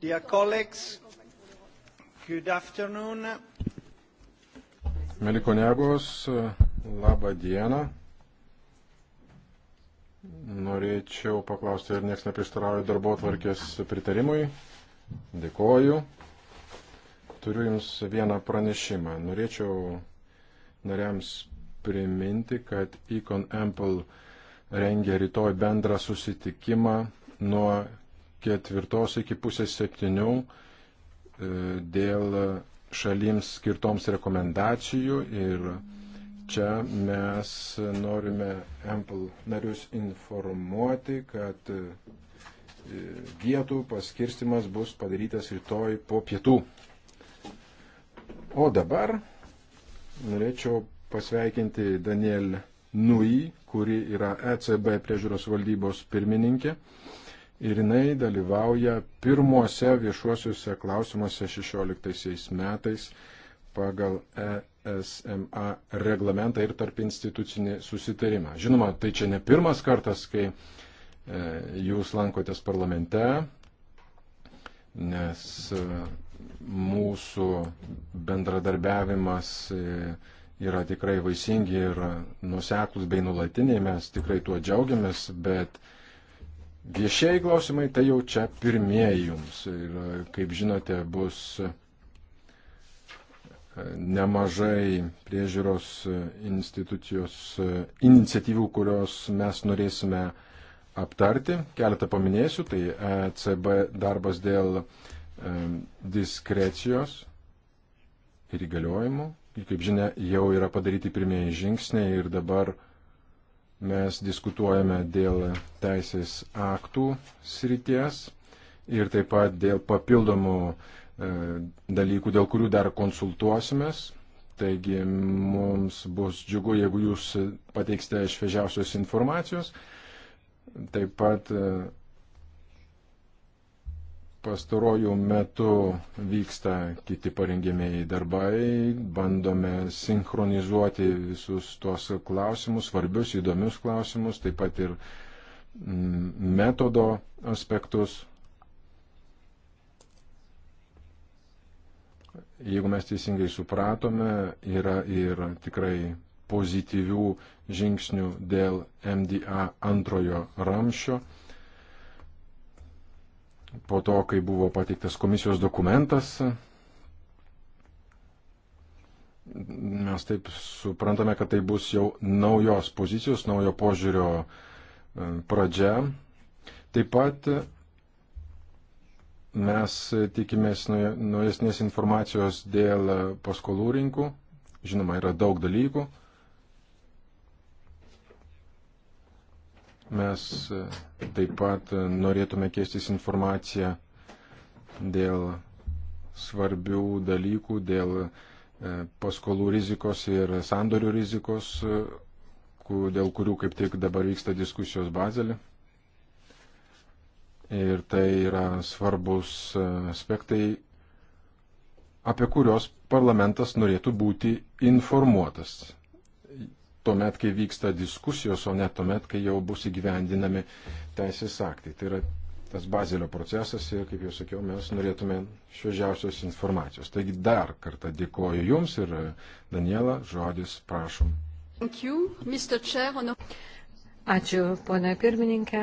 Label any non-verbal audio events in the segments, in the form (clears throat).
Dear colleagues, good afternoon. Mėly kolegos, labą dieną. Norėčiau paklausti, ar niekas neprieštarauja darbo tvarkės pritarimui. Dėkoju. Turiu Jums vieną pranešimą. Norėčiau nariams priminti, kad Econ Ample rengia rytoj bendrą susitikimą nuo ketvirtos iki pusės septynių e, dėl šalims skirtoms rekomendacijų ir čia mes norime Ample narius informuoti, kad e, vietų paskirstimas bus padarytas rytoj po pietų. O dabar norėčiau pasveikinti Daniel Nui, kuri yra ECB priežiūros valdybos pirmininkė ir jinai dalyvauja pirmuose viešuosiuose klausimuose 16 metais pagal ESMA reglamentą ir tarp institucinį susitarimą. Žinoma, tai čia ne pirmas kartas, kai e, jūs lankotės parlamente, nes e, mūsų bendradarbiavimas e, yra tikrai vaisingi ir nuseklus bei nulatiniai, mes tikrai tuo džiaugiamės, bet Viešieji klausimai tai jau čia pirmieji jums. Ir kaip žinote, bus nemažai priežiūros institucijos iniciatyvų, kurios mes norėsime aptarti. Keletą paminėsiu. Tai ECB darbas dėl e, diskrecijos ir įgaliojimų. Ir kaip žinia, jau yra padaryti pirmieji žingsniai ir dabar Mes diskutuojame dėl teisės aktų srities ir taip pat dėl papildomų e, dalykų, dėl kurių dar konsultuosimės. Taigi mums bus džiugu, jeigu jūs pateiksite šviežiausios informacijos. Taip pat e, Pastarojų metų vyksta kiti parengėmėjai darbai, bandome sinchronizuoti visus tuos klausimus, svarbius, įdomius klausimus, taip pat ir mm, metodo aspektus. Jeigu mes teisingai supratome, yra ir tikrai pozityvių žingsnių dėl MDA antrojo ramščio po to, kai buvo pateiktas komisijos dokumentas, mes taip suprantame, kad tai bus jau naujos pozicijos, naujo požiūrio e, pradžia. Taip pat mes tikimės naujesnės informacijos dėl paskolų rinkų. Žinoma, yra daug dalykų, Mes e, taip pat e, norėtume keistis informaciją dėl svarbių dalykų, dėl e, paskolų rizikos ir sandorių rizikos, dėl kurių kaip tik dabar vyksta diskusijos bazelį. Ir tai yra svarbus aspektai, apie kurios parlamentas norėtų būti informuotas tuomet, kai vyksta diskusijos, o ne tuomet, kai jau bus įgyvendinami teisės aktai. Tai yra tas bazelio procesas ir, kaip jau sakiau, mes norėtume šviežiausios informacijos. Taigi dar kartą dėkoju Jums ir Daniela, žodis prašom. Ačiū, ponia pirmininkė,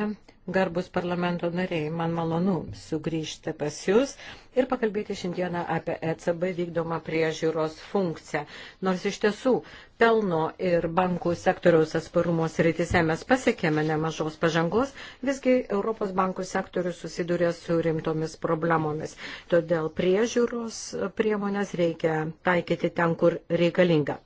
garbus parlamento nariai, man malonu sugrįžti pas Jūs ir pakalbėti šiandieną apie ECB vykdomą priežiūros funkciją. Nors iš tiesų pelno ir bankų sektoriaus atsparumo sritise mes pasiekėme nemažos pažangos, visgi Europos bankų sektorius susidurė su rimtomis problemomis. Todėl priežiūros priemonės reikia taikyti ten, kur reikalinga.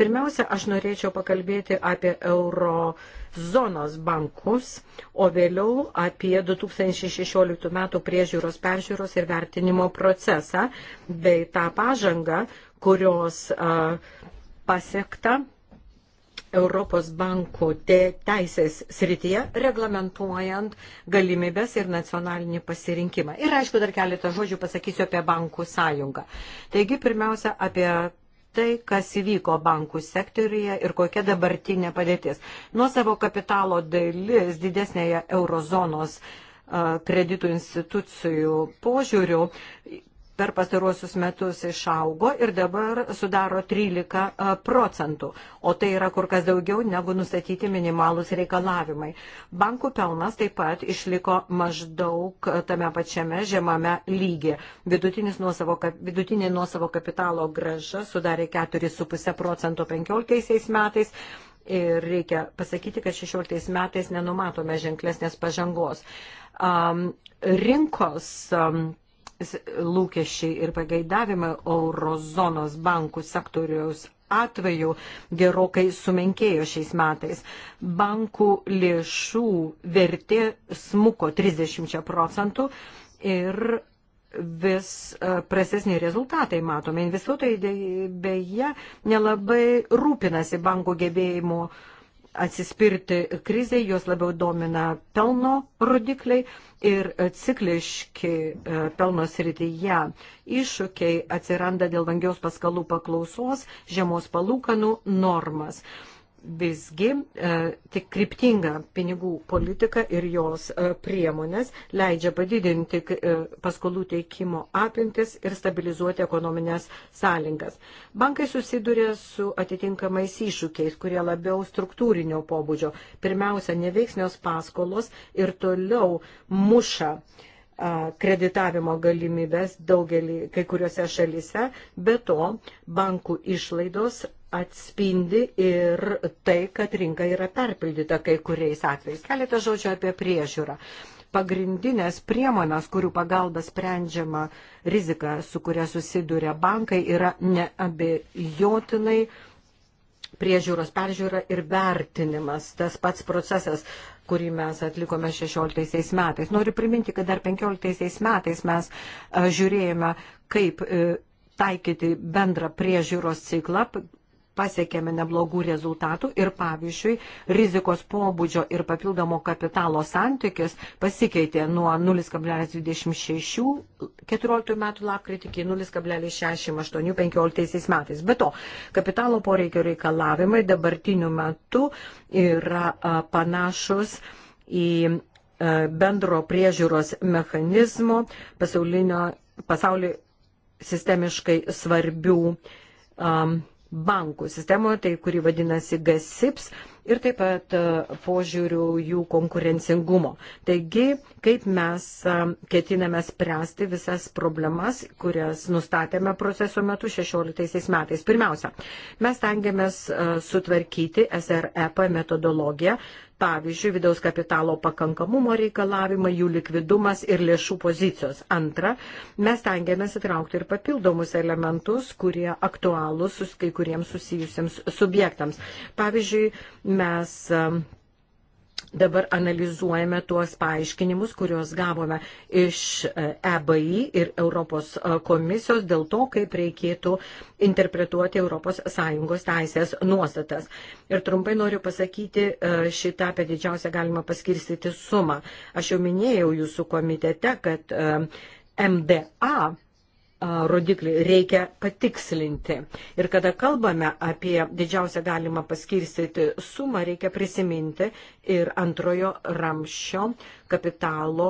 Pirmiausia, aš norėčiau pakalbėti apie euro zonos bankus, o vėliau apie 2016 metų priežiūros peržiūros ir vertinimo įgyvendinimo procesą bei tą pažangą, kurios pasiekta Europos bankų te teisės srityje, reglamentuojant galimybės ir nacionalinį pasirinkimą. Ir aišku, dar keletą žodžių pasakysiu apie bankų sąjungą. Taigi, pirmiausia, apie tai, kas įvyko bankų sektoriuje ir kokia dabartinė padėtis. Nuo savo kapitalo dalis didesnėje eurozonos uh, kreditų institucijų požiūrių per pastaruosius metus išaugo ir dabar sudaro 13 procentų, o tai yra kur kas daugiau negu nustatyti minimalus reikalavimai. Bankų pelnas taip pat išliko maždaug tame pačiame žemame lygyje. Nuosavo, vidutinė nuosavo kapitalo graža sudarė 4,5 procento 15 metais, ir reikia pasakyti, kad 16 metais nenumatome ženklesnės pažangos. Um, rinkos um, lūkesčiai ir pagaidavimai eurozonos bankų sektoriaus atveju gerokai sumenkėjo šiais metais. Bankų lėšų vertė smuko 30 procentų ir vis e, prastesni rezultatai matome. Investuotojai beje nelabai rūpinasi bankų gebėjimu atsispirti krizai, juos labiau domina pelno rodikliai ir cikliški e, pelno srityje iššūkiai atsiranda dėl vangiaus paskalų paklausos, žemos palūkanų normas visgi e, tik kryptinga pinigų politika ir jos e, priemonės leidžia padidinti e, paskolų teikimo apimtis ir stabilizuoti ekonominės sąlygas. Bankai susiduria su atitinkamais iššūkiais, kurie labiau struktūrinio pobūdžio. Pirmiausia, neveiksnios paskolos ir toliau muša kreditavimo galimybės daugelį kai kuriuose šalyse, be to bankų išlaidos atspindi ir tai, kad rinka yra perpildyta kai kuriais atvejais. Keletą žodžių apie priežiūrą. Pagrindinės priemonės, kurių pagalba sprendžiama rizika, su kuria susiduria bankai, yra neabejotinai priežiūros peržiūra ir vertinimas, tas pats procesas, kurį mes atlikome 16 metais. Noriu priminti, kad dar 15 metais mes e, žiūrėjome, kaip e, taikyti bendrą priežiūros ciklą, pasiekėme neblogų rezultatų ir pavyzdžiui, rizikos pobūdžio ir papildomo kapitalo santykis pasikeitė nuo 0,26 14 metų lapkritį iki 0,68 15 metais. Be to, kapitalo poreikio reikalavimai dabartiniu metu yra panašus į bendro priežiūros mechanizmo pasaulinio, pasaulio sistemiškai svarbių um, bankų sistemoje, tai kuri vadinasi GASIPS ir taip pat e, požiūrių jų konkurencingumo. Taigi, kaip mes e, ketiname spręsti visas problemas, kurias nustatėme proceso metu 16 metais. Pirmiausia, mes tengiamės e, sutvarkyti SREP metodologiją, pavyzdžiui, vidaus kapitalo pakankamumo reikalavimai, jų likvidumas ir lėšų pozicijos. Antra, mes tengiamės įtraukti ir papildomus elementus, kurie aktualūs kai kuriems susijusiems subjektams. Pavyzdžiui, mes dabar analizuojame tuos paaiškinimus, kuriuos gavome iš EBI e ir Europos e, komisijos dėl to, kaip reikėtų interpretuoti ES teisės nuostatas. Ir trumpai noriu pasakyti e, šitą apie didžiausią galima paskirstyti sumą. Aš jau minėjau jūsų komitete, kad MDA rodiklį reikia patikslinti. Ir kada kalbame apie didžiausią galimą paskirstyti sumą, reikia prisiminti, ir antrojo ramščio kapitalo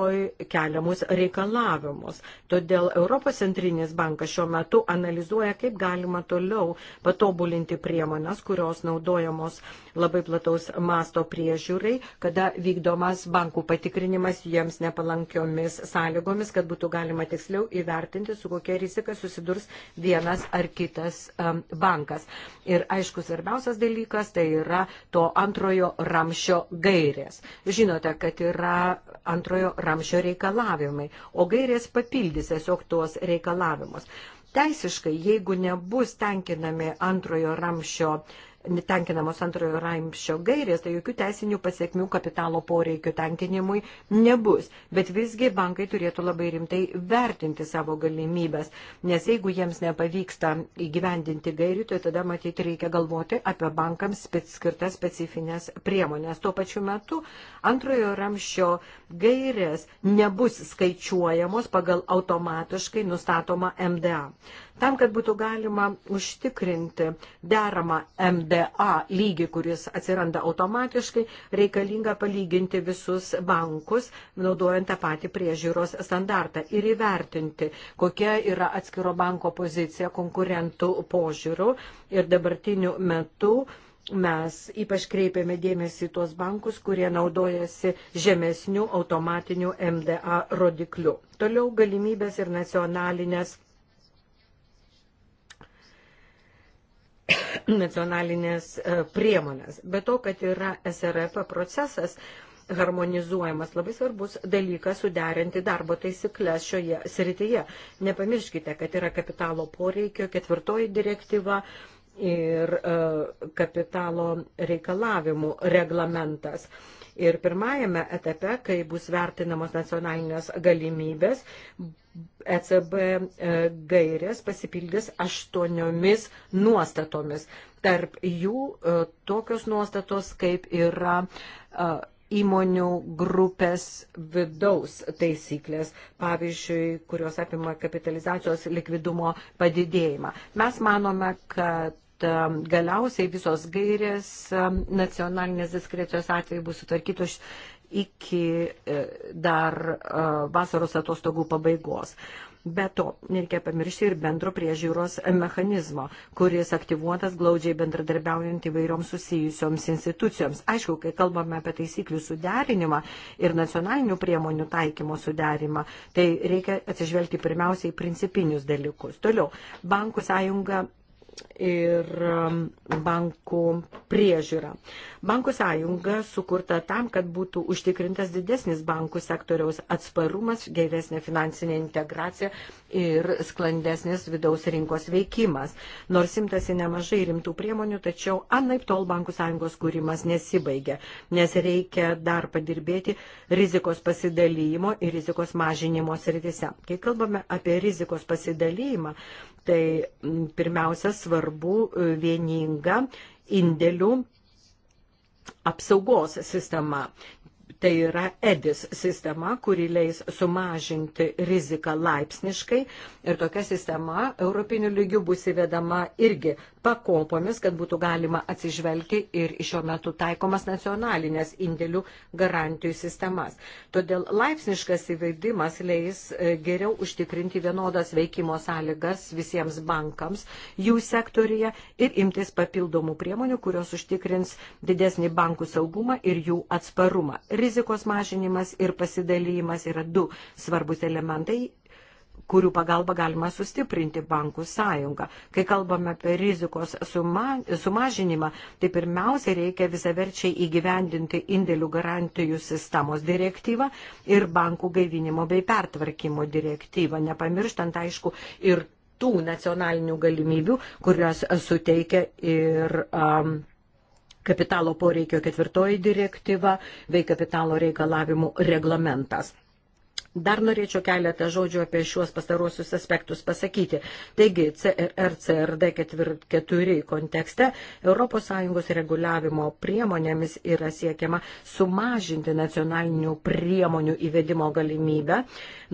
keliamus reikalavimus. Todėl Europos centrinis bankas šiuo metu analizuoja, kaip galima toliau patobulinti priemonės, kurios naudojamos labai plataus masto priežiūrai, kada vykdomas bankų patikrinimas jiems nepalankiomis sąlygomis, kad būtų galima tiksliau įvertinti, su kokia rizika susidurs vienas ar kitas um, bankas. Ir aišku, svarbiausias dalykas tai yra to antrojo ramšio galimybė gairės. Žinote, kad yra antrojo ramšio reikalavimai, o gairės papildys tiesiog tuos reikalavimus. Teisiškai, jeigu nebus tenkinami antrojo ramšio reikalavimai, tenkinamos antrojo raimščio gairės, tai jokių teisinių pasiekmių kapitalo poreikių tenkinimui nebus. Bet visgi bankai turėtų labai rimtai vertinti savo galimybės, nes jeigu jiems nepavyksta įgyvendinti gairių, tai tada matyti reikia galvoti apie bankams skirtas specifines priemonės. Tuo pačiu metu antrojo ramščio gairės nebus skaičiuojamos pagal automatiškai nustatomą MDA. Tam, kad būtų galima užtikrinti deramą MDA lygį, kuris atsiranda automatiškai, reikalinga palyginti visus bankus, naudojant tą patį priežiūros standartą ir įvertinti, kokia yra atskiro banko pozicija konkurentų požiūrių ir dabartiniu metu mes ypač kreipiame dėmesį tuos bankus, kurie naudojasi žemesnių automatinių MDA rodiklių. Toliau galimybės ir nacionalinės nacionalinės e, priemonės. Be to, kad yra SRF procesas harmonizuojamas, labai svarbus dalykas suderinti darbo taisyklės šioje srityje. Nepamirškite, kad yra kapitalo poreikio ketvirtoji direktyva ir e, kapitalo reikalavimų reglamentas. Uh, Ir pirmajame etape, kai bus vertinamos nacionalinės galimybės, ECB e, gairės pasipildys aštuoniomis nuostatomis. Tarp jų e, tokios nuostatos, kaip yra e, įmonių grupės vidaus taisyklės, pavyzdžiui, kurios apima kapitalizacijos likvidumo padidėjimą. Mes manome, kad Um, galiausiai visos gairės um, nacionalinės diskrecijos atveju bus sutvarkytos iki e, dar e, vasaros atostogų pabaigos. Be to, nereikia pamiršti ir bendro priežiūros mechanizmo, kuris aktyvuotas glaudžiai bendradarbiaujant įvairioms susijusioms institucijoms. Aišku, kai kalbame apie taisyklių suderinimą ir nacionalinių priemonių taikymo suderinimą, tai reikia atsižvelgti pirmiausiai principinius dalykus. Toliau, bankų sąjunga ir um, bankų priežiūra. Bankų sąjunga sukurta tam, kad būtų užtikrintas didesnis bankų sektoriaus atsparumas, geresnė finansinė integracija ir sklandesnis vidaus rinkos veikimas. Nors imtasi nemažai rimtų priemonių, tačiau anaip tol bankų sąjungos kūrimas nesibaigė, nes reikia dar padirbėti rizikos pasidalymo ir rizikos mažinimo sritise. Kai kalbame apie rizikos pasidalymą, Tai pirmiausia svarbu e, vieninga indėlių apsaugos sistema. Tai yra EDIS sistema, kuri leis sumažinti riziką laipsniškai ir tokia sistema europinių lygių bus įvedama irgi pakopomis, kad būtų galima atsižvelgti ir šiuo metu taikomas nacionalinės indėlių garantijų sistemas. Todėl laipsniškas įveidimas leis e, geriau užtikrinti vienodas veikimo sąlygas visiems bankams jų sektorija ir imtis papildomų priemonių, kurios užtikrins didesnį bankų saugumą ir jų atsparumą. Riz rizikos mažinimas ir pasidalymas yra du svarbus elementai kurių pagalba galima sustiprinti bankų sąjungą. Kai kalbame apie rizikos suma, sumažinimą, tai pirmiausia reikia visaverčiai įgyvendinti indėlių garantijų sistemos direktyvą ir bankų gaivinimo bei pertvarkymo direktyvą, nepamirštant aišku ir tų nacionalinių galimybių, kurias suteikia ir um, kapitalo poreikio ketvirtoji direktyva bei kapitalo reikalavimų reglamentas. Dar norėčiau keletą žodžių apie šiuos pastarosius aspektus pasakyti. Taigi, CRR, CRD 4 kontekste ES reguliavimo priemonėmis yra siekiama sumažinti nacionalinių priemonių įvedimo galimybę,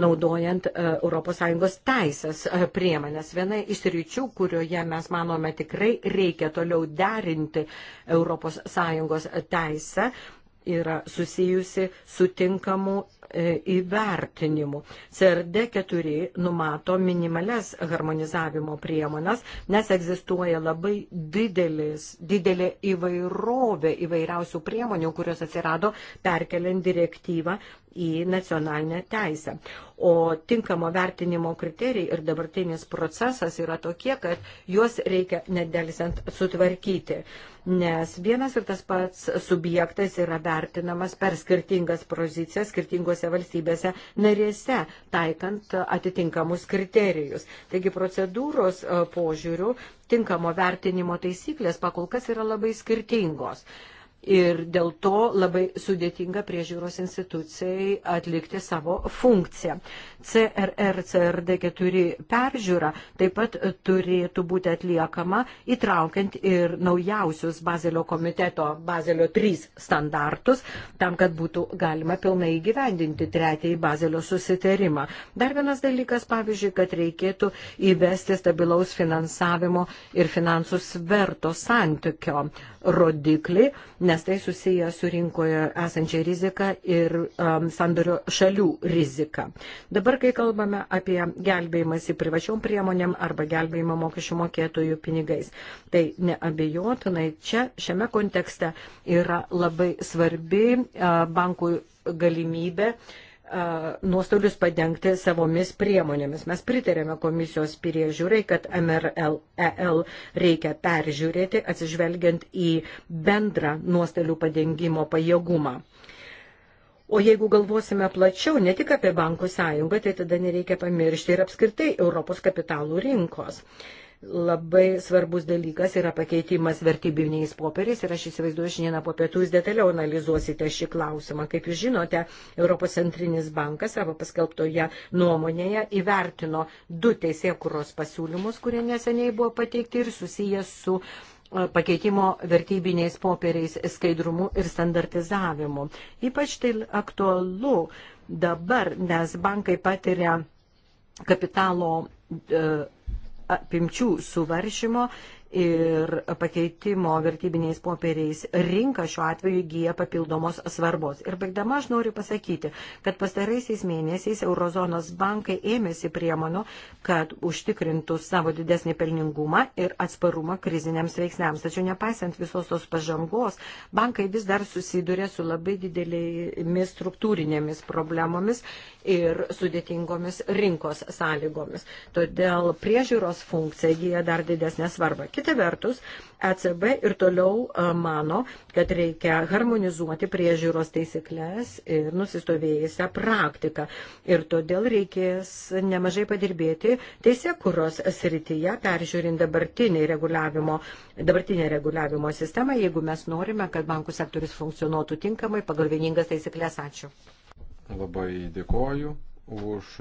naudojant ES teisės e, priemonės. Viena iš ryčių, kurioje mes manome tikrai reikia toliau derinti ES teisę, yra susijusi su tinkamu E, įvertinimų. CRD 4 numato minimales harmonizavimo priemonas, nes egzistuoja labai didelis, didelė įvairovė įvairiausių priemonių, kurios atsirado perkeliant direktyvą į nacionalinę teisę. O tinkamo vertinimo kriterijai ir dabartinis procesas yra tokie, kad juos reikia nedelsiant sutvarkyti. Nes vienas ir tas pats subjektas yra vertinamas per skirtingas pozicijas skirtingose valstybėse narėse, taikant atitinkamus kriterijus. Taigi procedūros e, požiūrių tinkamo vertinimo taisyklės pakol kas yra labai skirtingos. Uh, ir dėl to labai sudėtinga priežiūros institucijai atlikti savo funkciją. CRR, CRD4 peržiūra taip pat turėtų būti atliekama įtraukiant ir naujausius Bazelio komiteto Bazelio 3 standartus, tam, kad būtų galima pilnai įgyvendinti trečiąjį Bazelio susitarimą. Dar vienas dalykas, pavyzdžiui, kad reikėtų įvesti stabilaus finansavimo ir finansų sverto santykio rodiklį, nes nes tai susiję su rinkoje esančia rizika ir um, sandorio šalių rizika. Dabar, kai kalbame apie gelbėjimąsi privačiom priemonėm arba gelbėjimą mokesčių mokėtojų pinigais, tai neabejotinai čia šiame kontekste yra labai svarbi uh, bankų galimybė uh, nuostolius padengti savomis priemonėmis. Mes pritarėme komisijos priežiūrai, kad MRLEL e reikia peržiūrėti atsižvelgiant į bendrą nuostolių padengimo pajėgumą. O jeigu galvosime plačiau, ne tik apie bankų sąjungą, tai tada nereikia pamiršti ir apskritai Europos kapitalų rinkos. Uh, labai svarbus dalykas yra pakeitimas vertybiniais popieriais ir aš įsivaizduoju, šiandieną po pietų jūs detaliau analizuosite šį klausimą. Kaip jūs žinote, Europos centrinis bankas savo paskelbtoje nuomonėje įvertino du teisėkuros pasiūlymus, kurie neseniai buvo pateikti ir susijęs su e, pakeitimo vertybiniais popieriais skaidrumu ir standartizavimu. Ypač tai aktualu dabar, nes bankai patiria kapitalo e, apimčių suvaržymo ir pakeitimo vertybiniais popieriais rinka šiuo atveju įgyja papildomos svarbos. Ir baigdama aš noriu pasakyti, kad pastaraisiais mėnesiais Eurozonos bankai ėmėsi priemonių, kad užtikrintų savo didesnį pelningumą ir atsparumą kriziniams veiksniams. Tačiau nepaisant visos tos pažangos, bankai vis dar susiduria su labai didelėmis struktūrinėmis problemomis ir sudėtingomis rinkos sąlygomis. Todėl priežiūros funkcija įgyja dar didesnę svarbą. Kita vertus, ECB ir toliau e, mano, kad reikia harmonizuoti priežiūros taisyklės ir nusistovėjusią praktiką. Ir todėl reikės nemažai padirbėti teisėkuros srityje, peržiūrint dabartinį reguliavimo, dabartinę reguliavimo sistemą, jeigu mes norime, kad bankų sektorius funkcionuotų tinkamai pagal vieningas taisyklės. Ačiū. Labai dėkoju už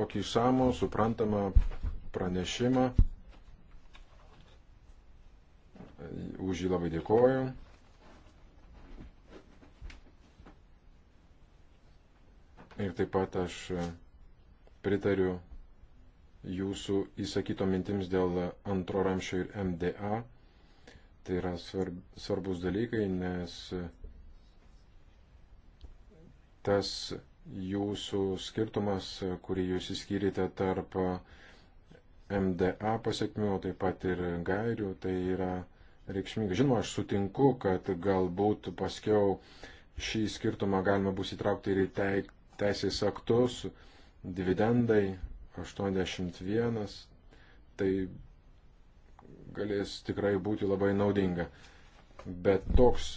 tokį samų, suprantamą pranešimą už jį labai dėkoju. Ir taip pat aš pritariu jūsų įsakyto mintims dėl antro ramšio ir MDA. Tai yra svarb, svarbus dalykai, nes tas jūsų skirtumas, kurį jūs įskyrite tarp MDA pasiekmių, taip pat ir gairių, tai yra reikšminga. Žinoma, aš sutinku, kad galbūt paskiau šį skirtumą galima bus įtraukti ir į teisės aktus, dividendai 81, tai galės tikrai būti labai naudinga. Bet toks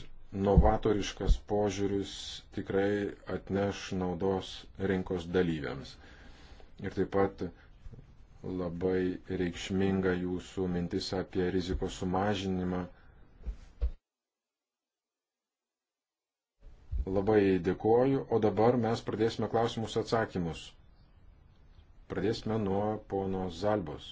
novatoriškas požiūris tikrai atneš naudos rinkos dalyviams. Ir taip pat labai reikšminga jūsų mintis apie rizikos sumažinimą. Labai dėkoju, o dabar mes pradėsime klausimus atsakymus. Pradėsime nuo pono Zalbos.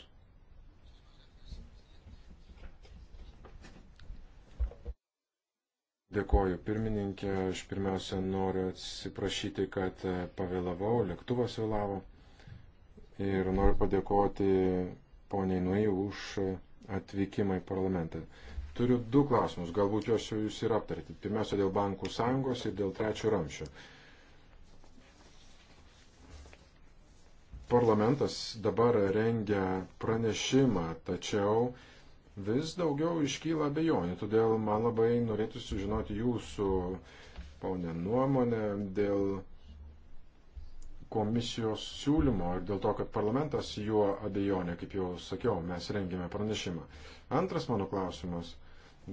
Dėkoju pirmininkė, aš pirmiausia noriu atsiprašyti, kad pavėlavau, lėktuvas vėlavo ir noriu padėkoti poniai Nui už atvykimą į parlamentą. Turiu du klausimus, galbūt juos jūs ir aptarėte. Pirmiausia, dėl bankų sąjungos ir dėl trečio ramščio. Parlamentas dabar rengia pranešimą, tačiau vis daugiau iškyla abejonių. Todėl man labai norėtų sužinoti jūsų, ponė, nuomonę dėl komisijos siūlymo ir dėl to, kad parlamentas juo abejonė, kaip jau sakiau, mes rengėme pranešimą. Antras mano klausimas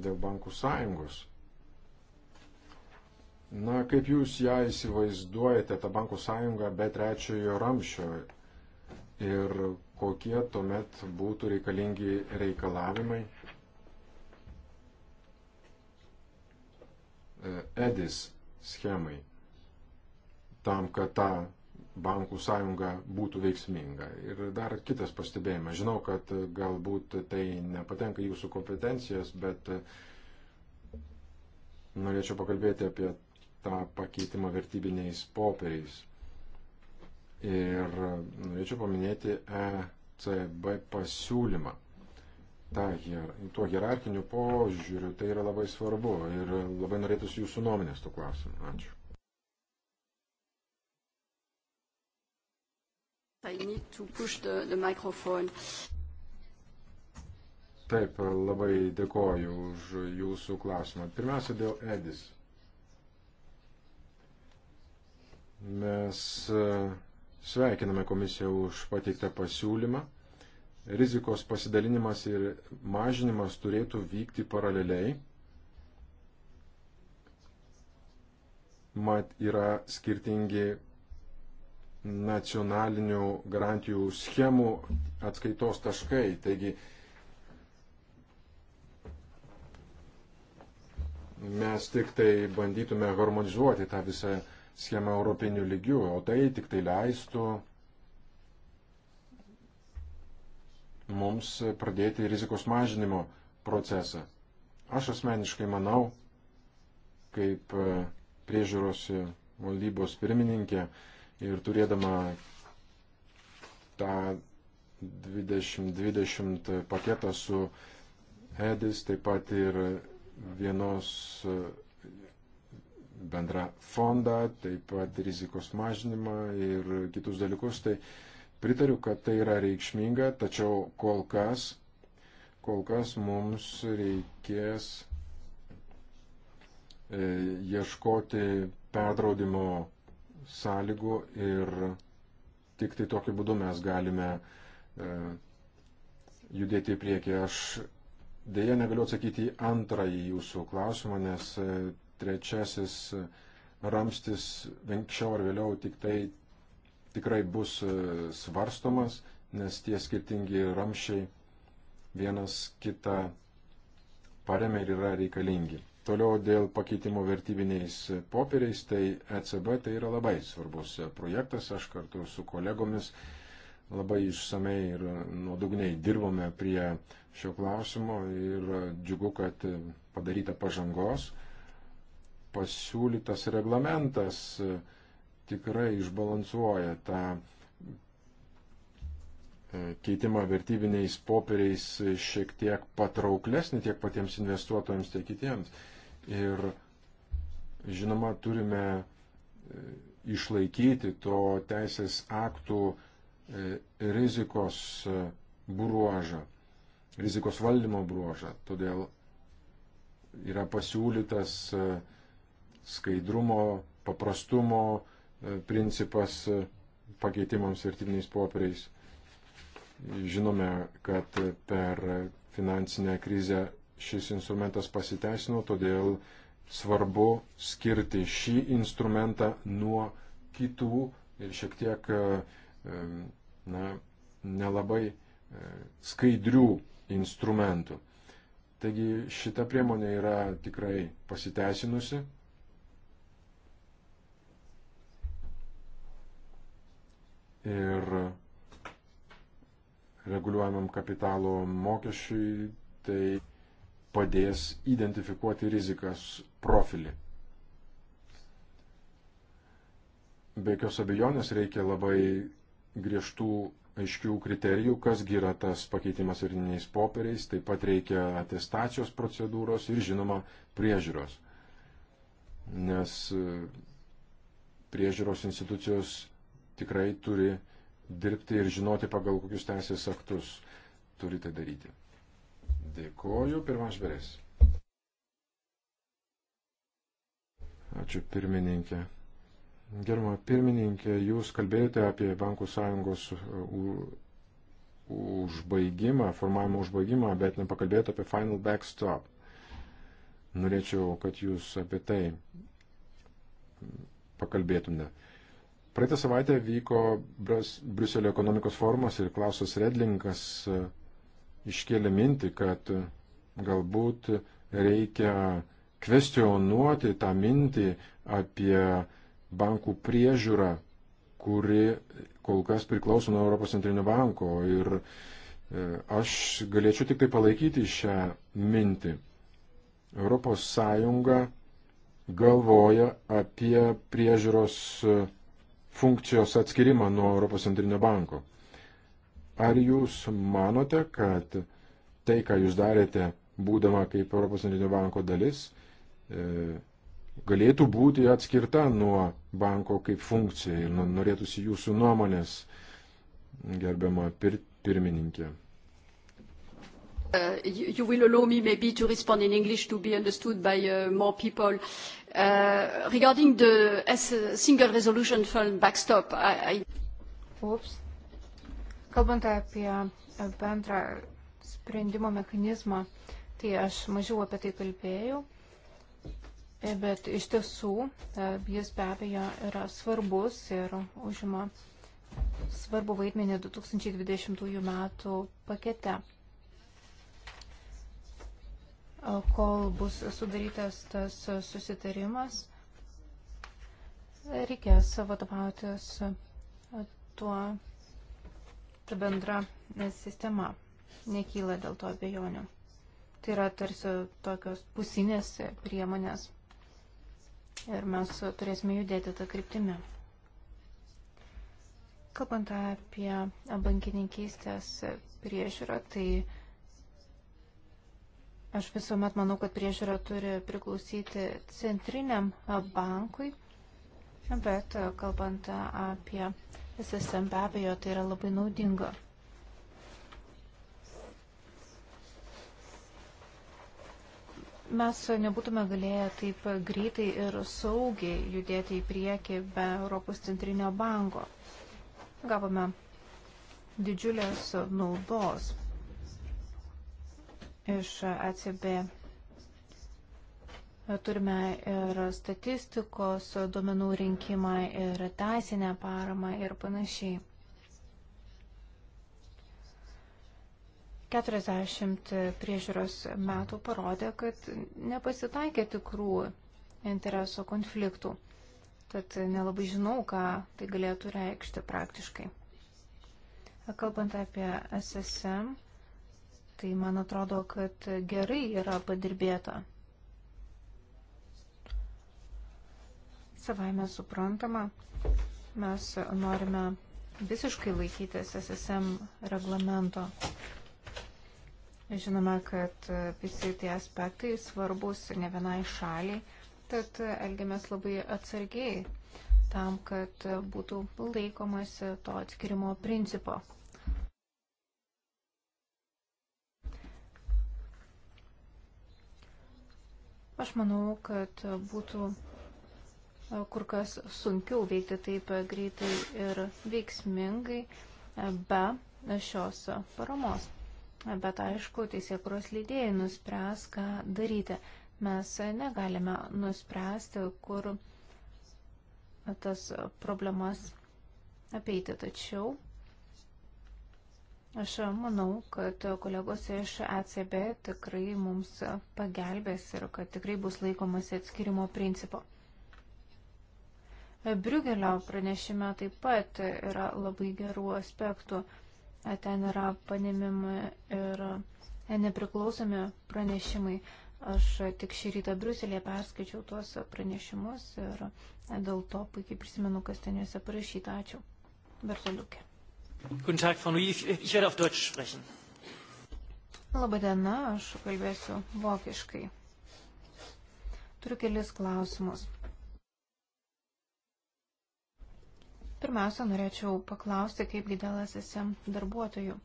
dėl bankų sąjungos. Na, kaip jūs ją įsivaizduojate, tą bankų sąjungą be trečiojo ramščio ir kokie tuomet būtų reikalingi reikalavimai? E, EDIS schemai tam, kad tą bankų sąjunga būtų veiksminga. Ir dar kitas pastebėjimas. Žinau, kad galbūt tai nepatenka jūsų kompetencijas, bet norėčiau pakalbėti apie tą pakeitimą vertybiniais popieriais. Ir norėčiau paminėti ECB pasiūlymą. Ta, tuo hierarchiniu požiūriu tai yra labai svarbu ir labai norėtųsi jūsų nuomonės tuo klausimu. Ačiū. I need to push the, the microphone. Taip, labai dėkoju už jūsų klausimą. Pirmiausia, dėl Edis. Mes e, sveikiname komisiją už pateiktą pasiūlymą. Rizikos pasidalinimas ir mažinimas turėtų vykti paraleliai. Mat yra skirtingi nacionalinių garantijų schemų atskaitos taškai. Taigi mes tik tai bandytume harmonizuoti tą visą schemą europinių lygių, o tai tik tai leistų mums pradėti rizikos mažinimo procesą. Aš asmeniškai manau, kaip e, priežiūros valdybos pirmininkė, ir turėdama tą 2020 paketą su EDIS, taip pat ir vienos e, bendrą fondą, taip pat rizikos mažinimą ir kitus dalykus, tai pritariu, kad tai yra reikšminga, tačiau kol kas, kol kas mums reikės e, ieškoti perdraudimo sąlygų ir tik tai tokiu būdu mes galime e, judėti į priekį. Aš dėja negaliu atsakyti į antrąjį jūsų klausimą, nes e, trečiasis ramstis anksčiau ar vėliau tik tai tikrai bus e, svarstomas, nes tie skirtingi ramšiai vienas kitą paremia ir yra reikalingi. Toliau dėl pakeitimo vertybiniais popieriais, tai ECB tai yra labai svarbus projektas. Aš kartu su kolegomis labai išsamei ir nuodugniai dirbome prie šio klausimo ir džiugu, kad padaryta pažangos. Pasiūlytas reglamentas tikrai išbalansuoja tą E, keitimą vertybiniais popieriais šiek tiek patrauklesnį tiek patiems investuotojams, tiek kitiems. Ir žinoma, turime e, išlaikyti to teisės aktų e, rizikos bruožą, rizikos valdymo bruožą. Todėl yra pasiūlytas skaidrumo, paprastumo principas pakeitimams vertybiniais popieriais. Žinome, kad per finansinę krizę šis instrumentas pasiteisino, todėl svarbu skirti šį instrumentą nuo kitų ir šiek tiek na, nelabai e, skaidrių instrumentų. Taigi šita priemonė yra tikrai pasiteisinusi. Ir reguliuojamam kapitalo mokesčiui, tai padės identifikuoti rizikas profilį. Be jokios abejonės reikia labai griežtų aiškių kriterijų, kasgi yra tas pakeitimas vertiniais popieriais, taip pat reikia atestacijos procedūros ir žinoma priežiūros. Nes priežiūros institucijos tikrai turi dirbti ir žinoti, pagal kokius teisės aktus turite daryti. Dėkoju, pirmas žvėrės. Ačiū pirmininkė. Germa pirmininkė, jūs kalbėjote apie Bankų sąjungos užbaigimą, formavimo užbaigimą, bet nepakalbėjote apie final backstop. Norėčiau, kad jūs apie tai pakalbėtumėte. Praeitą savaitę vyko Briuselio ekonomikos forumas ir Klausas Redlinkas e, iškėlė mintį, kad e, galbūt reikia kvestionuoti tą mintį apie bankų priežiūrą, kuri kol kas priklauso nuo Europos centrinio banko. Ir e, aš galėčiau tik tai palaikyti šią mintį. Europos Sąjunga galvoja apie priežiūros funkcijos atskirimą nuo Europos centrinio banko. Ar jūs manote, kad tai, ką jūs darėte, būdama kaip Europos centrinio banko dalis, e, galėtų būti atskirta nuo banko kaip funkcija ir norėtųsi jūsų nuomonės, gerbiama pirmininkė. Uh, you, you will allow me maybe to respond in English to be understood by uh, more people. Uh, regarding the S uh, Single Resolution Fund backstop, I, I Oops. Kalbant apie uh, bendrą sprendimo mechanizmą, tai aš mažiau apie tai kalbėjau, bet iš tiesų uh, jis be abejo yra svarbus ir užima svarbu vaidmenį 2020 metų pakete kol bus sudarytas tas susitarimas, reikės vadovautis tuo bendra sistema. Nekyla dėl to abejonių. Tai yra tarsi tokios pusinės priemonės. Ir mes turėsime judėti tą kryptimį. Kalbant apie bankininkystės priežiūrą, tai Aš visuomet manau, kad priežiūra turi priklausyti centriniam bankui, bet e, kalbant apie SSM be abejo, tai yra labai naudinga. Mes nebūtume galėję taip greitai ir saugiai judėti į priekį be Europos centrinio banko. Gavome didžiulės naudos iš ECB. Turime ir statistikos duomenų rinkimą, ir teisinę paramą ir panašiai. 40 priežiūros metų parodė, kad nepasitaikė tikrų interesų konfliktų. Tad nelabai žinau, ką tai galėtų reikšti praktiškai. Kalbant apie SSM, Tai man atrodo, kad gerai yra padirbėta. Savaime suprantama, mes norime visiškai laikytis SSM reglamento. Žinome, kad visi tie aspektai svarbus ne vienai šaliai, tad elgiamės labai atsargiai tam, kad būtų laikomasi to atskirimo principo. Aš manau, kad būtų e, kur kas sunkiau veikti taip greitai ir veiksmingai e, be šios paramos. Bet aišku, teisėkuros lydėjai nuspręs, ką daryti. Mes negalime nuspręsti, kur tas problemas apeiti. Tačiau Aš manau, kad kolegos iš ECB tikrai mums pagelbės ir kad tikrai bus laikomasi atskirimo principo. Briugelio pranešime taip pat yra labai gerų aspektų. Ten yra panimimi ir nepriklausomi pranešimai. Aš tik šį rytą Bruselėje perskaičiau tuos pranešimus ir dėl to puikiai prisimenu, kas ten juose parašyta. Ačiū. Bertoliukė. Guten Tag, Frau Nui. Ich werde auf Deutsch sprechen. Labadiena, aš kalbėsiu vokiškai. Turiu kelis klausimus. Pirmiausia, norėčiau paklausti, kaip gydėlas esam darbuotojų.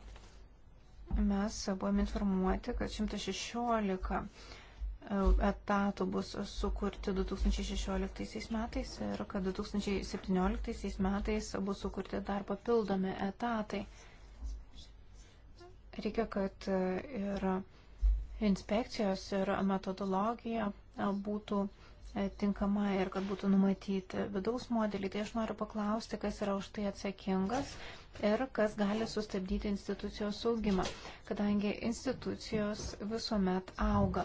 Mes buvome informuoti, kad 116 etatų bus sukurti 2016 metais ir kad 2017 metais bus sukurti dar papildomi etatai. Reikia, kad ir inspekcijos ir metodologija būtų E, tinkama ir kad būtų numatyti vidaus modelį. Tai aš noriu paklausti, kas yra už tai atsakingas ir kas gali sustabdyti institucijos augimą, kadangi institucijos visuomet auga.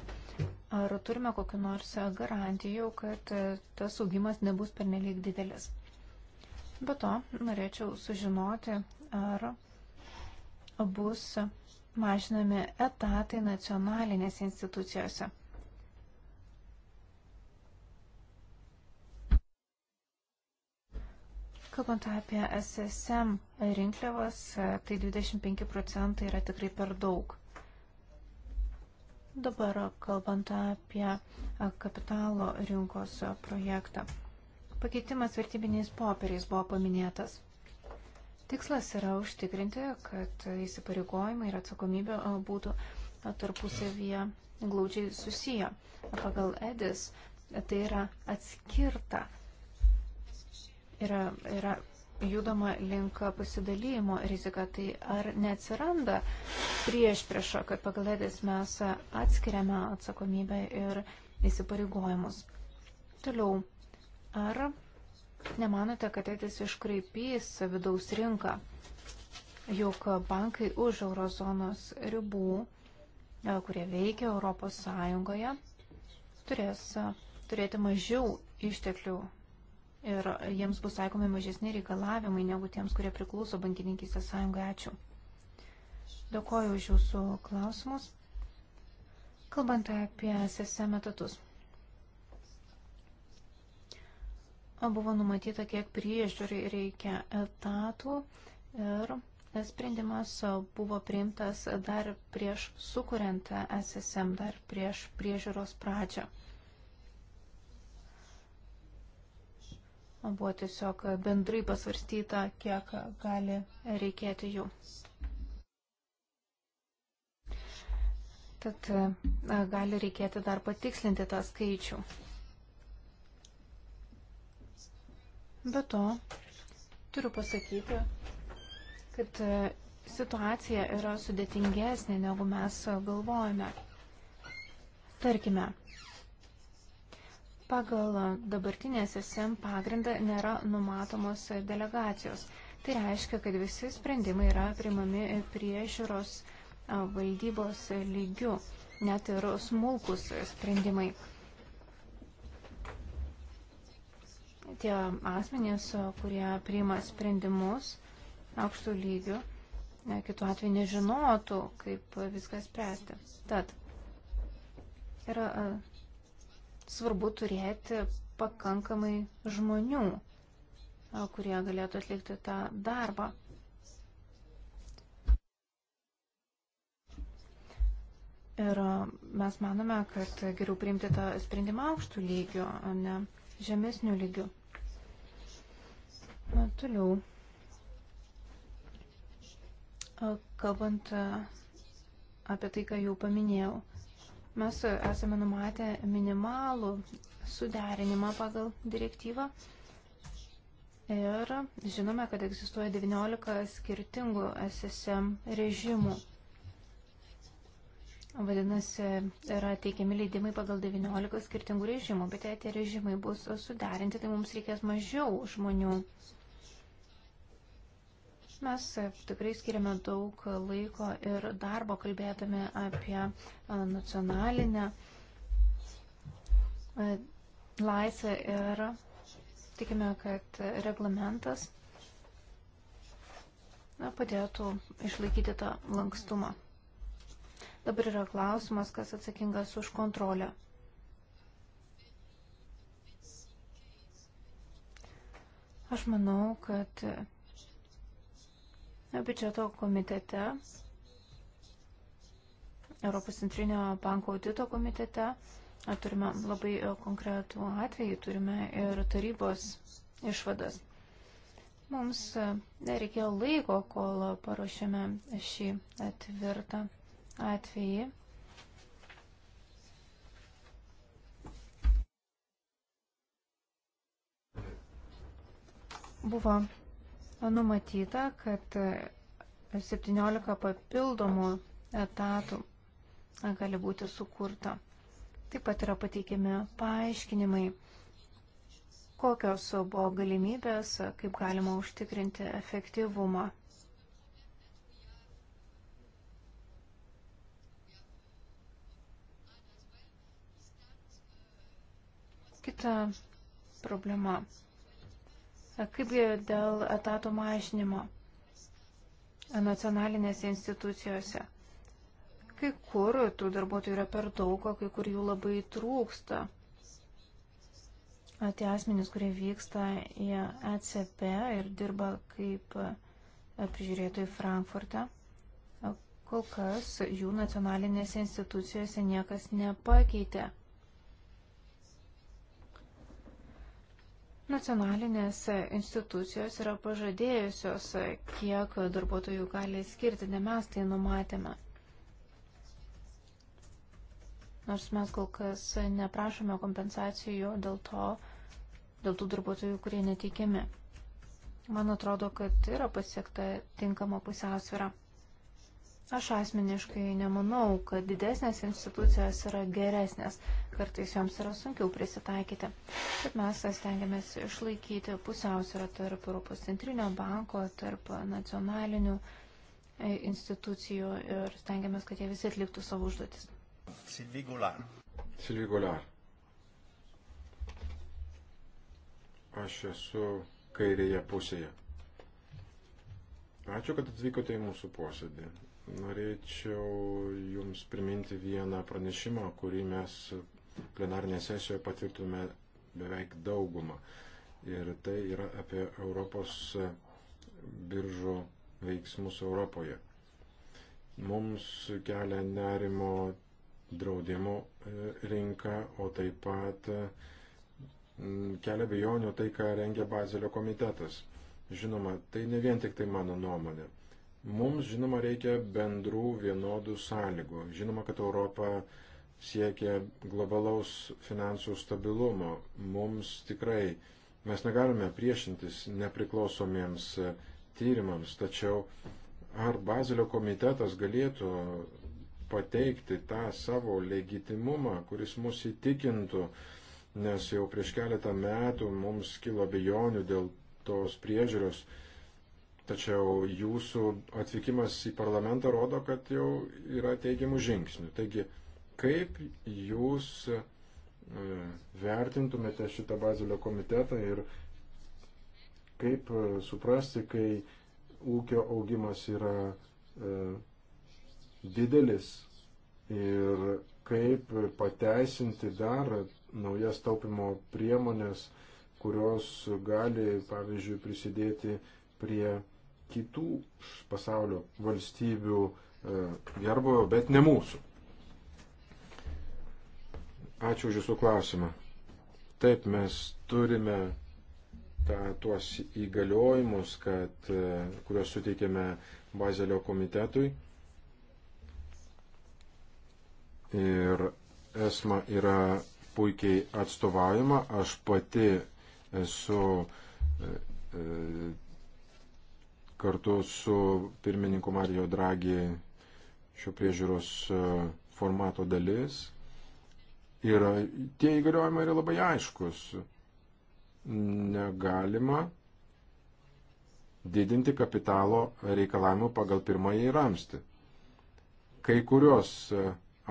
Ar turime kokiu nors garantijų, kad e, tas augimas nebus pernelyg didelis? Be to, norėčiau sužinoti, ar bus mažinami etatai nacionalinėse institucijose. Kalbant apie SSM rinkliavas, tai 25 procentai yra tikrai per daug. Dabar kalbant apie kapitalo rinkos projektą. Pakeitimas vertybiniais popieriais buvo paminėtas. Tikslas yra užtikrinti, kad įsipareigojimai ir atsakomybė būtų tarpusavyje glaudžiai susiję. Pagal EDIS tai yra atskirta yra, yra judama link pasidalymo rizika, tai ar neatsiranda prieš priešą, kad pagal edės mes atskiriame atsakomybę ir įsipareigojimus. Toliau, ar nemanote, kad edės iškraipys vidaus rinką, juk bankai už eurozonos ribų, kurie veikia Europos Sąjungoje, turės turėti mažiau išteklių ir jiems bus taikomi mažesni reikalavimai negu tiems, kurie priklauso bankininkystės sąjungai. Ačiū. Dėkoju už jūsų klausimus. Kalbant apie SSM etatus. Buvo numatyta, kiek priežiūrai reikia etatų ir sprendimas buvo priimtas dar prieš sukuriant SSM, dar prieš priežiūros pradžią. Buvo tiesiog bendrai pasvarstyta, kiek gali reikėti jų. Tad gali reikėti dar patikslinti tą skaičių. Be to, turiu pasakyti, kad situacija yra sudėtingesnė, negu mes galvojame. Tarkime, Pagal dabartinės SM pagrindą nėra numatomos delegacijos. Tai reiškia, kad visi sprendimai yra primami priežiūros valdybos lygių, net ir smulkus sprendimai. Tie asmenys, kurie priima sprendimus aukštų lygių, kitu atveju nežinotų, kaip viskas spręsti. Tad yra svarbu turėti pakankamai žmonių, kurie galėtų atlikti tą darbą. Ir mes manome, kad geriau priimti tą sprendimą aukštų lygių, o ne žemesnių lygių. Na, toliau. Kalbant apie tai, ką jau paminėjau. Mes esame numatę minimalų suderinimą pagal direktyvą ir žinome, kad egzistuoja 19 skirtingų SSM režimų. Vadinasi, yra teikiami leidimai pagal 19 skirtingų režimų, bet jei tie režimai bus suderinti, tai mums reikės mažiau žmonių. Mes e, tikrai skiriame daug laiko ir darbo kalbėdami apie e, nacionalinę e, laisvę ir tikime, kad reglamentas padėtų išlaikyti tą lankstumą. Dabar yra klausimas, kas atsakingas už kontrolę. Aš manau, kad biudžeto komitete, Europos centrinio banko audito komitete. Turime labai konkretų atvejį, turime ir tarybos išvadas. Mums reikėjo laiko, kol paruošėme šį tvirtą atvejį. Buvo numatyta, kad 17 papildomų etatų gali būti sukurta. Taip pat yra pateikiami paaiškinimai, kokios buvo galimybės, kaip galima užtikrinti efektyvumą. Kita problema Kaipgi dėl etato mažinimo nacionalinėse institucijose? Kai kur tų darbuotojų yra per daug, o kai kur jų labai trūksta. Tie asmenys, kurie vyksta į ECB ir dirba kaip prižiūrėtojai Frankfurte, kol kas jų nacionalinėse institucijose niekas nepakeitė. Nacionalinės institucijos yra pažadėjusios, kiek darbuotojų gali skirti, ne mes tai numatėme. Nors mes kol kas neprašome kompensacijų dėl to, dėl tų darbuotojų, kurie neteikiami. Man atrodo, kad yra pasiekta tinkama pusiausvyrą. Aš asmeniškai nemanau, kad didesnės institucijos yra geresnės, kartais joms yra sunkiau prisitaikyti. Bet mes stengiamės išlaikyti pusiausvyrą tarp Europos centrinio banko, tarp nacionalinių e, institucijų ir stengiamės, kad jie visi atliktų savo užduotis. Silvi Gular. Silvi Gular. Aš esu kairėje pusėje. Ačiū, kad atvykote į mūsų posėdį. Norėčiau Jums priminti vieną pranešimą, kurį mes plenarnėje sesijoje patvirtume beveik daugumą. Ir tai yra apie Europos biržų veiksmus Europoje. Mums kelia nerimo draudimo e, rinka, o taip pat e, kelia bejonių tai, ką rengia Bazilio komitetas. Žinoma, tai ne vien tik tai mano nuomonė Mums, žinoma, reikia bendrų vienodų sąlygų. Žinoma, kad Europa siekia globalaus finansų stabilumo. Mums tikrai mes negalime priešintis nepriklausomiems e, tyrimams, tačiau ar Bazilio komitetas galėtų pateikti tą savo legitimumą, kuris mus įtikintų, nes jau prieš keletą metų mums kilo bejonių dėl tos priežiūros Tačiau jūsų atvykimas į parlamentą rodo, kad jau yra teigiamų žingsnių. Taigi, kaip jūs e, vertintumėte šitą bazilio komitetą ir kaip e, suprasti, kai ūkio augimas yra e, didelis ir kaip pateisinti dar naujas taupimo priemonės, kurios gali, pavyzdžiui, prisidėti prie kitų pasaulio valstybių e, gerbojo, bet ne mūsų. Ačiū už Jūsų klausimą. Taip, mes turime ta, tuos įgaliojimus, kad, e, kuriuos suteikėme Bazelio komitetui. Ir esma yra puikiai atstovaujama. Aš pati esu e, kartu su pirmininku Mario Draghi šio priežiūros e, formato dalis. Ir tie įgaliojimai yra labai aiškus. Negalima didinti kapitalo reikalavimų pagal pirmąjį ramstį. Kai kurios e,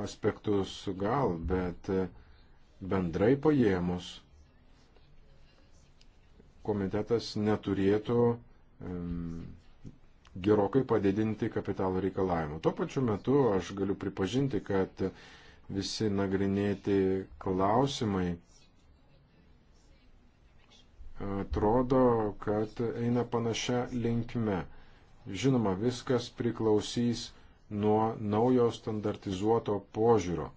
aspektus gal, bet e, bendrai paėmus komitetas neturėtų um, gerokai padidinti kapitalo reikalavimą. Tuo pačiu metu aš galiu pripažinti, kad visi nagrinėti klausimai e, atrodo, kad eina panašia linkme. Žinoma, viskas priklausys nuo naujo standartizuoto požiūrio,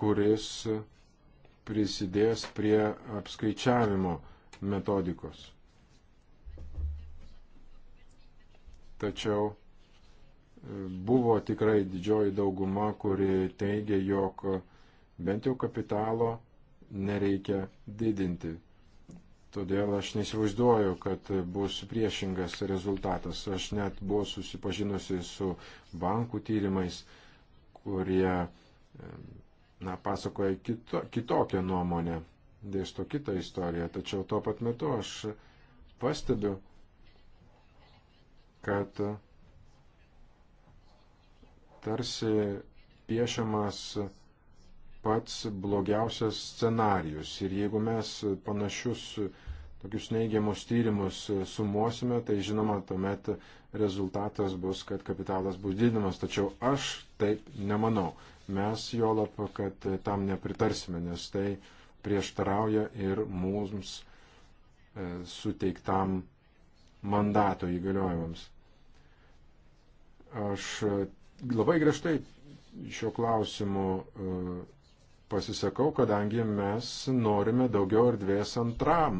kuris prisidės prie apskaičiavimo metodikos. Tačiau e, buvo tikrai didžioji dauguma, kuri teigia, jog bent jau kapitalo nereikia didinti. Todėl aš neįsivaizduoju, kad bus priešingas rezultatas. Aš net buvau susipažinusi su bankų tyrimais, kurie e, na, pasakoja kito, kitokią nuomonę dėsto kitą istoriją, tačiau tuo pat metu aš pastebiu, kad tarsi piešiamas pats blogiausias scenarius. Ir jeigu mes panašius tokius neigiamus tyrimus sumuosime, tai žinoma, tuomet rezultatas bus, kad kapitalas bus didinamas. Tačiau aš taip nemanau. Mes jo lab, kad tam nepritarsime, nes tai uh, prieštarauja ir mums e, suteiktam mandato įgaliojimams. Aš e, labai griežtai šio klausimu e, pasisakau, kadangi mes norime daugiau erdvės antram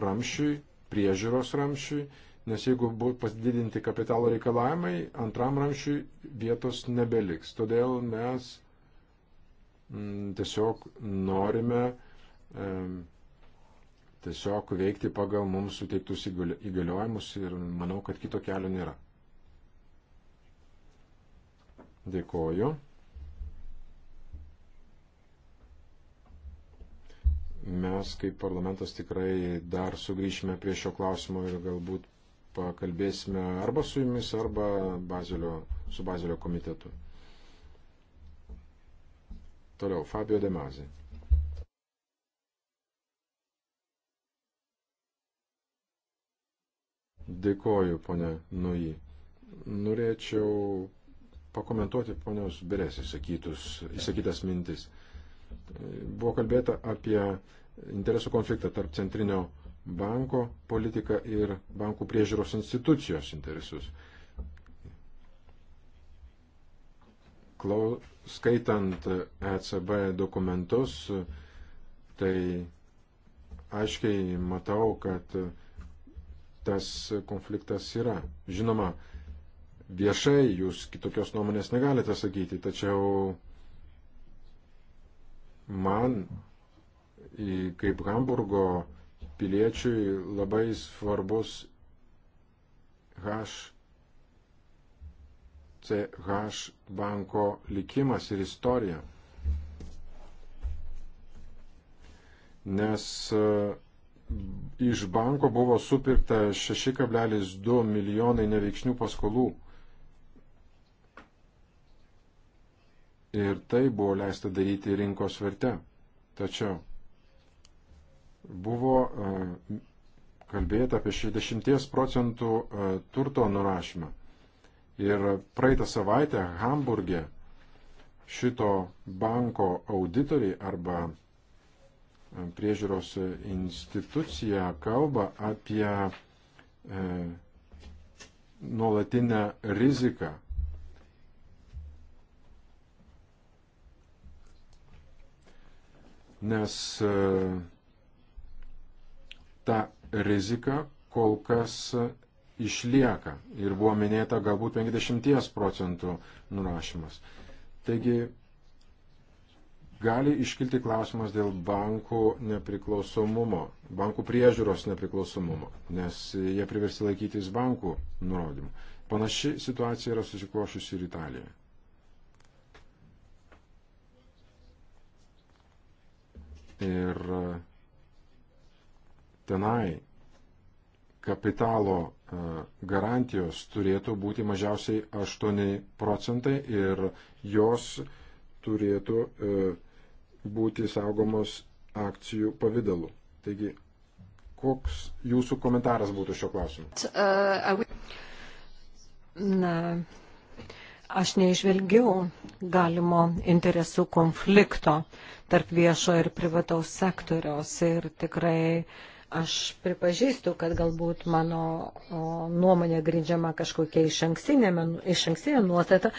ramšiui, priežiūros ramšiui, nes jeigu bus pasididinti kapitalo reikalavimai, antram ramšiui vietos nebeliks. Todėl mes Mm, tiesiog norime tiesiog veikti pagal mums suteiktus įgaliojimus ir manau, kad kito kelio nėra. Dėkoju. Mes kaip parlamentas tikrai dar sugrįšime prie šio klausimo ir galbūt pakalbėsime arba su jumis, arba bazilio, su Bazilio komitetu. Toliau, Fabio De Mazė. Dėkoju, ponė Nui. Norėčiau pakomentuoti ponios Berės įsakytas mintis. Buvo kalbėta apie interesų konfliktą tarp centrinio banko politiką ir bankų priežiūros institucijos interesus. klau, skaitant ECB dokumentus, tai aiškiai matau, kad tas konfliktas yra. Žinoma, viešai jūs kitokios nuomonės negalite sakyti, tačiau man kaip Hamburgo piliečiui labai svarbus H CH banko likimas ir istorija. Nes e, iš banko buvo supirkta 6,2 milijonai neveiksnių paskolų. Ir tai buvo leista daryti rinkos verte. Tačiau buvo e, kalbėta apie 60 procentų e, turto nurašymą. Ir praeitą savaitę Hamburgė šito banko auditoriai arba e, priežiūros institucija kalba apie e, nuolatinę riziką. Nes e, ta rizika kol kas išlieka ir buvo minėta galbūt 50 procentų nurašymas. Taigi gali iškilti klausimas dėl bankų nepriklausomumo, bankų priežiūros nepriklausomumo, nes jie priversi laikytis bankų nurodymų. Panaši situacija yra susiklošusi ir Italijoje. Ir e, tenai kapitalo E, garantijos turėtų būti mažiausiai 8 procentai ir jos turėtų e, būti saugomos akcijų pavydalu. Taigi, koks jūsų komentaras būtų šio klausimu? Uh, Na, aš neižvelgiau galimo interesų konflikto tarp viešo ir privataus sektoriaus ir tikrai uh, Aš pripažįstu, kad galbūt mano nuomonė grindžiama kažkokia iš ankstinė nuostata,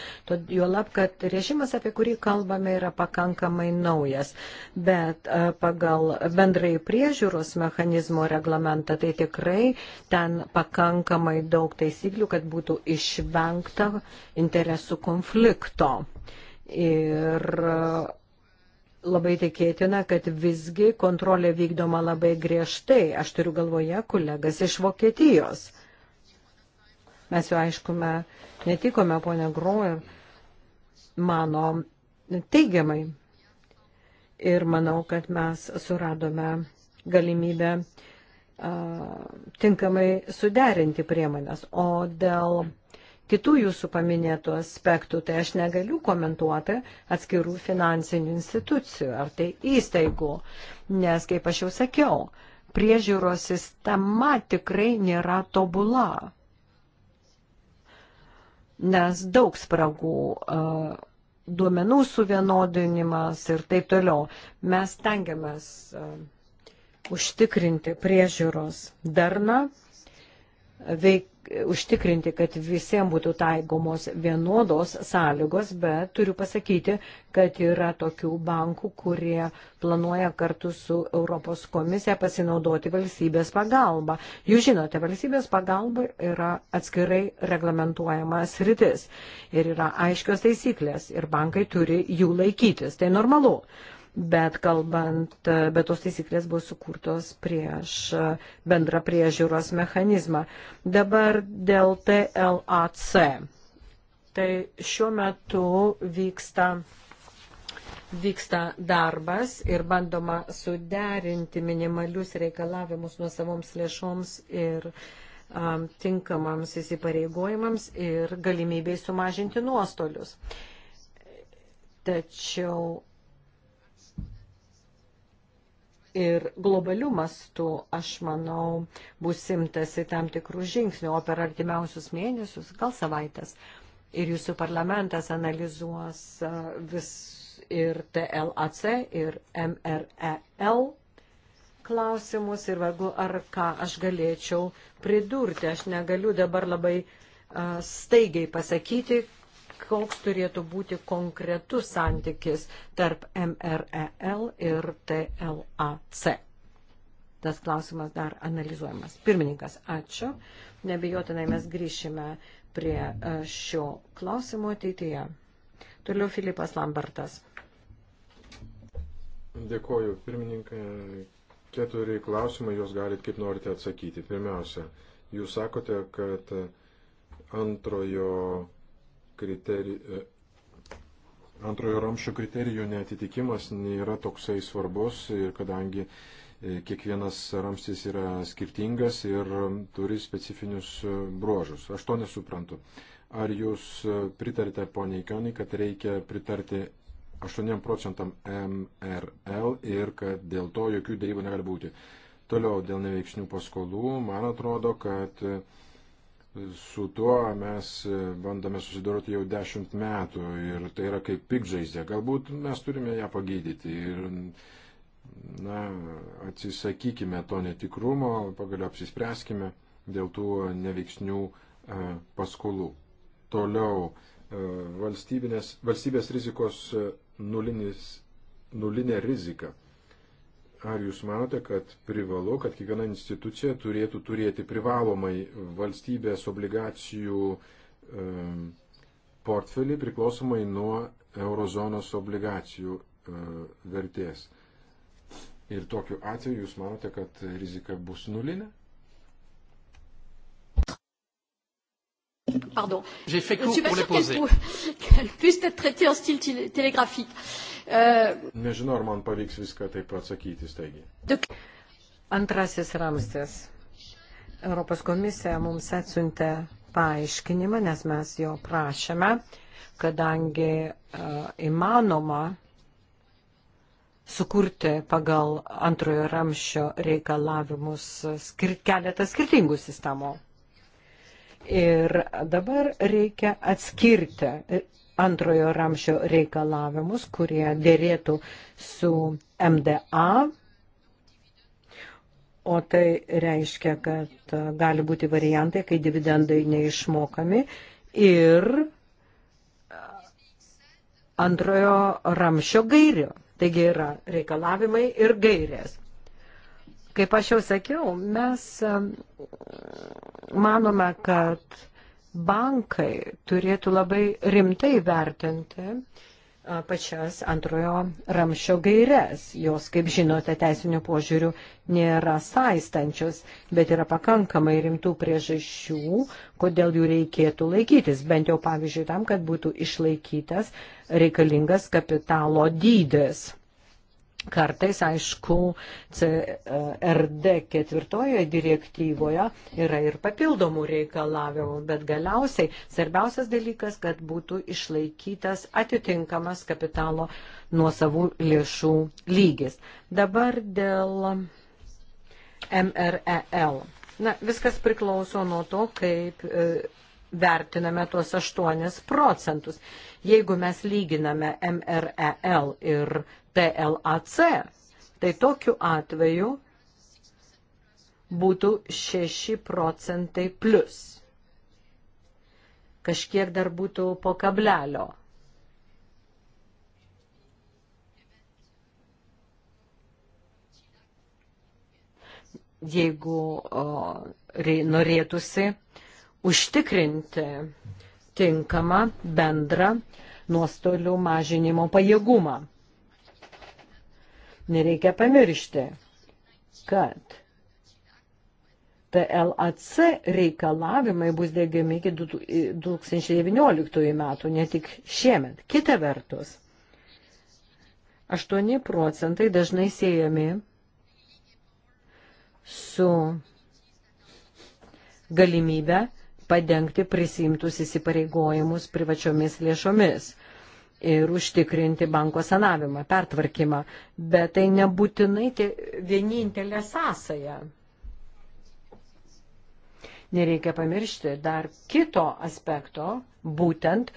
jo lab, kad režimas, apie kurį kalbame, yra pakankamai naujas. Bet e, pagal bendrai priežiūros mechanizmo reglamentą, tai tikrai ten pakankamai daug taisyklių, kad būtų išvengta interesų konflikto. Ir labai tikėtina, kad visgi kontrolė vykdoma labai griežtai. Aš turiu galvoje kolegas iš Vokietijos. Mes jau aiškume, netikome, ponia Groer, mano teigiamai. Ir manau, kad mes suradome galimybę uh, tinkamai suderinti priemonės. O dėl kitų jūsų paminėtų aspektų, tai aš negaliu komentuoti atskirų finansinių institucijų ar tai įstaigų, nes, kaip aš jau sakiau, priežiūros sistema tikrai nėra tobula, nes daug spragų. Uh, duomenų suvienodinimas ir taip toliau. Mes tengiamės uh, užtikrinti priežiūros darną, veik, užtikrinti, kad visiems būtų taikomos vienodos sąlygos, bet turiu pasakyti, kad yra tokių bankų, kurie planuoja kartu su Europos komisija pasinaudoti valstybės pagalba. Jūs žinote, valstybės pagalba yra atskirai reglamentuojama sritis ir yra aiškios taisyklės ir bankai turi jų laikytis. Tai normalu bet kalbant, bet tos taisyklės buvo sukurtos prieš bendrą priežiūros mechanizmą. Dabar dėl TLAC. Tai šiuo metu vyksta, vyksta darbas ir bandoma suderinti minimalius reikalavimus nuosavoms lėšoms ir um, tinkamams įsipareigojimams ir galimybei sumažinti nuostolius. Tačiau ir globalių mastų, aš manau, bus simtasi tam tikrų žingsnių, o per artimiausius mėnesius, gal savaitės. Ir jūsų parlamentas analizuos vis ir TLAC, ir MREL klausimus ir vargu ar ką aš galėčiau pridurti. Aš negaliu dabar labai staigiai pasakyti, koks turėtų būti konkretus santykis tarp MREL ir TLAC. Tas klausimas dar analizuojamas. Pirmininkas, ačiū. Nebejotinai mes grįšime prie e, šio klausimo ateityje. Toliau Filipas Lambertas. Dėkoju, pirmininkai. Keturi klausimai, juos galit kaip norite atsakyti. Pirmiausia, jūs sakote, kad antrojo kriteri, e, antrojo ramščio kriterijų netitikimas nėra toksai svarbus ir kadangi e, kiekvienas ramstis yra skirtingas ir turi specifinius e, bruožus. Aš to nesuprantu. Ar jūs pritarite, poniai Kioni, kad reikia pritarti 8 procentam MRL ir kad dėl to jokių dėrybų negali būti? Toliau dėl neveiksnių paskolų, man atrodo, kad su tuo mes e, bandome susidoroti jau dešimt metų ir tai yra kaip pikžaizdė. Galbūt mes turime ją pagydyti ir na, atsisakykime to netikrumo, pagaliau apsispręskime dėl tų neveiksnių e, paskolų. Toliau e, valstybės rizikos nulinis, nulinė rizika. Ar jūs manote, kad privalu, kad kiekviena institucija turėtų turėti privalomai valstybės obligacijų um, portfelį priklausomai nuo eurozonos obligacijų um, vertės? Ir tokiu atveju jūs manote, kad rizika bus nulinė? Pardon. J'ai fait court pour les poser. (laughs) Qu'elle puisse être traitée en style télégraphique. Euh, Nežinau, ar man pavyks viską taip atsakyti staigiai. Antrasis ramstis. Europos komisija mums atsiuntė paaiškinimą, nes mes jo prašėme, kadangi uh, įmanoma sukurti pagal antrojo ramščio reikalavimus skir keletą skirtingų sistemų. Ir dabar reikia atskirti antrojo ramšio reikalavimus, kurie dėrėtų su MDA. O tai reiškia, kad gali būti variantai, kai dividendai neišmokami ir antrojo ramšio gairio. Taigi yra reikalavimai ir gairės. Kaip aš jau sakiau, mes um, manome, kad bankai turėtų labai rimtai vertinti pačias antrojo ramščio gairias. Jos, kaip žinote, teisinių požiūrių nėra saistančios, bet yra pakankamai rimtų priežasčių, kodėl jų reikėtų laikytis. Bent jau, pavyzdžiui, tam, kad būtų išlaikytas reikalingas kapitalo dydis. Kartais, aišku, CRD ketvirtojoje direktyvoje yra ir papildomų reikalavimų, bet galiausiai svarbiausias dalykas, kad būtų išlaikytas atitinkamas kapitalo nuo savų lėšų lygis. Dabar dėl MREL. Na, viskas priklauso nuo to, kaip e, vertiname tuos 8 procentus. Jeigu mes lyginame MREL ir TLAC, tai tokiu atveju būtų 6 procentai plus. Kažkiek dar būtų po kablelio. Jeigu o, norėtųsi užtikrinti tinkamą bendrą nuostolių mažinimo pajėgumą. Nereikia pamiršti, kad TLAC reikalavimai bus dėgiami iki 2019 metų, ne tik šiemet. Kita vertus, 8 procentai dažnai siejami su galimybę padengti prisimtus įsipareigojimus privačiomis lėšomis ir užtikrinti banko sanavimą, pertvarkymą. Bet tai nebūtinai tai vienintelė sąsaja. Nereikia pamiršti dar kito aspekto, būtent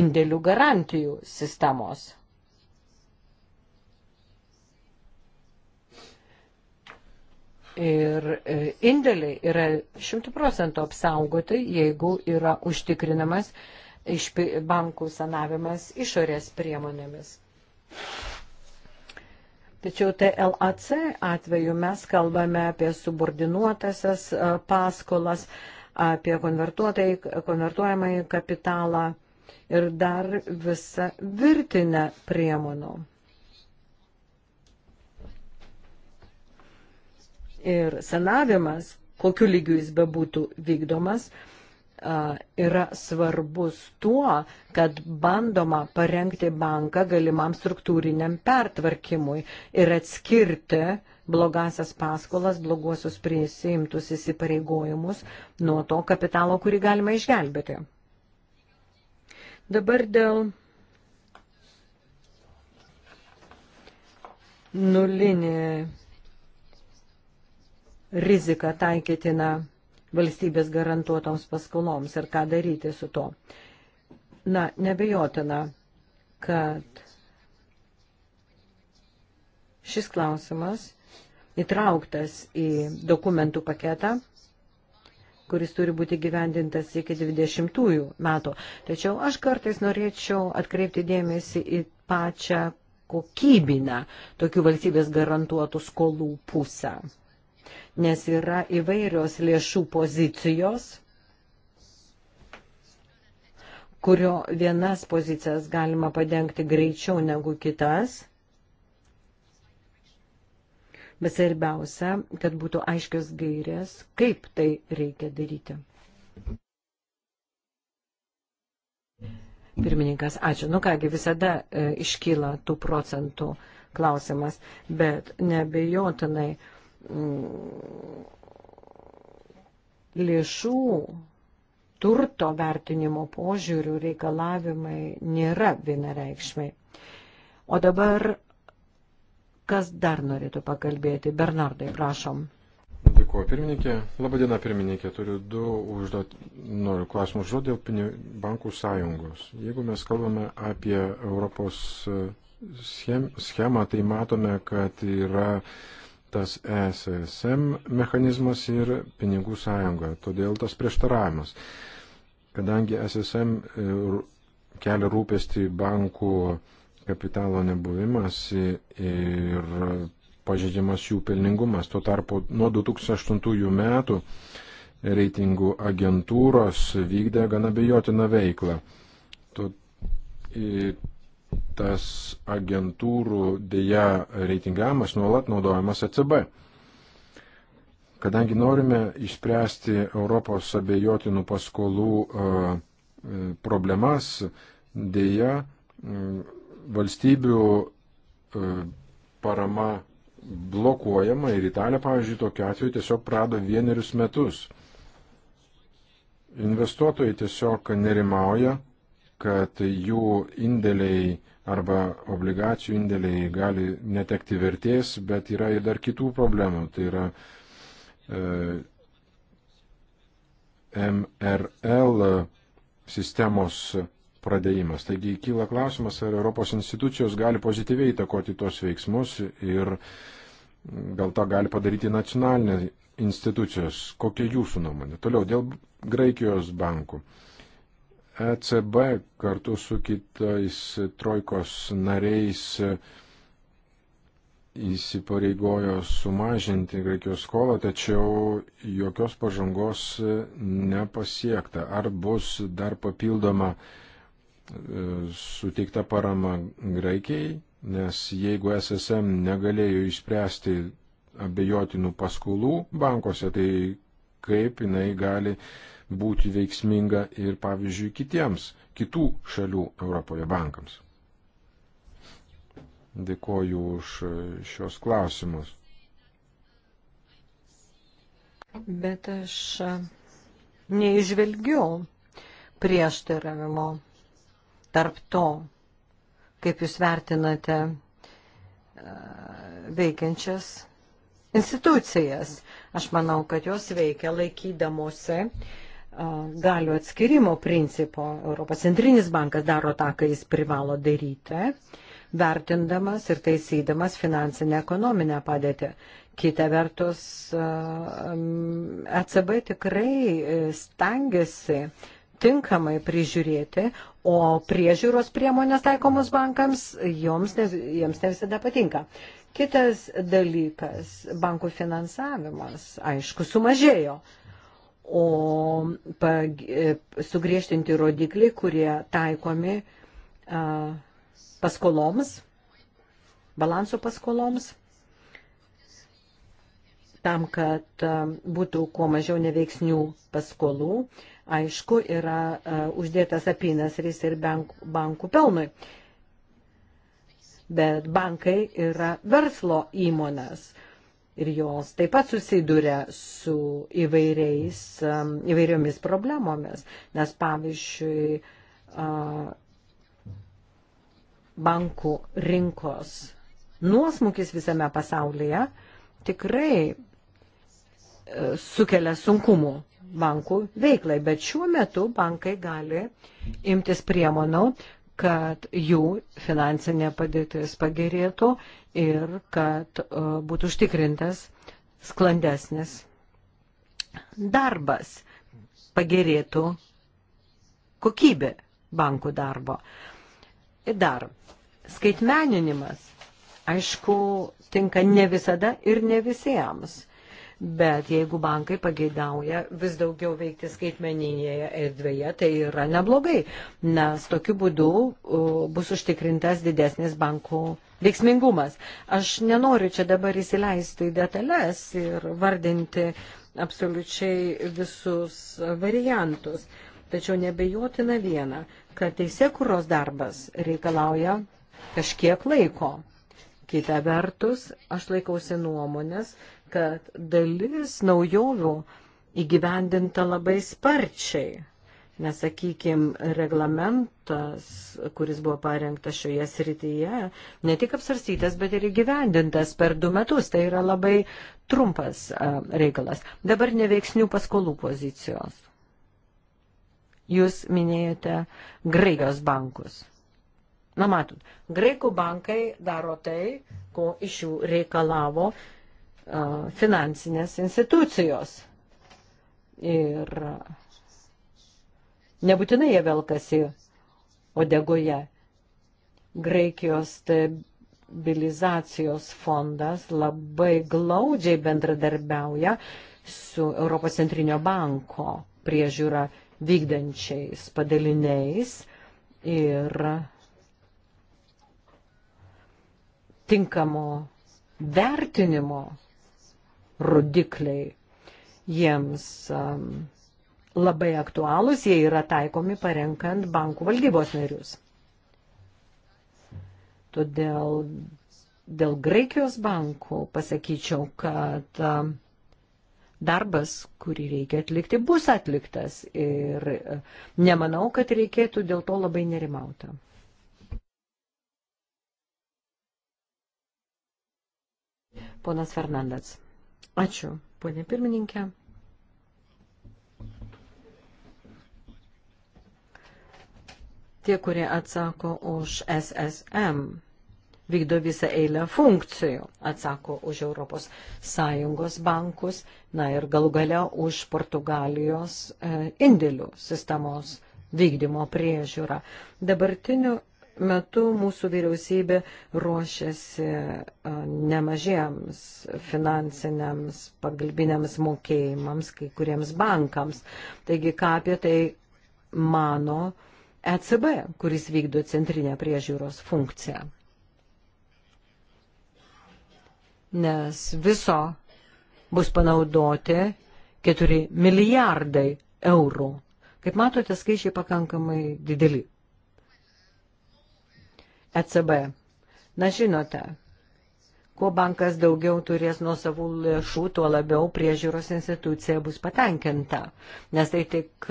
indėlių garantijų sistemos. Ir e, indėliai yra 100 procentų apsaugoti, jeigu yra užtikrinamas uh, iš bankų sanavimas išorės priemonėmis. Tačiau TLAC atveju mes kalbame apie subordinuotasias e, paskolas, apie konvertuojamą į kapitalą ir dar visą virtinę priemonų. Ir sanavimas, kokiu lygiu jis bebūtų vykdomas, yra svarbus tuo, kad bandoma parengti banką galimam struktūriniam pertvarkymui ir atskirti blogasias paskolas, bloguosius prisimtus įsipareigojimus nuo to kapitalo, kurį galima išgelbėti. Dabar dėl nulinė rizika taikytina valstybės garantuotoms paskoloms ir ką daryti su to. Na, nebejotina, kad šis klausimas įtrauktas į dokumentų paketą, kuris turi būti gyvendintas iki 20 metų. Tačiau aš kartais norėčiau atkreipti dėmesį į pačią kokybinę tokių valstybės garantuotų skolų pusę nes yra įvairios lėšų pozicijos, kurio vienas pozicijas galima padengti greičiau negu kitas. Bet svarbiausia, kad būtų aiškios gairės, kaip tai reikia daryti. Pirmininkas, ačiū. Nu kągi, visada e, iškyla tų procentų klausimas, bet nebejotinai Mm, lėšų turto vertinimo požiūrių reikalavimai nėra vienareikšmiai. O dabar, kas dar norėtų pakalbėti? Bernardai, prašom. Dėkuoju, pirmininkė. Labadiena, pirmininkė. Turiu du užduot, noriu klausimų užduoti dėl bankų sąjungos. Jeigu mes kalbame apie Europos e, schemą, tai matome, kad yra uh, tas ESSM mechanizmas ir pinigų sąjunga. Todėl tas prieštaravimas. Kadangi e SSM e, kelia rūpesti bankų kapitalo nebuvimas ir pažeidžiamas jų pelningumas. Tuo tarpu nuo 2008 metų reitingų agentūros vykdė gana bejotiną veiklą. Tuo tas agentūrų dėja reitingavimas nuolat naudojamas ECB. Kadangi norime išspręsti Europos abejotinų paskolų e, problemas, dėja valstybių e, parama blokuojama ir Italija, pavyzdžiui, tokiu atveju tiesiog prado vienerius metus. Investuotojai tiesiog nerimauja, kad jų indėliai arba obligacijų indėliai gali netekti vertės, bet yra ir dar kitų problemų. Tai yra e, MRL sistemos pradėjimas. Taigi kyla klausimas, ar Europos institucijos gali pozityviai įtakoti tos veiksmus ir gal tą gali padaryti nacionalinės institucijos. Kokia jūsų nuomonė? Toliau, dėl Graikijos bankų. E, ECB kartu su kitais trojkos nariais įsipareigojo sumažinti Graikijos skolą, tačiau jokios pažangos nepasiekta. Ar bus dar papildoma e, suteikta parama Graikijai, nes jeigu SSM negalėjo išspręsti abejotinų paskolų bankuose, tai kaip jinai gali būti veiksminga ir, pavyzdžiui, kitiems, kitų šalių Europoje bankams. Dėkoju už šios klausimus. Bet aš neižvelgiu prieštaravimo tarp to, kaip jūs vertinate e, veikiančias institucijas. Aš manau, kad jos veikia laikydamosi galių atskirimo principo. Europos centrinis bankas daro tą, ką jis privalo daryti, vertindamas ir taisydamas finansinę ekonominę padėtį. Kita vertus, ECB tikrai e, stengiasi tinkamai prižiūrėti, o priežiūros priemonės taikomus bankams, joms ne, jiems ne visada patinka. Kitas dalykas - bankų finansavimas, aišku, sumažėjo. Uh, o e, sugriežtinti rodikliai, kurie taikomi paskoloms, balanso paskoloms, tam, kad būtų kuo mažiau neveiksnių paskolų, aišku, yra uždėtas apinas ris ir bankų pelnui. Bet bankai yra verslo įmonas, ir jos taip pat susiduria su įvairiais, um, įvairiomis problemomis, nes pavyzdžiui, bankų rinkos nuosmukis visame pasaulyje tikrai e, sukelia sunkumų bankų veiklai, bet šiuo metu bankai gali imtis priemonų, kad jų finansinė padėtis pagerėtų ir kad e, būtų užtikrintas sklandesnis darbas, pagerėtų kokybė bankų darbo. Ir dar, skaitmeninimas, aišku, tinka ne visada ir ne visiems bet jeigu bankai pageidauja vis daugiau veikti skaitmeninėje erdvėje, tai yra neblogai, nes tokiu būdu bus užtikrintas didesnis bankų veiksmingumas. Aš nenoriu čia dabar įsileisti į detalės ir vardinti absoliučiai visus variantus. Tačiau nebejotina viena, kad teisėkuros darbas reikalauja kažkiek laiko. Kita vertus, aš laikausi nuomonės, kad dalis naujovių įgyvendinta labai sparčiai. Nes, sakykime, reglamentas, kuris buvo parengtas šioje srityje, ne tik apsarstytas, bet ir įgyvendintas per du metus. Tai yra labai trumpas reikalas. Dabar neveiksnių paskolų pozicijos. Jūs minėjote Graikijos bankus. Na matot, graikų bankai daro tai, ko iš jų reikalavo finansinės institucijos. Ir nebūtinai jie velkasi odegoje. Graikijos stabilizacijos fondas labai glaudžiai bendradarbiauja su Europos centrinio banko priežiūra vykdančiais padaliniais ir tinkamo vertinimo rodikliai jiems um, labai aktualūs, jie yra taikomi parenkant bankų valdybos narius. Todėl dėl Graikijos bankų pasakyčiau, kad um, darbas, kurį reikia atlikti, bus atliktas ir uh, nemanau, kad reikėtų dėl to labai nerimauti. Ponas Fernandas. Ačiū, ponė pirmininkė. Tie, kurie atsako už SSM, vykdo visą eilę funkcijų, atsako už Europos Sąjungos bankus, na ir galų gale už Portugalijos e, indėlių sistemos vykdymo priežiūrą. Dabartiniu metu mūsų vyriausybė ruošiasi nemažiems finansiniams pagalbiniams mokėjimams kai kuriems bankams. Taigi, ką apie tai mano ECB, kuris vykdo centrinę priežiūros funkciją. Nes viso bus panaudoti 4 milijardai eurų. Kaip matote, skaičiai pakankamai dideli. ECB. Na žinote, kuo bankas daugiau turės nuo savų lėšų, tuo labiau priežiūros institucija bus patenkinta, nes tai tik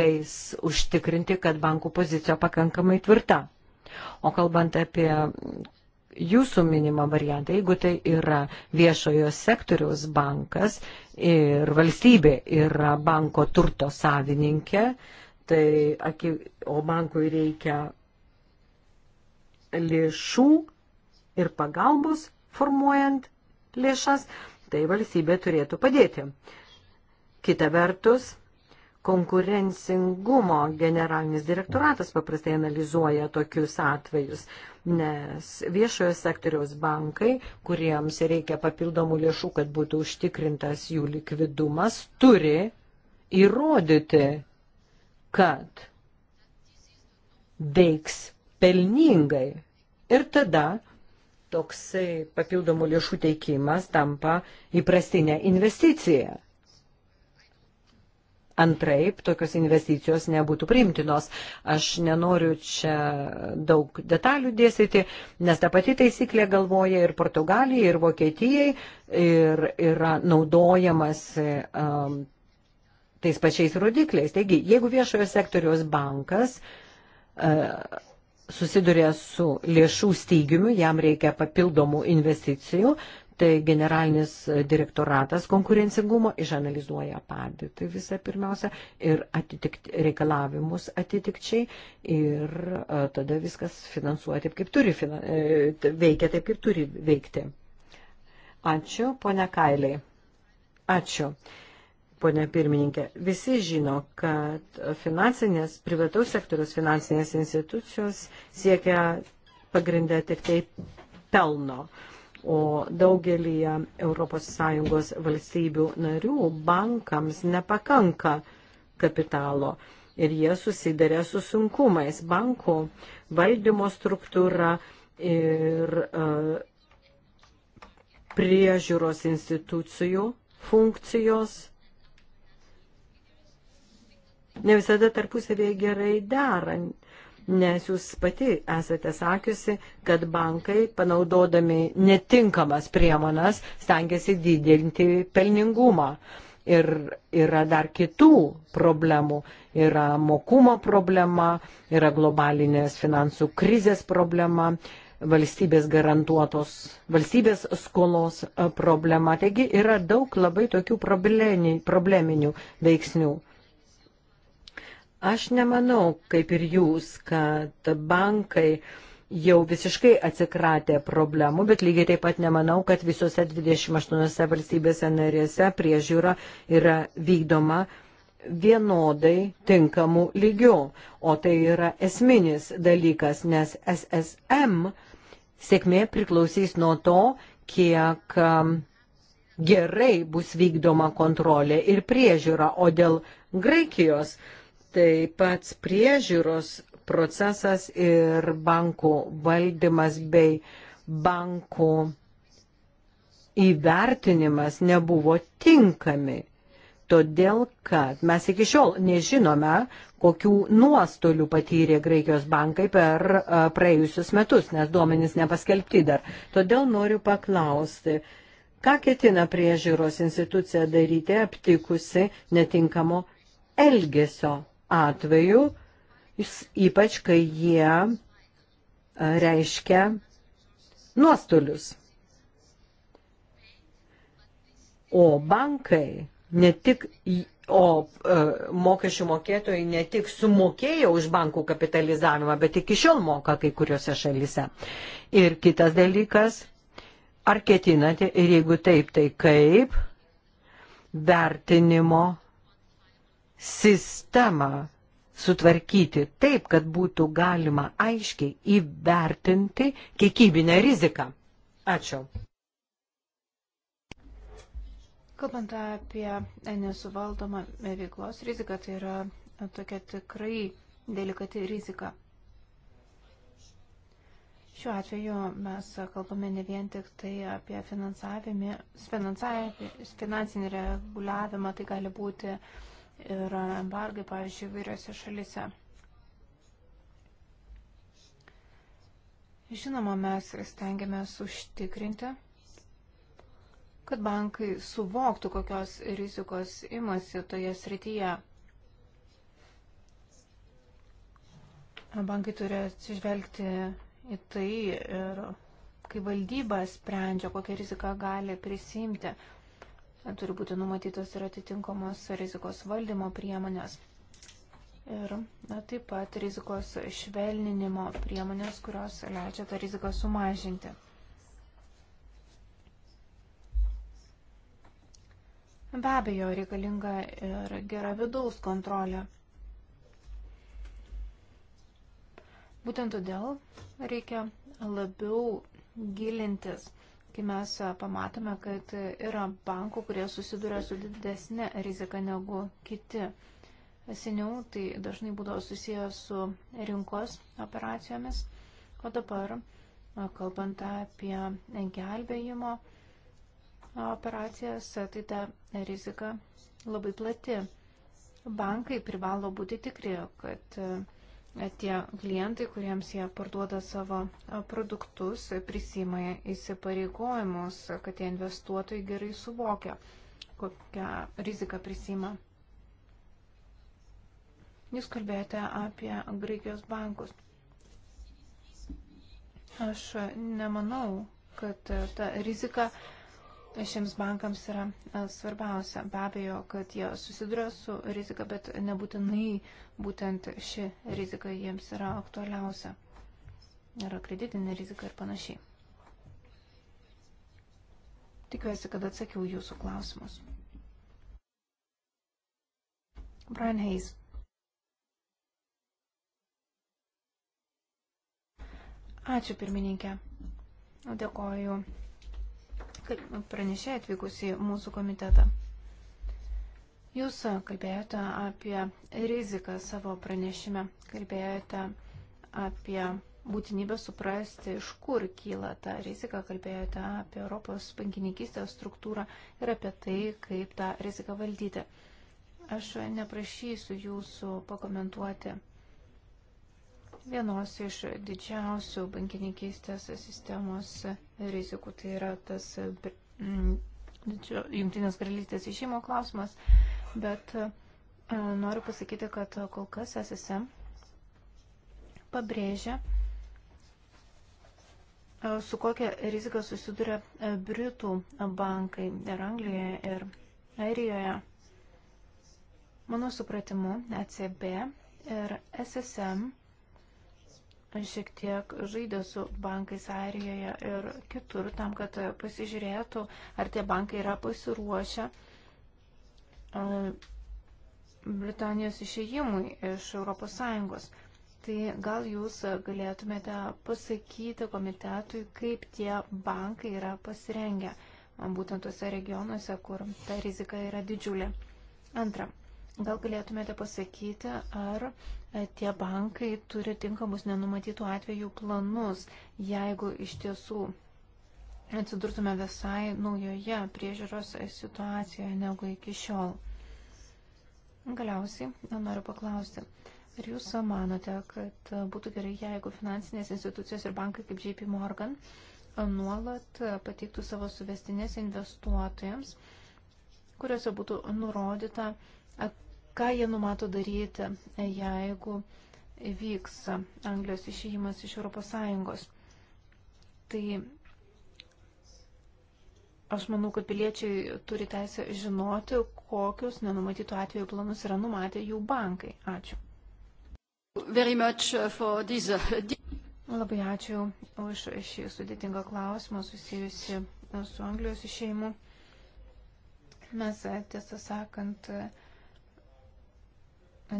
leis užtikrinti, kad bankų pozicija pakankamai tvirta. O kalbant apie jūsų minimą variantą, jeigu tai yra viešojo sektoriaus bankas ir valstybė yra banko turto savininkė, tai, o bankui reikia lėšų ir pagalbos formuojant lėšas, tai valstybė turėtų padėti. Kita vertus, konkurencingumo generalinis direktoratas paprastai analizuoja tokius atvejus, nes viešojo sektoriaus bankai, kuriems reikia papildomų lėšų, kad būtų užtikrintas jų likvidumas, turi įrodyti, kad veiks pelningai. Ir tada toksai papildomų lėšų teikimas tampa įprastinė investicija. Antraip, tokios investicijos nebūtų priimtinos. Aš nenoriu čia daug detalių dėsyti, nes ta pati taisyklė galvoja ir Portugalijai, ir Vokietijai, ir yra naudojamas um, tais pačiais rodikliais. Taigi, jeigu viešojo sektoriaus bankas uh, susiduria su lėšų stygiumi, jam reikia papildomų investicijų, tai generalinis direktoratas konkurencingumo išanalizuoja padėtį tai visą pirmiausia ir atitikt, reikalavimus atitikčiai ir a, e, tada viskas finansuoja taip, kaip turi, fina, e, veikia taip, kaip turi veikti. Ačiū, ponia Kailiai. Ačiū ponia pirmininkė. Visi žino, kad finansinės, privataus sektoriaus finansinės institucijos siekia pagrindę tik tai pelno. O daugelį ES valstybių narių bankams nepakanka kapitalo ir jie susidarė su sunkumais. Bankų valdymo struktūra ir uh, priežiūros institucijų funkcijos ne visada tarpusavėje gerai dera, nes jūs pati esate sakiusi, kad bankai, panaudodami netinkamas priemonas, stengiasi didinti pelningumą. Ir yra dar kitų problemų. Yra mokumo problema, yra globalinės finansų krizės problema, valstybės garantuotos, valstybės skolos e, problema. Taigi yra daug labai tokių probleminių veiksnių. Aš nemanau, kaip ir jūs, kad bankai jau visiškai atsikratė problemų, bet lygiai taip pat nemanau, kad visose 28 valstybėse narėse priežiūra yra vykdoma vienodai tinkamų lygių. O tai yra esminis dalykas, nes SSM sėkmė priklausys nuo to, kiek um, gerai bus vykdoma kontrolė ir priežiūra. O dėl Graikijos tai pats priežiūros procesas ir bankų valdymas bei bankų įvertinimas nebuvo tinkami, todėl kad mes iki šiol nežinome, kokių nuostolių patyrė Graikijos bankai per praėjusius metus, nes duomenys nepaskelbti dar. Todėl noriu paklausti, ką ketina priežiūros institucija daryti aptikusi netinkamo elgesio atveju, ypač kai jie reiškia nuostolius. O bankai ne tik, o mokesčių mokėtojai ne tik sumokėjo už bankų kapitalizavimą, bet iki šiol moka kai kuriuose šalyse. Ir kitas dalykas, ar ketinate ir jeigu taip, tai kaip vertinimo sistemą sutvarkyti taip, kad būtų galima aiškiai įvertinti kiekybinę riziką. Ačiū. Kalbant apie nesuvaldomą veiklos riziką, tai yra tokia tikrai delikati rizika. Šiuo atveju mes kalbame ne vien tik tai apie finansavimą, finansinį reguliavimą, tai gali būti uh, ir embargai, pavyzdžiui, vairiose šalise. Žinoma, mes stengiamės užtikrinti, kad bankai suvoktų, kokios rizikos imasi toje srityje. Bankai turi atsižvelgti į tai ir kai valdyba sprendžia, kokią riziką gali prisimti. Turi būti numatytos ir atitinkamos rizikos valdymo priemonės. Ir na, taip pat rizikos švelninimo priemonės, kurios leidžia tą riziką sumažinti. Be abejo, reikalinga ir gera vidaus kontrolė. Būtent todėl reikia labiau gilintis kai mes pamatome, kad yra bankų, kurie susiduria su didesnė rizika negu kiti. Seniau tai dažnai būdavo susijęs su rinkos operacijomis, o dabar, kalbant apie gelbėjimo operacijas, tai ta rizika labai plati. Bankai privalo būti tikri, kad tie klientai, kuriems jie parduoda savo produktus, prisima įsipareigojimus, kad tie investuotojai gerai suvokia, kokią riziką prisima. Jūs kalbėjote apie Graikijos bankus. Aš nemanau, kad ta rizika šiems bankams yra e, svarbiausia. Be abejo, kad jie susiduria su rizika, bet nebūtinai būtent ši rizika jiems yra aktualiausia. Yra kreditinė rizika ir panašiai. Tikiuosi, kad atsakiau jūsų klausimus. Brian Hayes. Ačiū pirmininkė. Dėkoju pranešė atvykus į mūsų komitetą. Jūs kalbėjote apie riziką savo pranešime, kalbėjote apie būtinybę suprasti, iš kur kyla ta rizika, kalbėjote apie Europos bankininkystės struktūrą ir apie tai, kaip tą riziką valdyti. Aš neprašysiu jūsų pakomentuoti vienos iš didžiausių bankininkystės sistemos rizikų. Tai yra tas mm, jungtinės karalystės išėjimo klausimas. Bet e, noriu pasakyti, kad kol kas SSM pabrėžia, e, su kokia rizika susiduria e, Britų bankai ir Anglijoje, ir Airijoje. Mano supratimu, ECB ir SSM šiek tiek žaidė su bankais Airijoje ir kitur tam, kad pasižiūrėtų, ar tie bankai yra pasiruošę e, Britanijos išėjimui iš ES. Tai gal jūs galėtumėte pasakyti komitetui, kaip tie bankai yra pasirengę būtent tuose regionuose, kur ta rizika yra didžiulė. Antra, gal galėtumėte pasakyti, ar tie bankai turi tinkamus nenumatytų atvejų planus, jeigu iš tiesų atsidurtume visai naujoje priežiūros situacijoje negu iki šiol. Galiausiai noriu paklausti, ar jūs manote, kad būtų gerai, jeigu finansinės institucijos ir bankai kaip JP Morgan nuolat pateiktų savo suvestinės investuotojams, kuriuose būtų nurodyta, Ką jie numato daryti, e, jeigu vyks Anglijos išėjimas iš ES? Tai aš manau, kad piliečiai turi teisę žinoti, kokius nenumatytų atveju planus yra numatę jų bankai. Ačiū. Uh, this... Uh, Labai ačiū už šį sudėtingą klausimą susijusi su Anglijos išėjimu. Mes, tiesą sakant,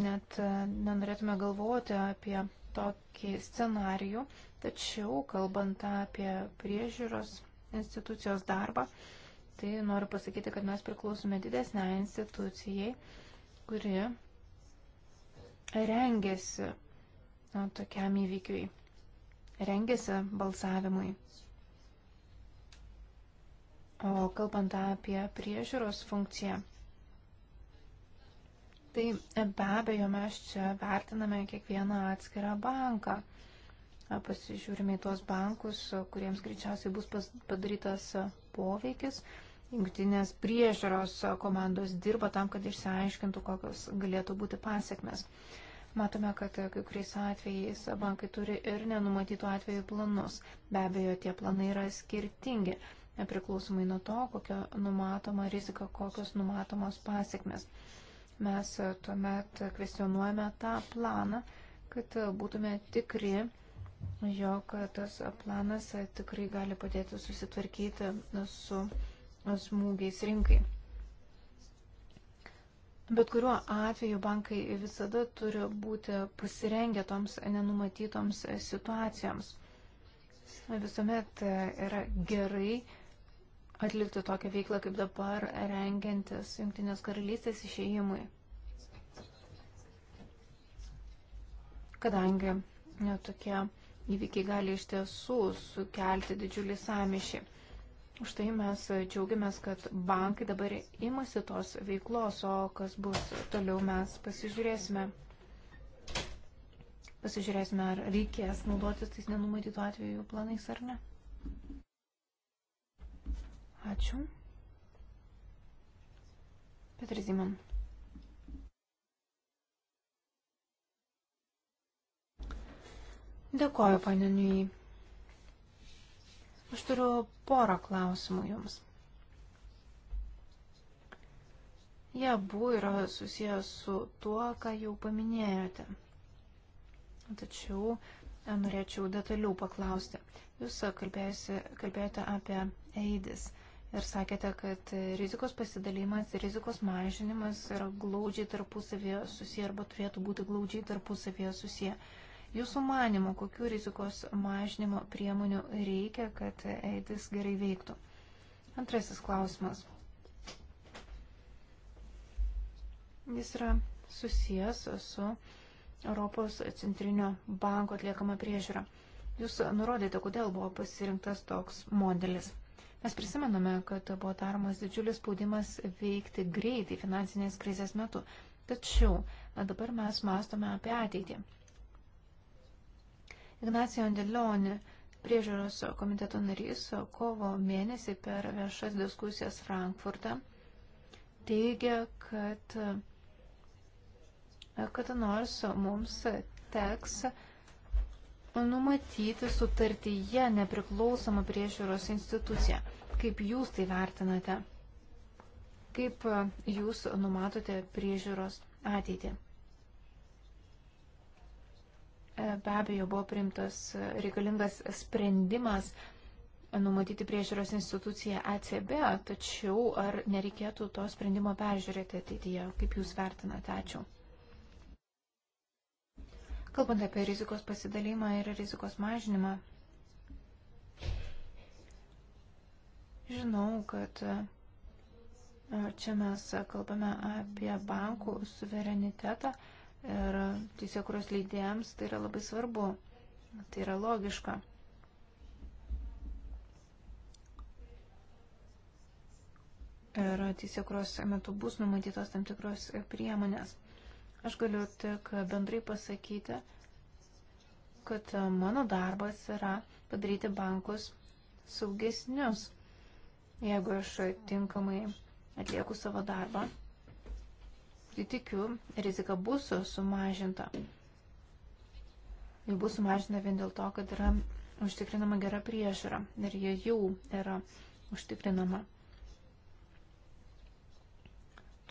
net e, nenorėtume galvoti apie tokį scenarijų, tačiau kalbant apie priežiūros institucijos darbą, tai noriu pasakyti, kad mes priklausome didesnę institucijai, kuri rengėsi na, tokiam įvykiui, rengėsi balsavimui. O kalbant apie priežiūros funkciją, Tai be abejo mes čia vertiname kiekvieną atskirą banką. Pasižiūrime į tuos bankus, kuriems greičiausiai bus padarytas poveikis. Jungtinės priežiūros komandos dirba tam, kad išsiaiškintų, kokios galėtų būti pasiekmes. Matome, kad kai kuriais atvejais bankai turi ir nenumatytų atvejų planus. Be abejo, tie planai yra skirtingi, priklausomai nuo to, kokia numatoma rizika, kokios numatomos pasiekmes. Mes tuomet kvestionuojame tą planą, kad būtume tikri, jog tas planas tikrai gali padėti susitvarkyti su smūgiais rinkai. Bet kuriuo atveju bankai visada turi būti pasirengę toms nenumatytoms situacijoms. Visuomet yra gerai atlikti tokią veiklą kaip dabar, rengiantis Junktinės karalystės išėjimui. Kadangi ne, tokie įvykiai gali iš tiesų sukelti didžiulį samišį. Už tai mes džiaugiamės, kad bankai dabar imasi tos veiklos, o kas bus toliau mes pasižiūrėsime. Pasižiūrėsime, ar reikės naudotis tais nenumatytų atvejų planais ar ne. Ačiū. Petris Zimon. Dėkoju, panė Nui. Aš turiu porą klausimų jums. Jie abu yra susijęs su tuo, ką jau paminėjote. Tačiau e, norėčiau detaliau paklausti. Jūs e, kalbėjote apie eidis ir sakėte, kad rizikos pasidalymas ir rizikos mažinimas yra glaudžiai tarpusavėje susiję arba turėtų būti glaudžiai tarpusavėje susiję. Jūsų manimo, kokiu rizikos mažinimo priemonių reikia, kad EIDIS gerai veiktų? Antrasis klausimas. Jis yra susijęs su Europos centrinio banko atliekama priežiūra. Jūs nurodėte, kodėl buvo pasirinktas toks modelis. Mes prisimename, kad buvo daromas didžiulis spaudimas veikti greitai finansinės krizės metu. Tačiau dabar mes mastome apie ateitį. Ignacio Andelionė, priežiūros komiteto narys, kovo mėnesį per viešas diskusijas Frankfurtą teigia, kad kada nors mums teks numatyti sutartyje nepriklausomą priežiūros instituciją. Kaip jūs tai vertinate? Kaip e, jūs numatote priežiūros ateitį? E, be abejo, buvo priimtas e, reikalingas sprendimas numatyti priežiūros instituciją ECB, tačiau ar nereikėtų to sprendimo peržiūrėti ateityje? Kaip Jūs vertinate? Ačiū. Kalbant apie rizikos pasidalymą ir rizikos mažinimą, žinau, kad čia mes kalbame apie bankų suverenitetą ir teisėkuros leidėjams tai yra labai svarbu, tai yra logiška. Ir teisėkuros metu bus numatytos tam tikros priemonės. Aš galiu tik bendrai pasakyti, kad mano darbas yra padaryti bankus saugesnius. Jeigu aš tinkamai atlieku savo darbą, tai tikiu, rizika bus sumažinta. Ji bus sumažinta vien dėl to, kad yra užtikrinama gera priežiūra ir jie jau yra užtikrinama.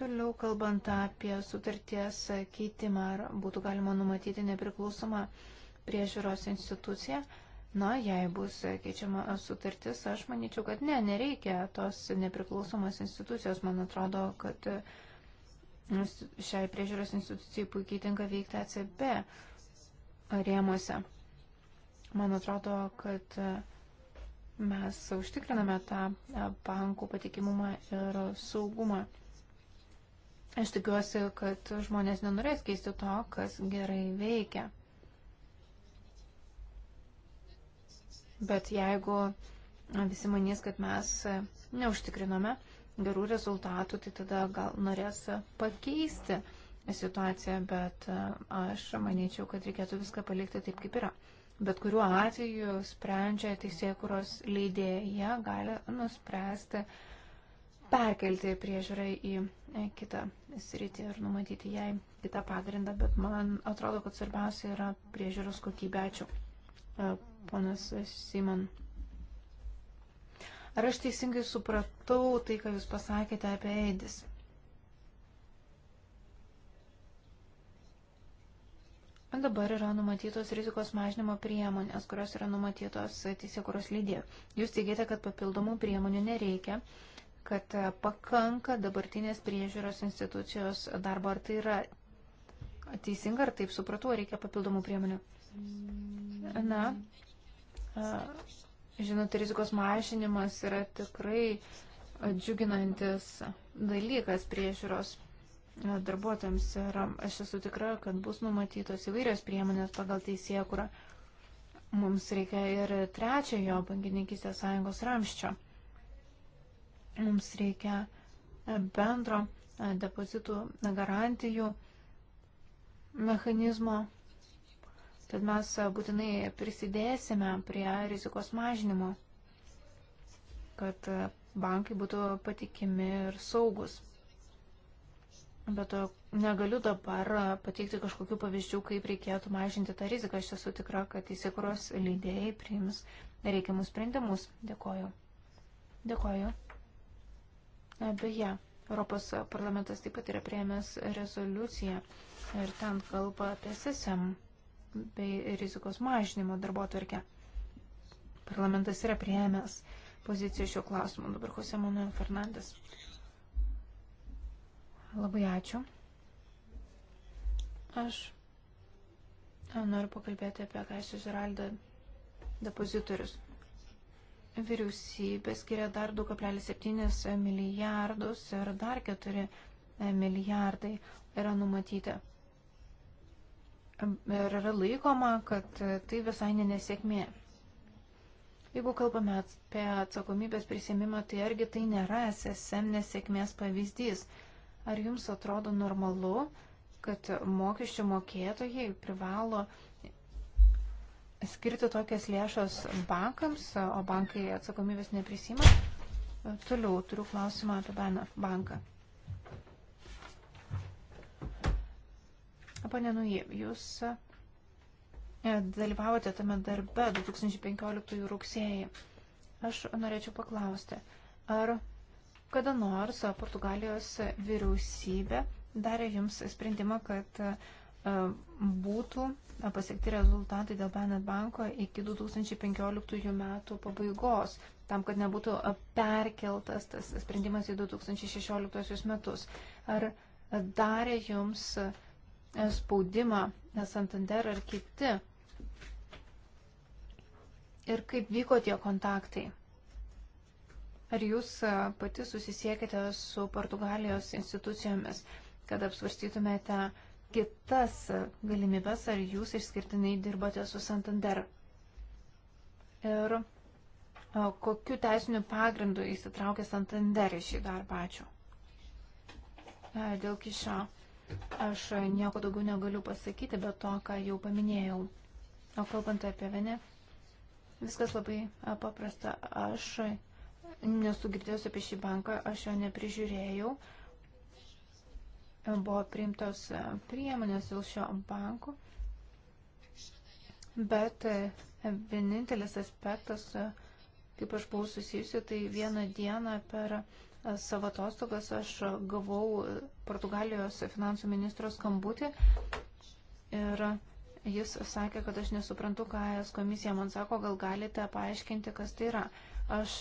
Toliau kalbant apie sutarties keitimą, ar būtų galima numatyti nepriklausomą priežiūros instituciją, na, jei bus keičiama sutartis, aš manyčiau, kad ne, nereikia tos nepriklausomos institucijos. Man atrodo, kad šiai priežiūros institucijai puikiai tinka veikti ACB rėmose. Man atrodo, kad mes užtikriname tą bankų patikimumą ir saugumą. Aš tikiuosi, kad žmonės nenorės keisti to, kas gerai veikia. Bet jeigu visi manys, kad mes neužtikrinome gerų rezultatų, tai tada gal norės pakeisti situaciją, bet aš manyčiau, kad reikėtų viską palikti taip, kaip yra. Bet kuriuo atveju sprendžia teisėkuros leidėja, gali nuspręsti, uh, perkelti priežiūrą į e, kitą sritį ir numatyti jai kitą pagrindą, bet man atrodo, kad svarbiausia yra priežiūros kokybė. Ačiū, e, ponas Simon. Ar aš teisingai supratau tai, ką Jūs pasakėte apie Eidis? Dabar yra numatytos rizikos mažinimo priemonės, kurios yra numatytos teisėkuros lydė. Jūs teigiate, kad papildomų priemonių nereikia, kad e, pakanka dabartinės priežiūros institucijos darbo. Ar tai yra teisinga, ar taip supratau, ar reikia papildomų priemonių? Na, e, žinot, rizikos mažinimas yra tikrai džiuginantis dalykas priežiūros e, darbuotojams ir aš esu tikra, kad bus numatytos įvairios priemonės pagal teisėkurą. Mums reikia ir trečiojo bankininkystės sąjungos ramščio. Mums reikia e, bendro e, depozitų e, garantijų mechanizmo. Tad mes būtinai prisidėsime prie rizikos mažinimo, kad bankai būtų patikimi ir saugus. Bet negaliu dabar pateikti kažkokių pavyzdžių, kaip reikėtų mažinti tą riziką. Aš esu tikra, kad įsikros lydėjai priims reikiamus sprendimus. Dėkoju. Dėkoju. Beje, Europos parlamentas taip pat yra prieėmęs rezoliuciją ir ten kalba apie SSM bei rizikos mažinimo darbo atvarkę. Parlamentas yra prieėmęs poziciją šio klausimu. Dabar Jose Manuel Fernandes. Labai ačiū. Aš noriu pakalbėti apie Kaisio Žeraldą depozitorius vyriausybė skiria dar 2,7 milijardus ir dar 4 milijardai yra numatyti. Ir yra laikoma, kad tai visai nesėkmė. Jeigu kalbame apie atsakomybės prisėmimą, tai argi tai nėra SSM nesėkmės pavyzdys. Ar jums atrodo normalu, kad mokesčių mokėtojai privalo uh, skirti tokias lėšas bankams, o bankai atsakomybės neprisima. Toliau turiu klausimą apie banką. Pane Nui, jūs e, dalyvavote tame darbe 2015 rugsėjai. Aš norėčiau paklausti, ar kada nors Portugalijos vyriausybė darė jums sprendimą, kad E, būtų pasiekti rezultatai dėl Benet banko iki 2015 metų pabaigos, tam, kad nebūtų perkeltas tas sprendimas į 2016 metus. Ar darė jums spaudimą Santander ar kiti? Ir kaip vyko tie kontaktai? Ar jūs pati susisiekite su Portugalijos institucijomis, kad apsvarstytumėte uh, kitas galimybės, ar jūs išskirtinai dirbate su Santander. Ir kokiu teisiniu pagrindu įsitraukė Santander į šį darbą. Ačiū. Dėl kišio aš nieko daugiau negaliu pasakyti, bet to, ką jau paminėjau. O kalbant apie vienę, viskas labai paprasta. Aš nesu girdėjus apie šį banką, aš jo neprižiūrėjau buvo priimtos e, priemonės dėl šio banko, bet e, vienintelis aspektas, e, kaip aš buvau susijusi, tai vieną dieną per savo atostogas aš gavau Portugalijos finansų ministro skambutį ir jis sakė, kad aš nesuprantu, ką es komisija man sako, gal galite paaiškinti, kas tai yra. Aš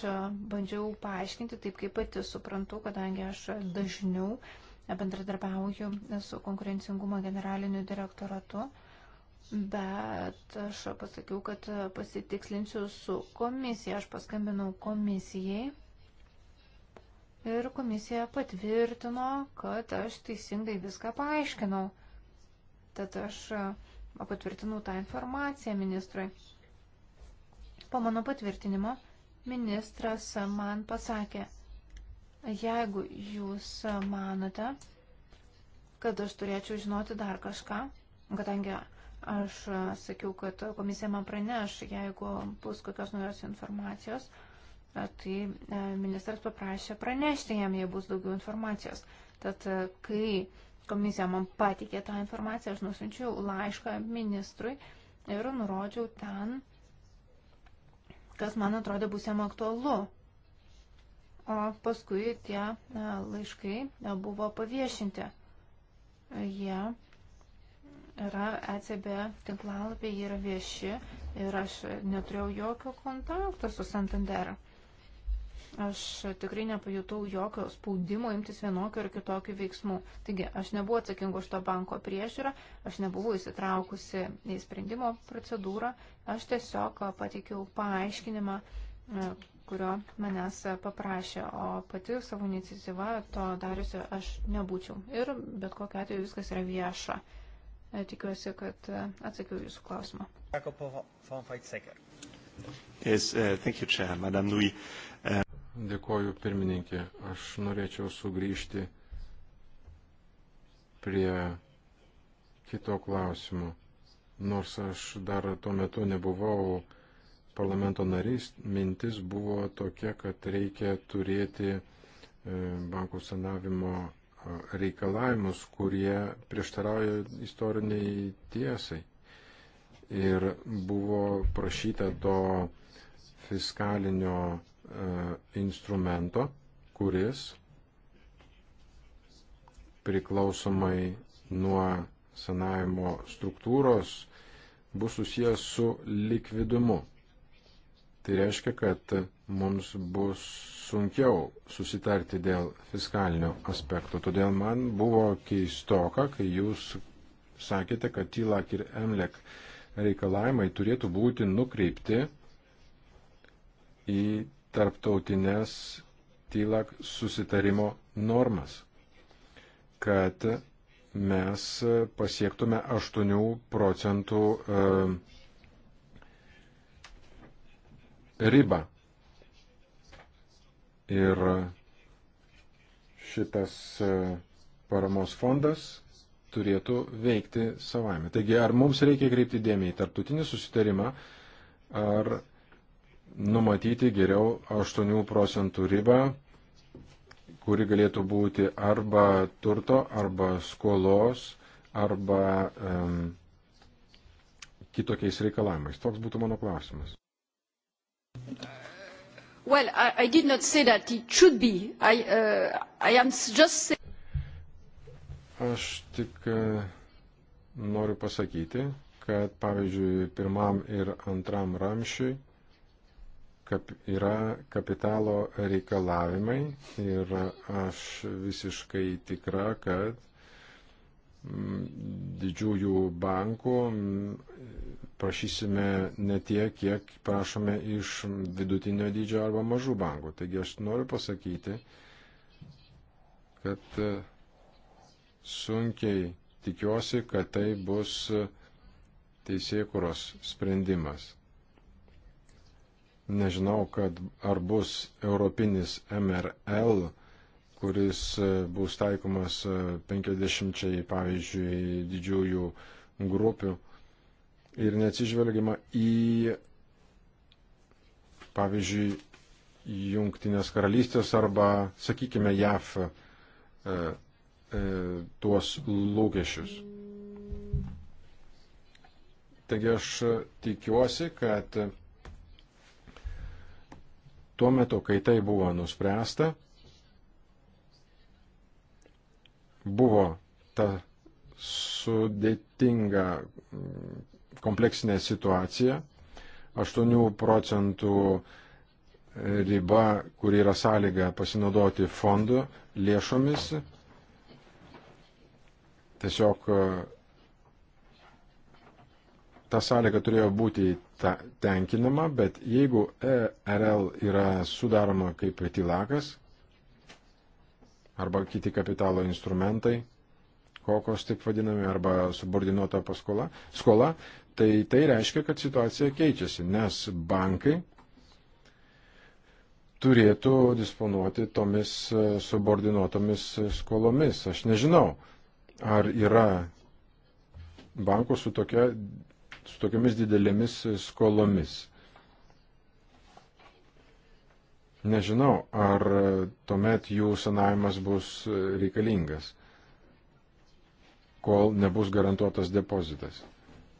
bandžiau paaiškinti taip, kaip pati suprantu, kadangi aš dažniau uh, bendradarbiauju su konkurencingumo generaliniu direktoratu, bet aš pasakiau, kad pasitikslinsiu su komisija. Aš paskambinau komisijai ir komisija patvirtino, kad aš teisingai viską paaiškinau. Tad aš patvirtinau tą informaciją ministrui. Po mano patvirtinimo ministras man pasakė, Jeigu jūs manote, kad aš turėčiau žinoti dar kažką, kadangi aš sakiau, kad komisija man praneš, jeigu bus kokios naujos informacijos, tai e, ministras paprašė pranešti jam, jei bus daugiau informacijos. Tad e, kai komisija man patikė tą informaciją, aš nusinčiau laišką ministrui ir nurodžiau ten, kas man atrodė būsiam aktualu o paskui tie laiškai buvo paviešinti. Jie yra ECB tinklalapiai, jie yra vieši ir aš neturėjau jokio kontakto su Santanderu. Aš tikrai nepajutau jokio spaudimo imtis vienokio ar kitokio veiksmų. Taigi, aš nebuvau atsakinga už to banko priežiūrą, aš nebuvau įsitraukusi į sprendimo procedūrą, aš tiesiog pateikiau paaiškinimą kurio manęs paprašė, o pati savo iniciatyvą to dariusi aš nebūčiau. Ir bet kokiu atveju viskas yra vieša. E, tikiuosi, kad e, atsakiau jūsų klausimą. Yes, uh, thank you, Chair, Madame Nui. Uh... Dėkoju, pirmininkė. Aš norėčiau sugrįžti prie kito klausimo. Nors aš dar tuo metu nebuvau uh, parlamento nariais mintis buvo tokia, kad reikia turėti e, bankų sanavimo e, reikalavimus, kurie prieštarauja istoriniai tiesai. Ir buvo prašyta to fiskalinio e, instrumento, kuris priklausomai nuo sanavimo struktūros bus susijęs su likvidumu. Tai reiškia, kad mums bus sunkiau susitarti dėl fiskalinio aspekto. Todėl man buvo keistoka, kai jūs sakėte, kad TILAK ir EMLEK reikalavimai turėtų būti nukreipti į tarptautinės TILAK susitarimo normas, kad mes pasiektume 8 procentų e, ribą. Ir šitas e, paramos fondas turėtų veikti savame. Taigi, ar mums reikia kreipti dėmesį į tarptautinį susitarimą, ar numatyti geriau 8 procentų ribą, kuri galėtų būti arba turto, arba skolos, arba um, kitokiais reikalavimais. Toks būtų mano klausimas. Well, I, I did not say that it should be. I, uh, I am just saying. Aš tik e, noriu pasakyti, kad pavyzdžiui pirmam ir antram ramšiui kap, yra kapitalo reikalavimai ir aš visiškai tikra, kad didžiųjų bankų prašysime ne tiek, kiek prašome iš vidutinio dydžio arba mažų bankų. Taigi aš noriu pasakyti, kad e, sunkiai tikiuosi, kad tai bus teisėkuros sprendimas. Nežinau, kad ar bus europinis MRL, kuris e, bus taikomas 50, e, pavyzdžiui, didžiųjų grupių ir neatsižvelgiama į, pavyzdžiui, Jungtinės karalystės arba, sakykime, JAF e, e, tuos lūkesčius. Taigi aš tikiuosi, kad tuo metu, kai tai buvo nuspręsta, buvo ta sudėtinga kompleksinę situaciją. 8 procentų riba, kuri yra sąlyga pasinaudoti fondų lėšomis. Tiesiog ta sąlyga turėjo būti ta, tenkinama, bet jeigu ERL yra sudaroma kaip tilakas arba kiti kapitalo instrumentai, kokos taip vadinami, arba subordinuota paskola, skola, tai tai reiškia, kad situacija keičiasi, nes bankai turėtų disponuoti tomis e, subordinuotomis skolomis. Aš nežinau, ar yra bankų su, tokia, su tokiamis didelėmis skolomis. Nežinau, ar e, tuomet jų sanavimas bus e, reikalingas kol nebus garantuotas depozitas.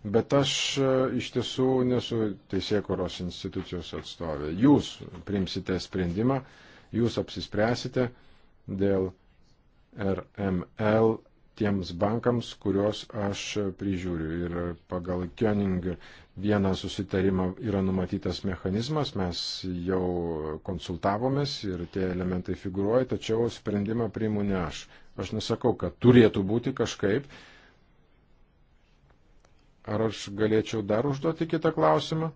Bet aš e, iš tiesų nesu teisėkuros institucijos atstovė. Jūs primsite sprendimą, jūs apsispręsite dėl RML tiems bankams, kuriuos aš prižiūriu. Ir pagal Kioning vieną susitarimą yra numatytas mechanizmas, mes jau konsultavomės ir tie elementai figuruoja, tačiau sprendimą priimu ne aš. Aš nesakau, kad turėtų būti kažkaip. Ar aš galėčiau dar užduoti kitą klausimą?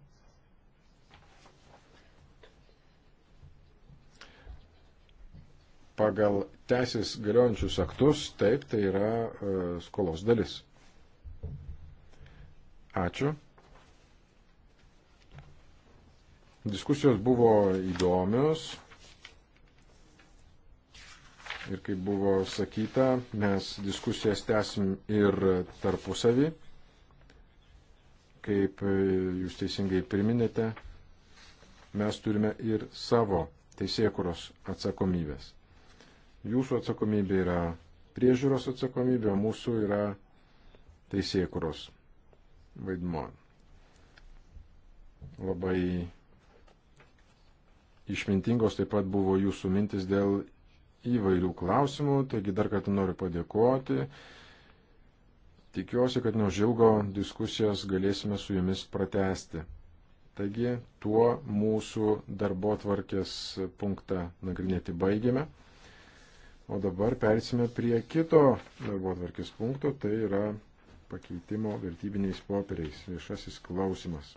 Pagal teisės galiojančius aktus, taip, tai yra e, skolos dalis. Ačiū. Diskusijos buvo įdomios. Ir kaip buvo sakyta, mes diskusijas tęsim ir tarpusavį, kaip jūs teisingai priminėte, mes turime ir savo teisėkuros atsakomybės. Jūsų atsakomybė yra priežiūros atsakomybė, o mūsų yra teisėkuros vaidmo. Labai išmintingos taip pat buvo jūsų mintis dėl įvairių klausimų, taigi dar kartą noriu padėkoti. Tikiuosi, kad neužilgo diskusijas galėsime su jumis pratesti. Taigi tuo mūsų darbo tvarkės punktą nagrinėti baigėme. O dabar persime prie kito darbo tvarkės punkto, tai yra pakeitimo vertybiniais popieriais viešasis klausimas.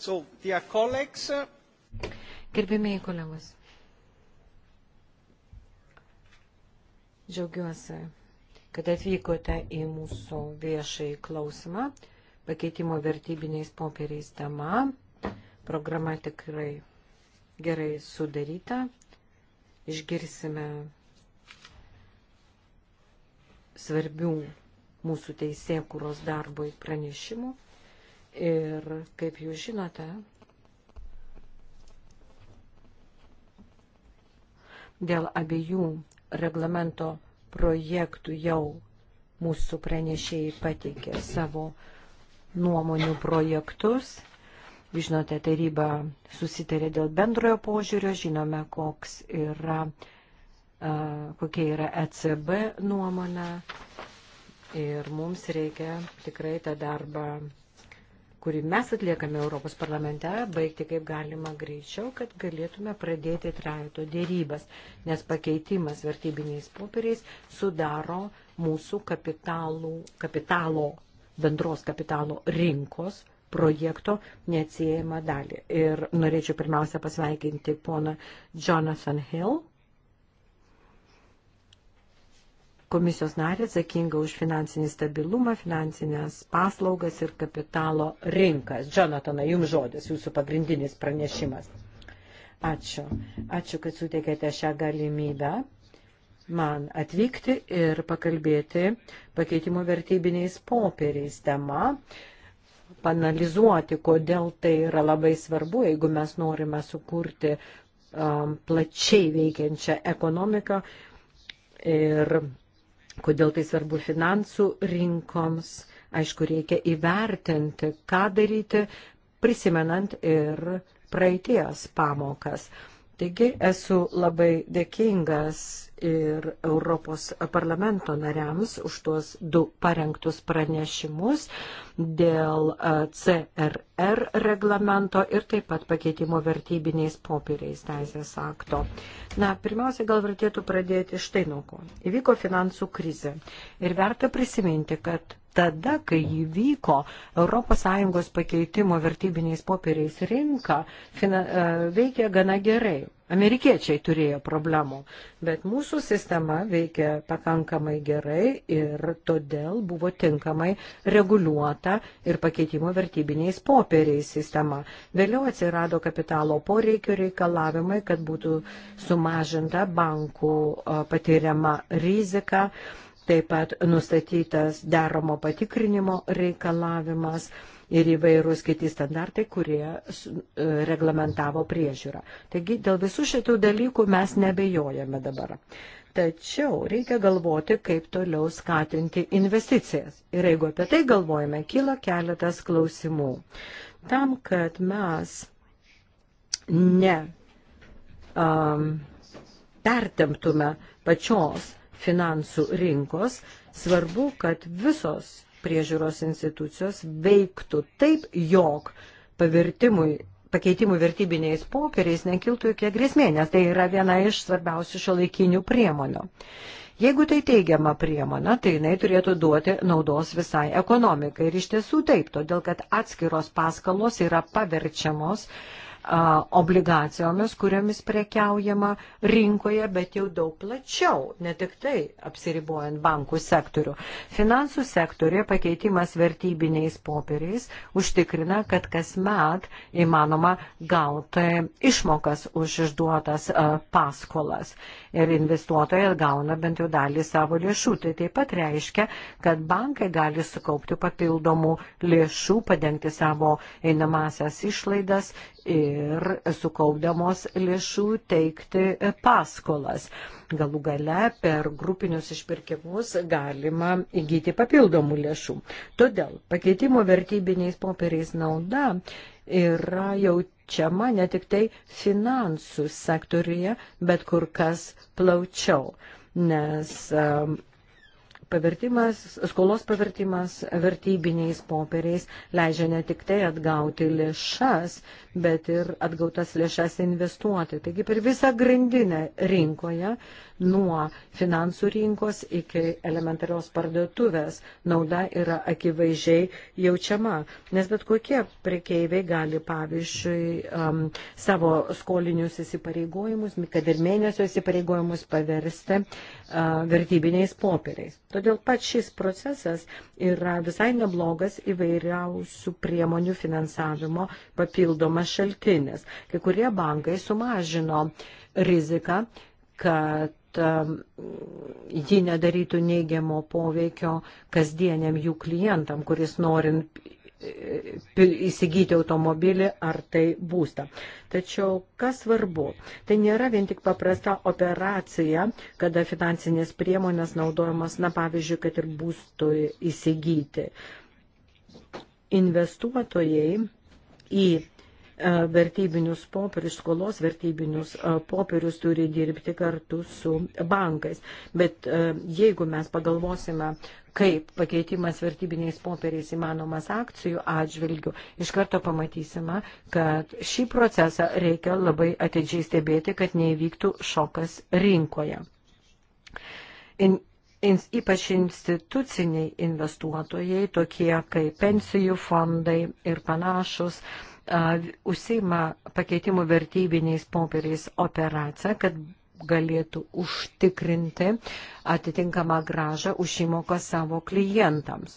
So, dear colleagues. Uh, Gerbėmiai kolegos. Džiaugiuosi, kad atvykote į mūsų viešai klausimą pakeitimo vertybiniais popieriais tema. Programa tikrai gerai sudaryta. Išgirsime svarbių mūsų teisėkuros darbui pranešimų. Ir kaip jūs žinote, dėl abiejų reglamento projektų jau mūsų pranešėjai pateikė savo nuomonių projektus. Žinote, taryba susitarė dėl bendrojo požiūrio, žinome, koks yra, kokia yra ECB nuomonė ir mums reikia tikrai tą darbą kurį mes atliekame Europos parlamente, baigti kaip galima greičiau, kad galėtume pradėti trajeto dėrybas, nes pakeitimas vertybiniais popieriais sudaro mūsų kapitalų, kapitalo, bendros kapitalo rinkos projekto neatsiejama dalį. Ir norėčiau pirmiausia pasveikinti poną Jonathan Hill, komisijos narė atsakinga už finansinį stabilumą, finansinės paslaugas ir kapitalo rinkas. Jonathanai, jums žodis, jūsų pagrindinis pranešimas. Ačiū. Ačiū, kad suteikėte šią galimybę man atvykti ir pakalbėti pakeitimo vertybiniais popieriais tema, panalizuoti, kodėl tai yra labai svarbu, jeigu mes norime sukurti um, plačiai veikiančią ekonomiką ir Kodėl tai svarbu finansų rinkoms? Aišku, reikia įvertinti, ką daryti, prisimenant ir praeities pamokas. Taigi esu labai dėkingas ir Europos parlamento nariams už tuos du parengtus pranešimus dėl CRR reglamento ir taip pat pakeitimo vertybiniais popieriais teisės akto. Na, pirmiausia, gal vertėtų pradėti štai nuo ko. Įvyko finansų krizė ir verta prisiminti, kad tada, kai įvyko ES pakeitimo vertybiniais popieriais rinka, fina, e, veikė gana gerai. Amerikiečiai turėjo problemų, bet mūsų sistema veikė pakankamai gerai ir todėl buvo tinkamai reguliuota ir pakeitimo vertybiniais popieriais sistema. Vėliau atsirado kapitalo poreikio reikalavimai, kad būtų sumažinta bankų e, patiriama rizika. Uh, taip pat nustatytas daromo patikrinimo reikalavimas ir įvairūs kiti standartai, kurie e, reglamentavo priežiūrą. Taigi dėl visų šitų dalykų mes nebejojame dabar. Tačiau reikia galvoti, kaip toliau skatinti investicijas. Ir jeigu apie tai galvojame, kyla keletas klausimų. Tam, kad mes ne um, pertemptume pačios finansų rinkos, svarbu, kad visos priežiūros institucijos veiktų taip, jog pavirtimui pakeitimų vertybiniais popieriais nekiltų jokie grėsmė, nes tai yra viena iš svarbiausių šio laikinių priemonių. Jeigu tai teigiama priemona, tai jinai turėtų duoti naudos visai ekonomikai. Ir iš tiesų taip, todėl kad atskiros paskalos yra paverčiamos uh, obligacijomis, kuriamis prekiaujama rinkoje, bet jau daug plačiau, ne tik tai apsiribuojant bankų sektorių. Finansų sektorė pakeitimas vertybiniais popieriais užtikrina, kad kasmet įmanoma gauti išmokas už išduotas paskolas ir investuotojas gauna bent jau dalį savo lėšų. Tai taip pat reiškia, kad bankai gali sukaupti papildomų lėšų, padengti savo einamasias išlaidas ir sukaupdamos lėšų teikti paskolas. Galų gale per grupinius išpirkimus galima įgyti papildomų lėšų. Todėl pakeitimo vertybiniais popieriais nauda yra jaučiama ne tik tai finansų sektorija, bet kur kas plaučiau, nes um, pavertimas, skolos pavertimas vertybiniais popieriais leidžia ne tik tai atgauti lėšas, bet ir atgautas lėšas investuoti. Taigi per visą grandinę rinkoje, nuo finansų rinkos iki elementarios parduotuvės, nauda yra akivaizdžiai jaučiama. Nes bet kokie prekeiviai gali, pavyzdžiui, um, savo skolinius įsipareigojimus, kad ir mėnesio įsipareigojimus paversti uh, vertybiniais popieriais. Todėl pat šis procesas yra visai neblogas įvairiausių priemonių finansavimo papildomas šaltinis. Kai kurie bankai sumažino riziką, kad um, ji nedarytų neigiamo poveikio kasdieniam jų klientam, kuris norint E, e, įsigyti automobilį ar tai būstą. Tačiau kas svarbu, tai nėra vien tik paprasta operacija, kada finansinės priemonės naudojamas, na pavyzdžiui, kad ir būstui įsigyti. Investuotojai į e, vertybinius popierius, skolos vertybinius popierius turi dirbti kartu su bankais. Bet jeigu mes pagalvosime kaip pakeitimas vertybiniais popieriais įmanomas akcijų atžvilgių, iš karto pamatysime, kad šį procesą reikia labai atidžiai stebėti, kad neįvyktų šokas rinkoje. In, in, ypač instituciniai investuotojai, tokie kaip pensijų fondai ir panašus, uh, užsima pakeitimų vertybiniais popieriais operaciją, kad galėtų užtikrinti atitinkamą gražą už įmoką savo klientams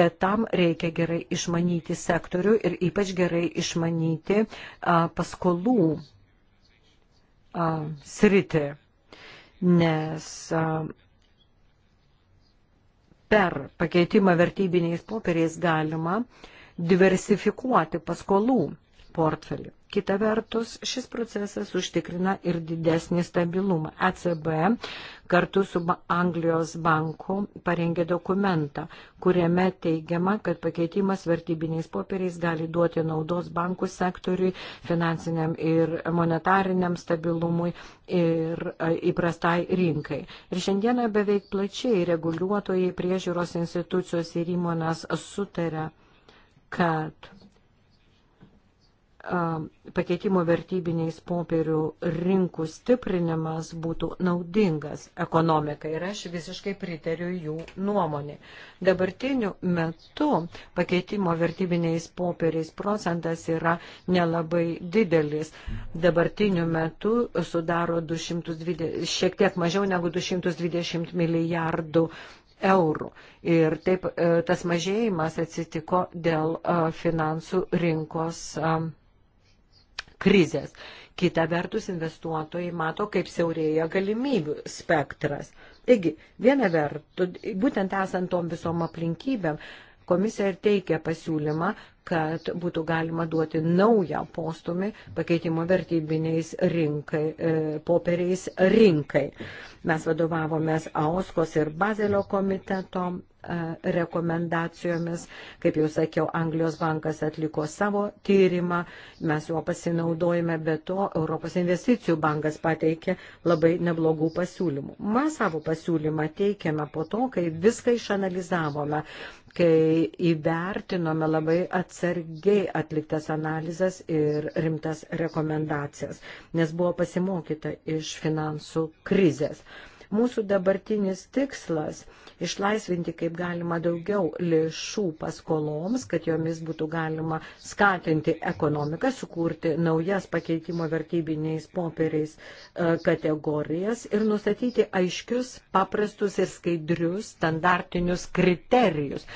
bet tam reikia gerai išmanyti sektorių ir ypač gerai išmanyti a, paskolų a, sritį, nes a, per pakeitimą vertybiniais popieriais galima diversifikuoti paskolų portfelį. Kita vertus, šis procesas užtikrina ir didesnį stabilumą. ECB kartu su Anglijos banku parengė dokumentą, kuriame teigiama, kad pakeitimas vertybiniais popieriais gali duoti naudos bankų sektoriui, finansiniam ir monetariniam stabilumui ir e, įprastai rinkai. Ir šiandieną beveik plačiai reguliuotojai priežiūros institucijos ir įmonės sutarė, kad pakeitimo vertybiniais popierių rinkų stiprinimas būtų naudingas ekonomikai ir aš visiškai pritariu jų nuomonė. Dabartiniu metu pakeitimo vertybiniais popieriais procentas yra nelabai didelis. Dabartiniu metu sudaro 220, šiek tiek mažiau negu 220 milijardų eurų. Ir taip e, tas mažėjimas atsitiko dėl e, finansų rinkos um, krizės. Kita vertus, investuotojai mato, kaip siaurėja galimybių spektras. Taigi, viena vertus, būtent esant tom visom aplinkybėm, komisija ir teikia pasiūlymą, kad būtų galima duoti naują postumį pakeitimo vertybiniais rinkai, e, popieriais rinkai. Mes vadovavomės AOSKOS ir Bazelio komiteto e, rekomendacijomis. Kaip jau sakiau, Anglijos bankas atliko savo tyrimą, mes juo pasinaudojame, bet to Europos investicijų bankas pateikė labai neblogų pasiūlymų. Mes savo pasiūlymą teikiame po to, kai viską išanalizavome, kai įvertinome labai atsargiai atliktas analizas ir rimtas rekomendacijas, nes buvo pasimokyta iš finansų krizės. Mūsų dabartinis tikslas - išlaisvinti kaip galima daugiau lėšų paskoloms, kad jomis būtų galima skatinti ekonomiką, sukurti naujas pakeitimo vertybiniais popieriais e, kategorijas ir nustatyti aiškius, paprastus ir skaidrius standartinius kriterijus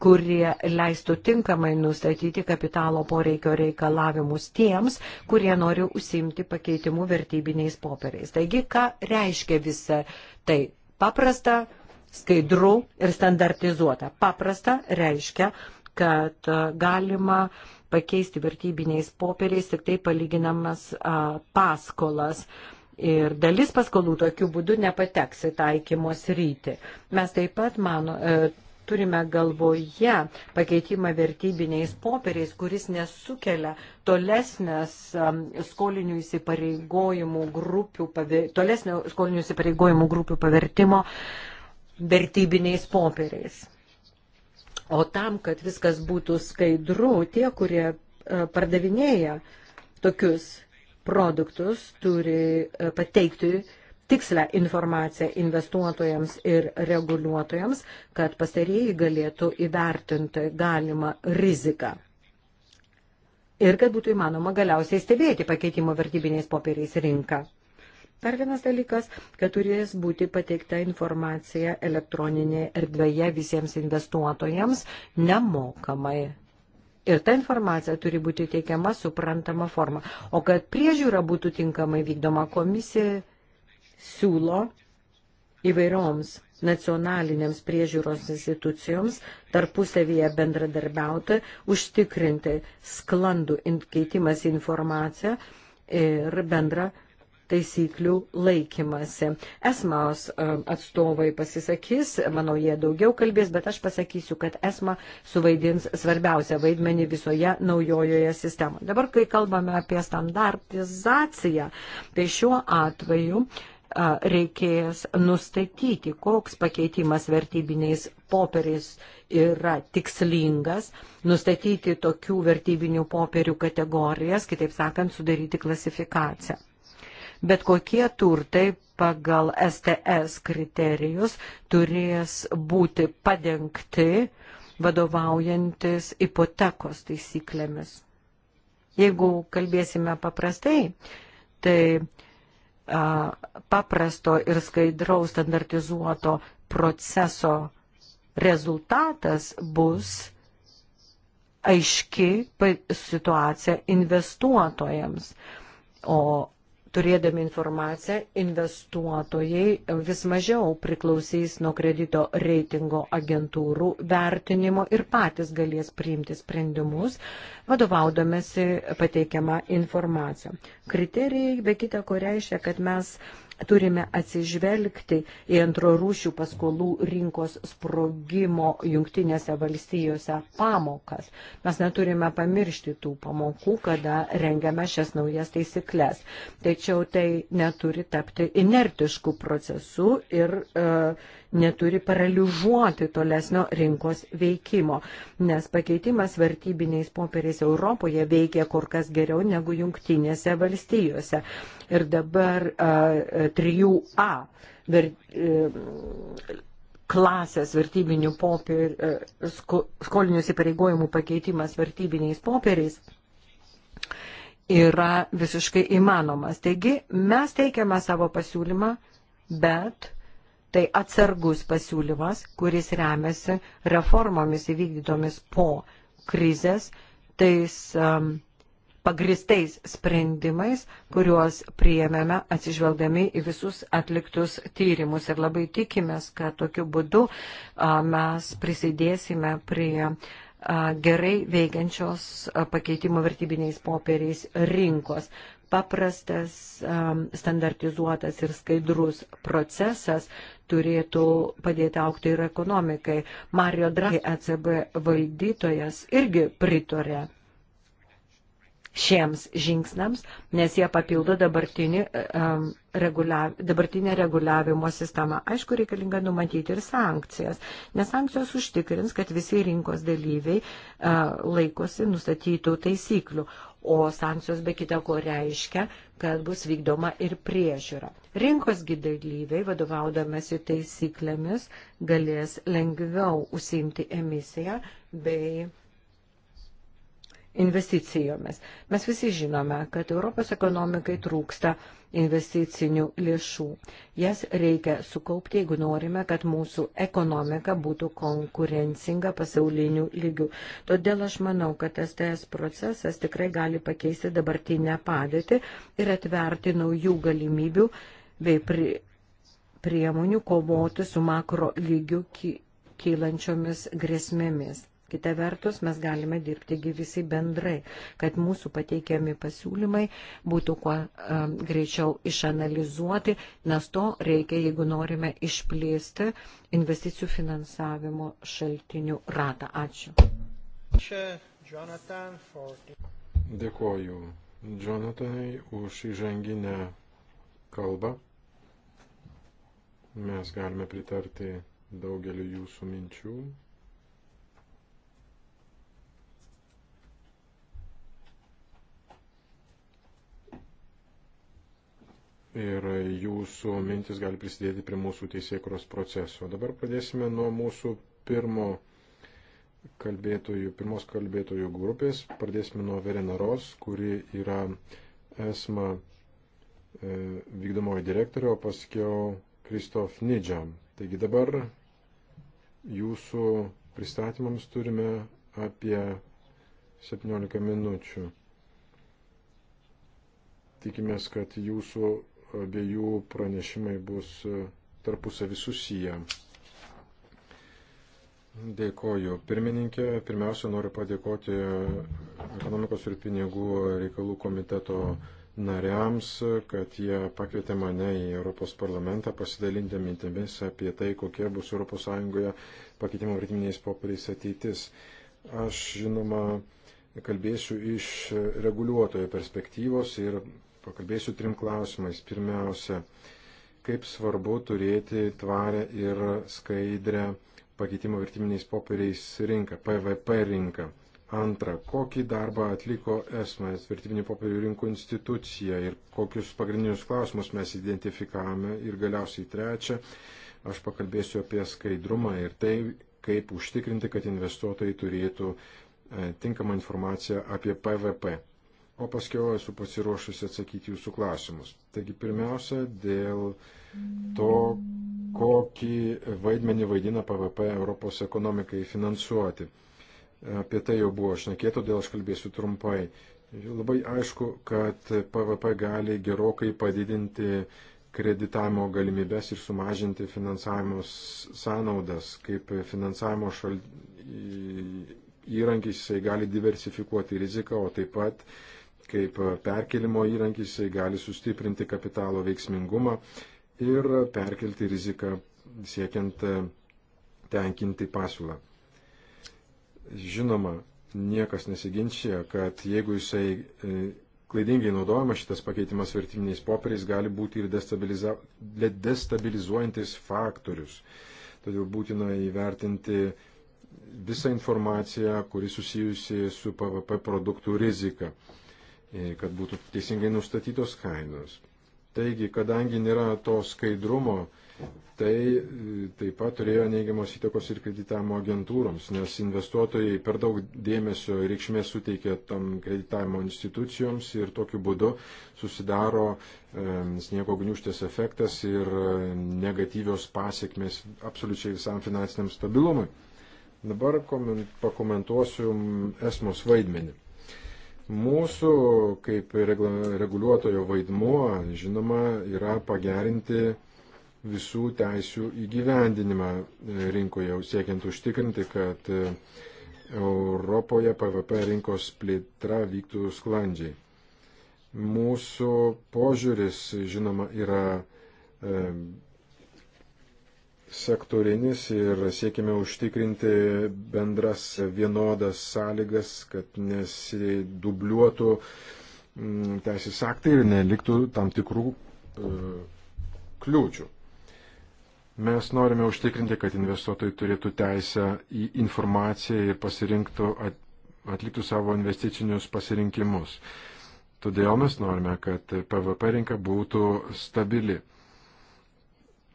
kurie leistų tinkamai nustatyti kapitalo poreikio reikalavimus tiems, kurie nori užsimti pakeitimų vertybiniais popieriais. Taigi, ką reiškia visa tai? Paprasta, skaidru ir standartizuota. Paprasta reiškia, kad uh, galima pakeisti vertybiniais popieriais tik tai palyginamas a, uh, paskolas. Ir dalis paskolų tokiu būdu nepateks į taikymo sritį. Mes taip pat mano, e, turime galvoje pakeitimą vertybiniais popieriais, kuris nesukelia tolesnės um, skolinių įsipareigojimų grupių, tolesnio skolinių įsipareigojimų grupių pavertimo vertybiniais popieriais. O tam, kad viskas būtų skaidru, tie, kurie e, pardavinėja tokius produktus, turi e, pateikti tikslę informaciją investuotojams ir reguliuotojams, kad pastarėjai galėtų įvertinti galimą riziką. Ir kad būtų įmanoma galiausiai stebėti pakeitimo vertybiniais popieriais rinką. Dar vienas dalykas, kad turės būti pateikta informacija elektroninėje erdvėje visiems investuotojams nemokamai. Ir ta informacija turi būti teikiama suprantama forma. O kad priežiūra būtų tinkamai vykdoma, komisija siūlo įvairioms nacionalinėms priežiūros institucijoms tarpusavyje bendradarbiauti, užtikrinti sklandų keitimas informaciją ir bendrą taisyklių laikymasi. ESMAS e, atstovai pasisakys, manau, jie daugiau kalbės, bet aš pasakysiu, kad ESMA suvaidins svarbiausią vaidmenį visoje naujojoje sistemoje. Dabar, kai kalbame apie standartizaciją, tai šiuo atveju uh, reikės nustatyti, koks pakeitimas vertybiniais popieriais yra tikslingas, nustatyti tokių vertybinių popierių kategorijas, kitaip sakant, sudaryti klasifikaciją. Bet kokie turtai pagal STS kriterijus turės būti padengti vadovaujantis ipotekos taisyklėmis. Jeigu kalbėsime paprastai, tai paprasto ir skaidraus standartizuoto proceso rezultatas bus aiški situacija investuotojams. O Turėdami informaciją, investuotojai vis mažiau priklausys nuo kredito reitingo agentūrų vertinimo ir patys galės priimti sprendimus, vadovaudomėsi pateikiamą informaciją. Kriterijai be kita ko reiškia, kad mes turime atsižvelgti į antrorūšių paskolų rinkos sprogimo jungtinėse valstijose pamokas. Mes neturime pamiršti tų pamokų, kada rengiame šias naujas taisyklės. Tačiau tai neturi tapti inertiškų procesų ir e, neturi paralyžuoti tolesnio rinkos veikimo, nes pakeitimas vertybiniais popieriais Europoje veikia kur kas geriau negu jungtinėse valstijose. Ir dabar e, 3A ver, e, klasės vertybinių popier, e, skolinių įsipareigojimų pakeitimas vertybiniais popieriais yra visiškai įmanomas. Taigi mes teikiame savo pasiūlymą, bet tai atsargus pasiūlymas, kuris remiasi reformomis įvykdytomis po krizės, tais um, pagristais sprendimais, kuriuos priėmėme atsižvelgdami į visus atliktus tyrimus. Ir labai tikimės, kad tokiu būdu mes prisidėsime prie gerai veikiančios pakeitimo vertybiniais popieriais rinkos. Paprastas, standartizuotas ir skaidrus procesas turėtų padėti aukti ir ekonomikai. Mario Draghi, ECB valdytojas, irgi pritorė šiems žingsnams, nes jie papildo dabartinį, um, e, e, reguliav, dabartinę reguliavimo sistemą. Aišku, reikalinga numatyti ir sankcijas, nes sankcijos užtikrins, kad visi rinkos dalyviai uh, laikosi nustatytų taisyklių, o sankcijos be kita ko reiškia, kad bus vykdoma ir priežiūra. Rinkos dalyviai, vadovaudamasi taisyklėmis, galės lengviau užsiimti emisiją bei investicijomis. Mes visi žinome, kad Europos ekonomikai trūksta investicinių lėšų. Jas reikia sukaupti, jeigu norime, kad mūsų ekonomika būtų konkurencinga pasaulinių lygių. Todėl aš manau, kad STS procesas tikrai gali pakeisti dabartinę padėtį ir atverti naujų galimybių bei pri, priemonių kovoti su makro lygių kylančiomis grėsmėmis. Kita vertus, mes galime dirbti visi bendrai, kad mūsų pateikiami pasiūlymai būtų kuo um, greičiau išanalizuoti, nes to reikia, jeigu norime išplėsti investicijų finansavimo šaltinių ratą. Ačiū. Dėkoju Jonatanai už įžanginę kalbą. Mes galime pritarti daugeliu jūsų minčių. ir jūsų mintis gali prisidėti prie mūsų teisėkuros proceso. Dabar pradėsime nuo mūsų pirmo kalbėtojų, pirmos kalbėtojų grupės. Pradėsime nuo Verenaros, kuri yra esma e, vykdomoji direktorė, o paskiau Kristof Nidžia. Taigi dabar jūsų pristatymams turime apie 17 minučių tikimės, kad jūsų abiejų pranešimai bus e, tarpusavį susiję. Dėkoju. Pirmininkė, pirmiausia, noriu padėkoti ekonomikos ir pinigų reikalų komiteto nariams, kad jie pakvietė mane į Europos parlamentą pasidalinti mintimis apie tai, kokie bus ES pakeitimo vertiminiais popieriais ateitis. Aš, žinoma, kalbėsiu iš reguliuotojo perspektyvos ir Pakalbėsiu trim klausimais. Pirmiausia, kaip svarbu turėti tvarę ir skaidrę pakeitimo vertiminiais popieriais rinką, PVP rinką. Antra, kokį darbą atliko ESMAS vertybinių popierių rinkų institucija ir kokius pagrindinius klausimus mes identifikavome. Ir galiausiai trečia, aš pakalbėsiu apie skaidrumą ir tai, kaip užtikrinti, kad investuotojai turėtų e, tinkamą informaciją apie PVP o paskiau esu pasiruošusi atsakyti jūsų klausimus. Taigi pirmiausia, dėl to, kokį vaidmenį vaidina PVP Europos ekonomikai finansuoti. Apie tai jau buvo šnekėta, todėl aš kalbėsiu trumpai. Labai aišku, kad PVP gali gerokai padidinti kreditavimo galimybės ir sumažinti finansavimo sąnaudas, kaip finansavimo šal... įrankis jisai gali diversifikuoti riziką, o taip pat kaip perkelimo įrankis, jisai gali sustiprinti kapitalo veiksmingumą ir perkelti riziką siekiant e, tenkinti pasiūlą. Žinoma, niekas nesiginčia, kad jeigu jisai e, klaidingai naudojamas šitas pakeitimas vertybiniais popieriais, gali būti ir destabiliza... destabilizuojantis faktorius. Todėl būtina įvertinti visą informaciją, kuri susijusi su PVP produktų rizika. E, kad būtų teisingai nustatytos kainos. Taigi, kadangi nėra to skaidrumo, tai e, taip pat turėjo neigiamos įtakos ir kreditavimo agentūroms, nes investuotojai per daug dėmesio ir reikšmės suteikia tam kreditavimo institucijoms ir tokiu būdu susidaro e, sniego gniuštės efektas ir negatyvios pasiekmes absoliučiai visam finansiniam stabilumui. Dabar pakomentuosiu esmos vaidmenį. Mūsų kaip reguliuotojo vaidmuo, žinoma, yra pagerinti visų teisių įgyvendinimą rinkoje, siekiant užtikrinti, kad Europoje PVP rinkos plėtra vyktų sklandžiai. Mūsų požiūris, žinoma, yra e, sektorinis ir siekime užtikrinti bendras vienodas sąlygas, kad nesidubliuotų mm, teisės aktai ir neliktų tam tikrų e, kliūčių. Mes norime užtikrinti, kad investuotojai turėtų teisę į informaciją ir pasirinktų, at, atliktų savo investicinius pasirinkimus. Todėl mes norime, kad PVP rinka būtų stabili.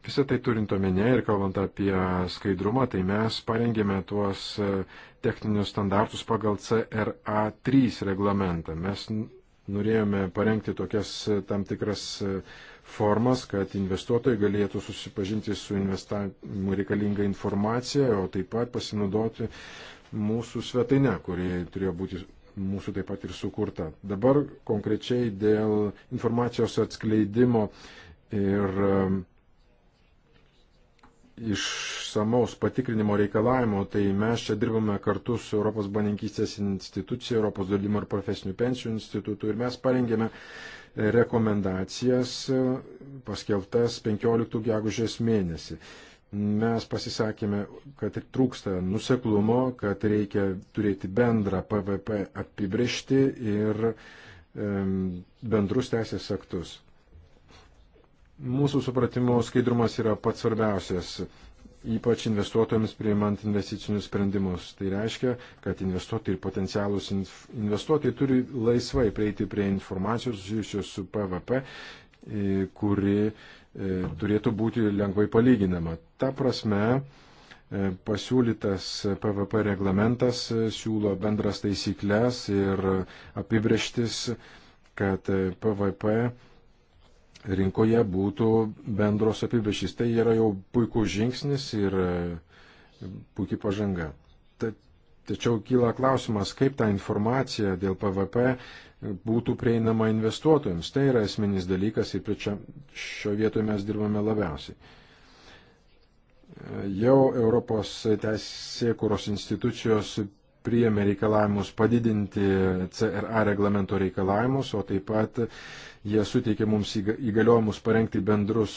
Visą tai turint omenyje ir kalbant apie skaidrumą, tai mes parengėme tuos e, techninius standartus pagal CRA3 reglamentą. Mes norėjome parengti tokias e, tam tikras e, formas, kad investuotojai galėtų susipažinti su investavimu reikalinga informacija, o taip pat pasinaudoti mūsų svetaine, kuri turėjo būti mūsų taip pat ir sukurta. Dabar konkrečiai dėl informacijos atskleidimo ir išsamaus patikrinimo reikalavimų, tai mes čia dirbame kartu su Europos bankininkystės institucija, Europos dalymo ir profesinių pensijų institutu ir mes parengėme e, rekomendacijas e, paskelbtas 15 gegužės mėnesį. Mes pasisakėme, kad trūksta nuseklumo, kad reikia turėti bendrą PVP apibrišti ir bendrus teisės aktus. Mūsų supratimu skaidrumas yra pats svarbiausias, ypač investuotojams priimant investicinius sprendimus. Tai reiškia, kad investuotojai ir potencialus investuotojai turi laisvai prieiti prie informacijos susijusios su PVP, e, kuri e, turėtų būti lengvai palyginama. Ta prasme, e, pasiūlytas PVP reglamentas siūlo bendras taisyklės ir apibrieštis, kad PVP rinkoje būtų bendros apibrėžys. Tai yra jau puikus žingsnis ir e, puikiai pažanga. Ta, tačiau kyla klausimas, kaip ta informacija dėl PVP būtų prieinama investuotojams. Tai yra esminis dalykas ir prie čia šio vietoje mes dirbame labiausiai. E, jau Europos teisėkuros institucijos priėmė reikalavimus padidinti CRA reglamento reikalavimus, o taip pat jie suteikė mums įgaliojimus parengti bendrus,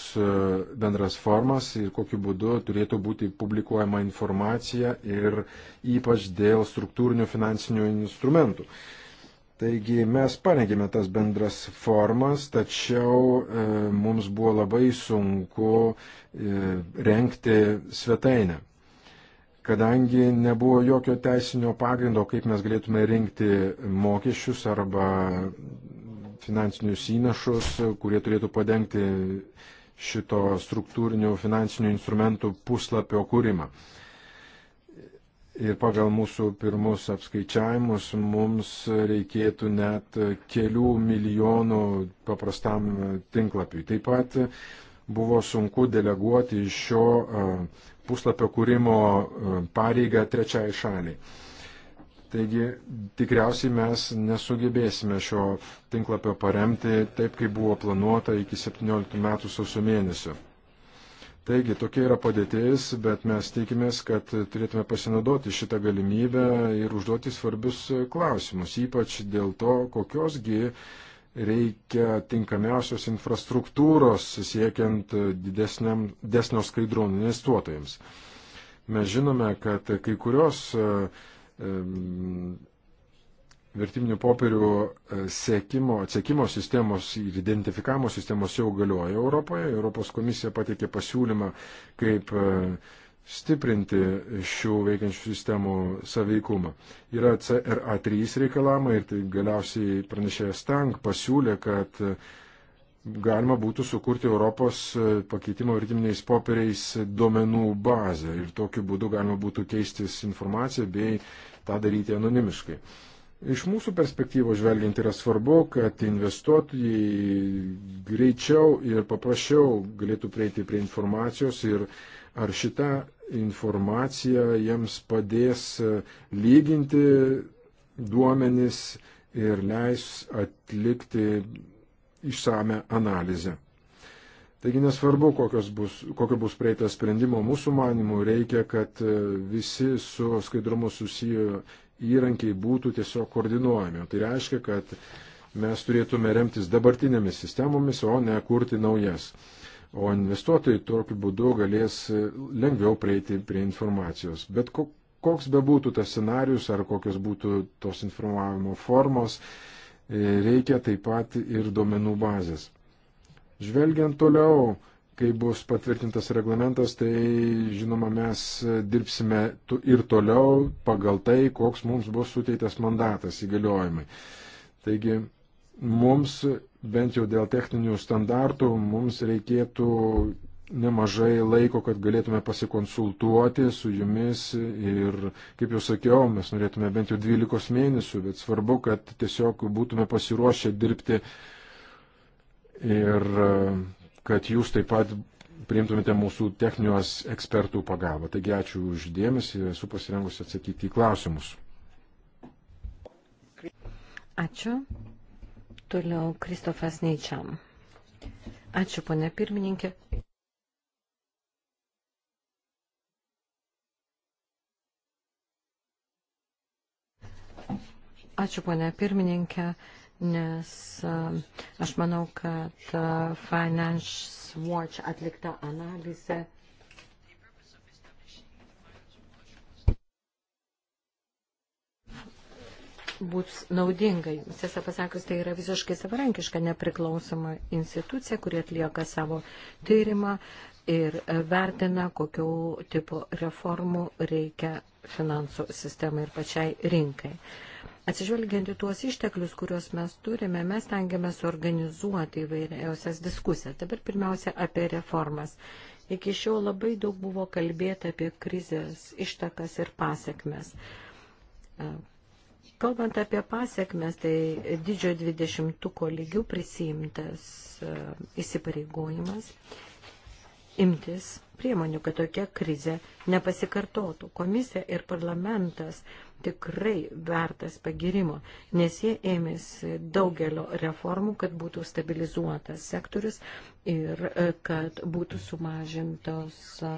bendras formas ir kokiu būdu turėtų būti publikuojama informacija ir ypač dėl struktūrinių finansinių instrumentų. Taigi mes parengėme tas bendras formas, tačiau e, mums buvo labai sunku e, renkti svetainę. Kadangi nebuvo jokio teisinio pagrindo, kaip mes galėtume rinkti mokesčius arba finansinius įnašus, kurie turėtų padengti šito struktūrinių finansinių instrumentų puslapio kūrimą. Ir pagal mūsų pirmus apskaičiavimus mums reikėtų net kelių milijonų paprastam tinklapiui. Taip pat buvo sunku deleguoti iš šio puslapio kūrimo e, pareigą trečiai šaliai. Taigi tikriausiai mes nesugebėsime šio tinklapio paremti taip, kaip buvo planuota iki 17 metų sausio mėnesio. Taigi tokia yra padėtis, bet mes tikimės, kad turėtume pasinaudoti šitą galimybę ir užduoti svarbius klausimus, ypač dėl to, kokiosgi uh, reikia tinkamiausios infrastruktūros siekiant didesniam, didesnio skaidrumo investuotojams. Mes žinome, kad kai kurios e, e, vertybinių popierių e, sėkimo, atsiekimo sistemos ir identifikavimo sistemos jau galioja Europoje. Europos komisija pateikė pasiūlymą, kaip stiprinti šių veikiančių sistemų saveikumą. Yra CRA3 reikalavimai ir tai galiausiai pranešėjas Tank pasiūlė, kad galima būtų sukurti Europos pakeitimo vertiminiais popieriais duomenų bazę ir tokiu būdu galima būtų keistis informaciją bei tą daryti anonimiškai. Iš mūsų perspektyvos žvelgiant yra svarbu, kad investuotojai greičiau ir paprasčiau galėtų prieiti prie informacijos ir uh, Ar šita informacija jiems padės e, lyginti duomenis ir leis atlikti išsame analizę. Taigi nesvarbu, bus, kokio bus prieita sprendimo, mūsų manimų reikia, kad e, visi su skaidrumu susiję įrankiai būtų tiesiog koordinuojami. Tai reiškia, kad mes turėtume remtis dabartinėmis sistemomis, o ne kurti naujas o investuotojai tokiu būdu galės e, lengviau prieiti prie informacijos. Bet koks bebūtų tas scenarius ar kokios būtų tos informavimo formos, e, reikia taip pat ir duomenų bazės. Žvelgiant toliau, kai bus patvirtintas reglamentas, tai žinoma mes dirbsime ir toliau pagal tai, koks mums bus suteiktas mandatas įgaliojimai. Taigi mums bent jau dėl techninių standartų mums reikėtų nemažai laiko, kad galėtume pasikonsultuoti su jumis ir, kaip jau sakiau, mes norėtume bent jau 12 mėnesių, bet svarbu, kad tiesiog būtume pasiruošę dirbti ir kad jūs taip pat priimtumėte mūsų techninios ekspertų pagalbą. Taigi ačiū uždėmesi, esu pasirengusi atsakyti į klausimus. Ačiū. Toliau Kristofas Neičiam. Ačiū, ponė pirmininkė. Ačiū, ponė pirmininkė, nes aš manau, kad Finance Watch atlikta analizė bus naudinga jums. Tiesą pasakius, tai yra visiškai savarankiška nepriklausoma institucija, kuri atlieka savo tyrimą ir vertina, kokio tipo reformų reikia finansų sistemai ir pačiai rinkai. Atsižvelgiant į tuos išteklius, kuriuos mes turime, mes tengiamės organizuoti įvairiausias diskusijas. Dabar pirmiausia apie reformas. Iki šiol labai daug buvo kalbėta apie krizės ištakas ir pasiekmes Kalbant apie pasiekmes, tai didžiojo dvidešimtuko lygių prisimtas e, įsipareigojimas imtis priemonių, kad tokia krizė nepasikartotų. Komisija ir parlamentas tikrai vertas pagirimo, nes jie ėmėsi daugelio reformų, kad būtų stabilizuotas sektorius ir e, kad būtų sumažintos e,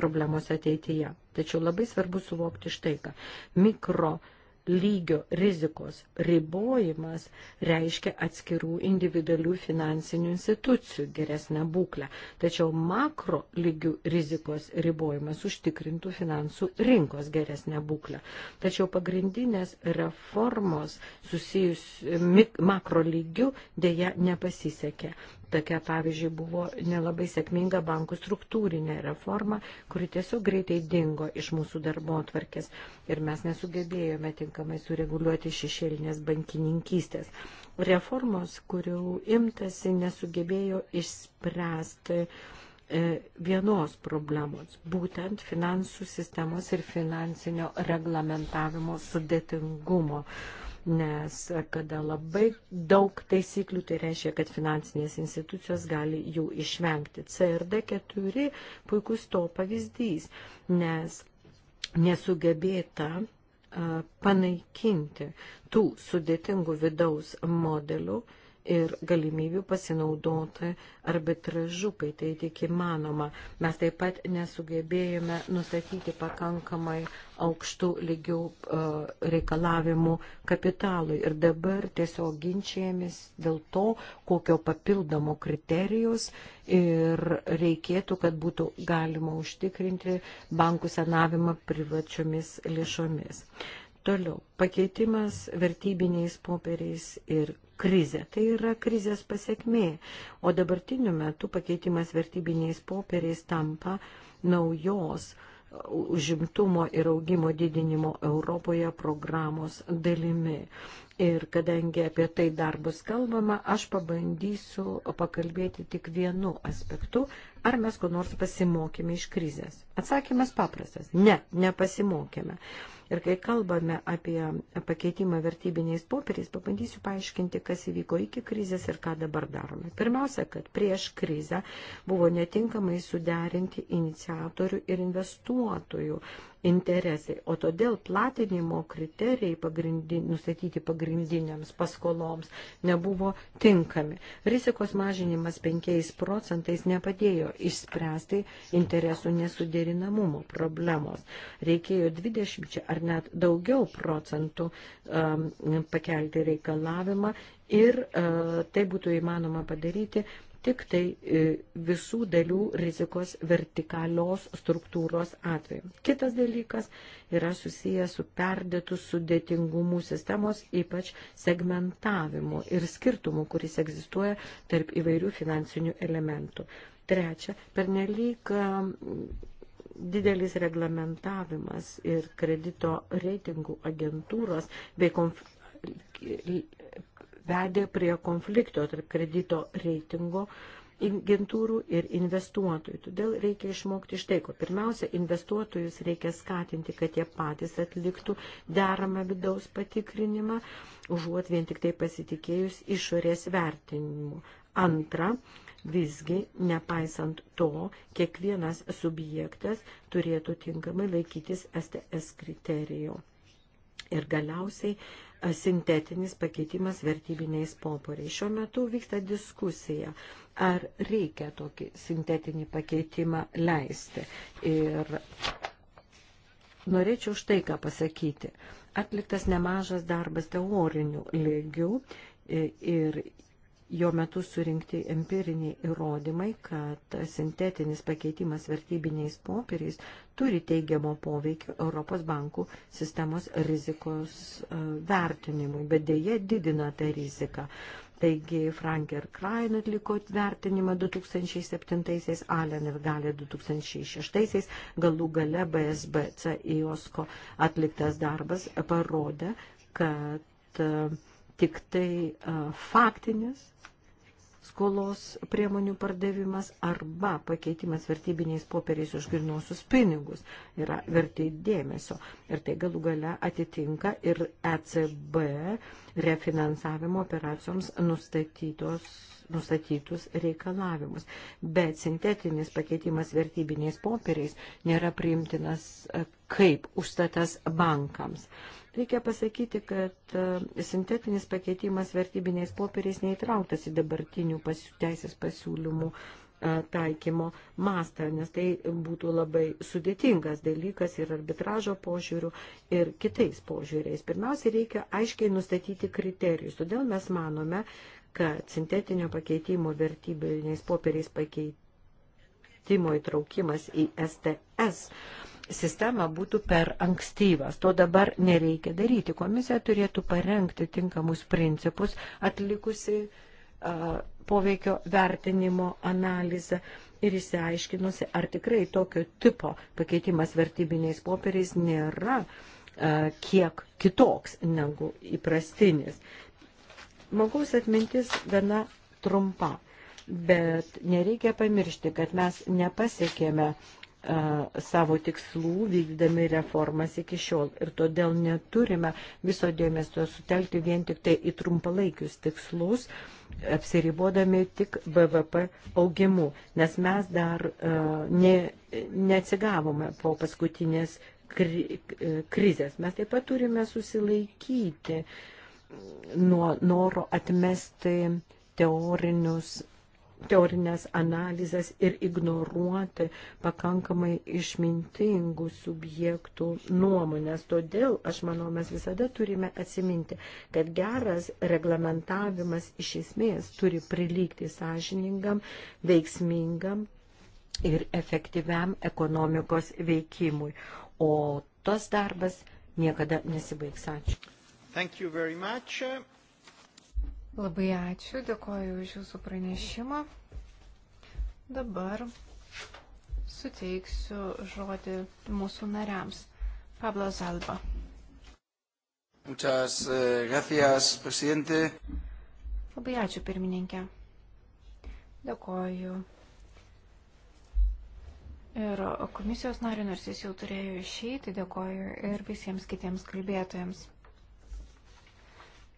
problemos ateityje. Tačiau labai svarbu suvokti štai ką. Mikro lygio rizikos ribojimas reiškia atskirų individualių finansinių institucijų geresnę būklę, tačiau makro lygių rizikos ribojimas užtikrintų finansų rinkos geresnę būklę. Tačiau pagrindinės reformos susijus mik, makro lygių dėja nepasisekė. Tokia, pavyzdžiui, buvo nelabai sėkminga bankų struktūrinė reforma, kuri tiesiog greitai dingo iš mūsų darbo atvarkės ir mes nesugebėjome tinkamai sureguliuoti šešėlinės bankininkystės. Reformos, kurių imtasi, nesugebėjo išspręsti e, vienos problemos, būtent finansų sistemos ir finansinio reglamentavimo sudėtingumo. Uh, nes kada labai daug taisyklių, tai reiškia, kad finansinės institucijos gali jų išvengti. CRD 4 puikus to pavyzdys, nes nesugebėta panaikinti tų sudėtingų vidaus modelių, uh, ir galimybių pasinaudoti arbitražu, kai tai tik įmanoma. Mes taip pat nesugebėjome nustatyti pakankamai aukštų lygių e, reikalavimų kapitalui. Ir dabar tiesiog ginčiamis dėl to, kokio papildomo kriterijus ir reikėtų, kad būtų galima užtikrinti bankų senavimą privačiomis lėšomis. Toliau, pakeitimas vertybiniais popieriais ir krizė. Tai yra krizės pasiekmė, o dabartiniu metu pakeitimas vertybiniais popieriais tampa naujos užimtumo ir augimo didinimo Europoje programos dalimi. Ir kadangi apie tai dar bus kalbama, aš pabandysiu pakalbėti tik vienu aspektu, ar mes ko nors pasimokėme iš krizės. Atsakymas paprastas - ne, nepasimokėme. Ir kai kalbame apie pakeitimą vertybiniais popieriais, pabandysiu paaiškinti, kas įvyko iki krizės ir ką dabar darome. Pirmiausia, kad prieš krizę buvo netinkamai suderinti iniciatorių ir investuotojų interesai. O todėl platinimo kriterijai pagrindin, nustatyti pagrindiniams paskoloms nebuvo tinkami. Rizikos mažinimas 5 procentais nepadėjo išspręsti interesų nesuderinamumo problemos. Reikėjo 20 ar net daugiau procentų um, pakelti reikalavimą ir uh, tai būtų įmanoma padaryti tik tai e, visų dalių rizikos vertikalios struktūros atveju. Kitas dalykas yra susijęs su perdėtų sudėtingumų sistemos, ypač segmentavimu ir skirtumu, kuris egzistuoja tarp įvairių finansinių elementų. Trečia, pernelyg e, didelis reglamentavimas ir kredito reitingų agentūros bei konf vedė prie konflikto tarp kredito reitingo agentūrų ir investuotojų. Todėl reikia išmokti iš tai, ko pirmiausia, investuotojus reikia skatinti, kad jie patys atliktų deramą vidaus patikrinimą, užuot vien tik tai pasitikėjus išorės vertinimu. Antra, visgi, nepaisant to, kiekvienas subjektas turėtų tinkamai laikytis STS kriterijų. Ir galiausiai sintetinis pakeitimas vertybiniais poporiais. Šiuo metu vyksta diskusija, ar reikia tokį sintetinį pakeitimą leisti. Ir norėčiau štai ką pasakyti. Atliktas nemažas darbas teorinių lygių ir jo metu surinkti empiriniai įrodymai, kad sintetinis pakeitimas vertybiniais popieriais turi teigiamo poveikio Europos bankų sistemos rizikos e, vertinimui, bet dėje didina tą riziką. Taigi Frank ir Krain atliko vertinimą 2007-aisiais, Allen ir Galė 2006-aisiais, galų gale BSBC IOSCO atliktas darbas parodė, kad uh, tik tai faktinis skolos priemonių pardavimas arba pakeitimas vertybiniais popieriais už grinuosius pinigus yra verti dėmesio. Ir tai galų gale atitinka ir ECB refinansavimo operacijoms nustatytos nustatytus reikalavimus. Bet sintetinis pakeitimas vertybiniais popieriais nėra priimtinas kaip užstatas bankams. Uh, Reikia pasakyti, kad e, sintetinis pakeitimas vertybiniais popieriais neįtrauktas į dabartinių pasiū, teisės pasiūlymų e, taikymo mastą, nes tai būtų labai sudėtingas dalykas ir arbitražo požiūrių, ir kitais požiūriais. Pirmiausia, reikia aiškiai nustatyti kriterijus. Todėl mes manome, kad sintetinio pakeitimo vertybiniais popieriais pakeitimo įtraukimas į STS sistemą būtų per ankstyvas. To dabar nereikia daryti. Komisija turėtų parengti tinkamus principus, atlikusi uh, poveikio vertinimo analizę ir įsiaiškinusi, ar tikrai tokio tipo pakeitimas vertybiniais popieriais nėra uh, kiek kitoks negu įprastinis. Mangaus atmintis gana trumpa, bet nereikia pamiršti, kad mes nepasiekėme uh, savo tikslų vykdami reformas iki šiol. Ir todėl neturime viso dėmesio sutelkti vien tik tai į trumpalaikius tikslus, apsiribodami tik BVP augimu, nes mes dar ne, neatsigavome po paskutinės kri, krizės. Mes taip pat turime susilaikyti nuo noro atmesti teorinius teorinės analizės ir ignoruoti pakankamai išmintingų subjektų nuomonės. Todėl, aš manau, mes visada turime atsiminti, kad geras reglamentavimas iš esmės turi prilygti sąžiningam, veiksmingam ir efektyviam ekonomikos veikimui. O tas darbas niekada nesibaigs. Ačiū. Thank you very much. Labai ačiū, dėkoju už Jūsų pranešimą. Dabar suteiksiu žodį mūsų nariams. Pablo Zalba. Muchas eh, gracias, presidente. Labai ačiū, pirmininkė. Dėkoju. Ir komisijos nariu, nors jis jau turėjo išeiti, dėkoju ir visiems kitiems kalbėtojams.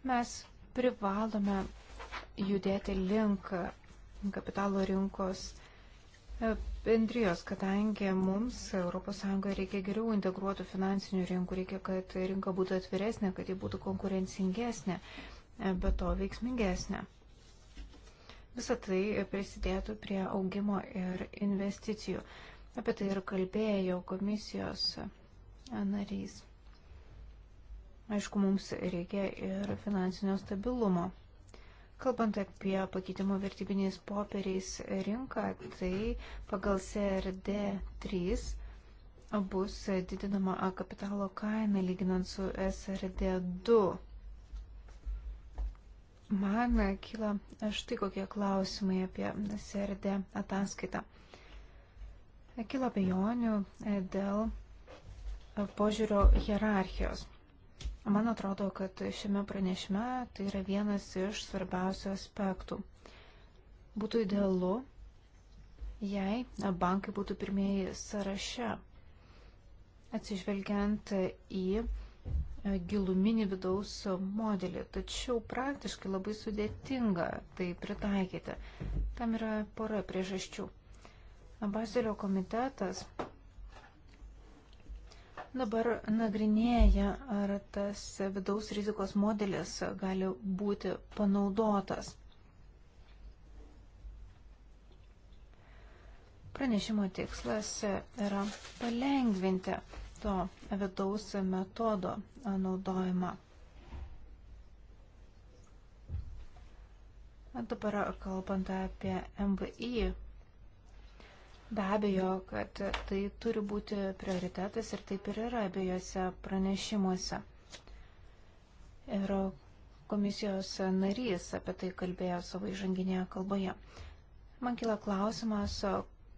Mes privalome judėti link kapitalo rinkos e, bendrijos, kadangi mums ES reikia geriau integruotų finansinių rinkų, reikia, kad rinka būtų atviresnė, kad ji būtų konkurencingesnė, e, bet to veiksmingesnė. Visą tai prisidėtų prie augimo ir investicijų. Apie tai ir kalbėjo komisijos e, narys. Aišku, mums reikia ir finansinio stabilumo. Kalbant apie pakeitimo vertybiniais popieriais rinką, tai pagal CRD 3 bus didinama A kapitalo kaina lyginant su SRD 2. Man kyla štai kokie klausimai apie SRD ataskaitą. Kila bejonių dėl požiūrio hierarchijos. Man atrodo, kad šiame pranešime tai yra vienas iš svarbiausių aspektų. Būtų idealu, jei bankai būtų pirmieji sąraše, atsižvelgiant į e, giluminį vidaus modelį. Tačiau praktiškai labai sudėtinga tai pritaikyti. Tam yra pora priežasčių. Bazelio komitetas dabar nagrinėja, ar tas vidaus rizikos modelis gali būti panaudotas. Pranešimo tikslas yra palengvinti to vidaus metodo naudojimą. Dabar kalbant apie MVI Be abejo, kad tai turi būti prioritetas ir taip ir yra abiejose pranešimuose. Ir komisijos narys apie tai kalbėjo savo įžanginėje kalboje. Man kila klausimas,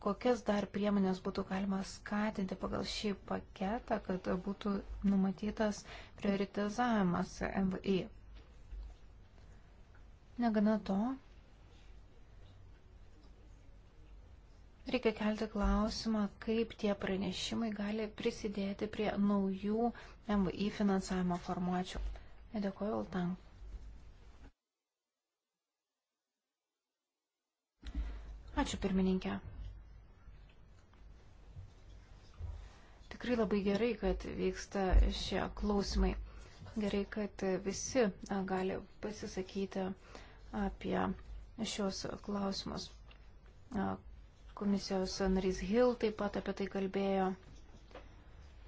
kokias dar priemonės būtų galima skatinti pagal šį paketą, kad būtų numatytas prioritizavimas MVI. Negana to, Reikia kelti klausimą, kaip tie pranešimai gali prisidėti prie naujų MVI finansavimo formuočių. Dėkuoju, Altan. Ačiū, pirmininkė. Tikrai labai gerai, kad vyksta šie klausimai. Gerai, kad visi gali pasisakyti apie šios klausimus Komisijos narys Hill taip pat apie tai kalbėjo.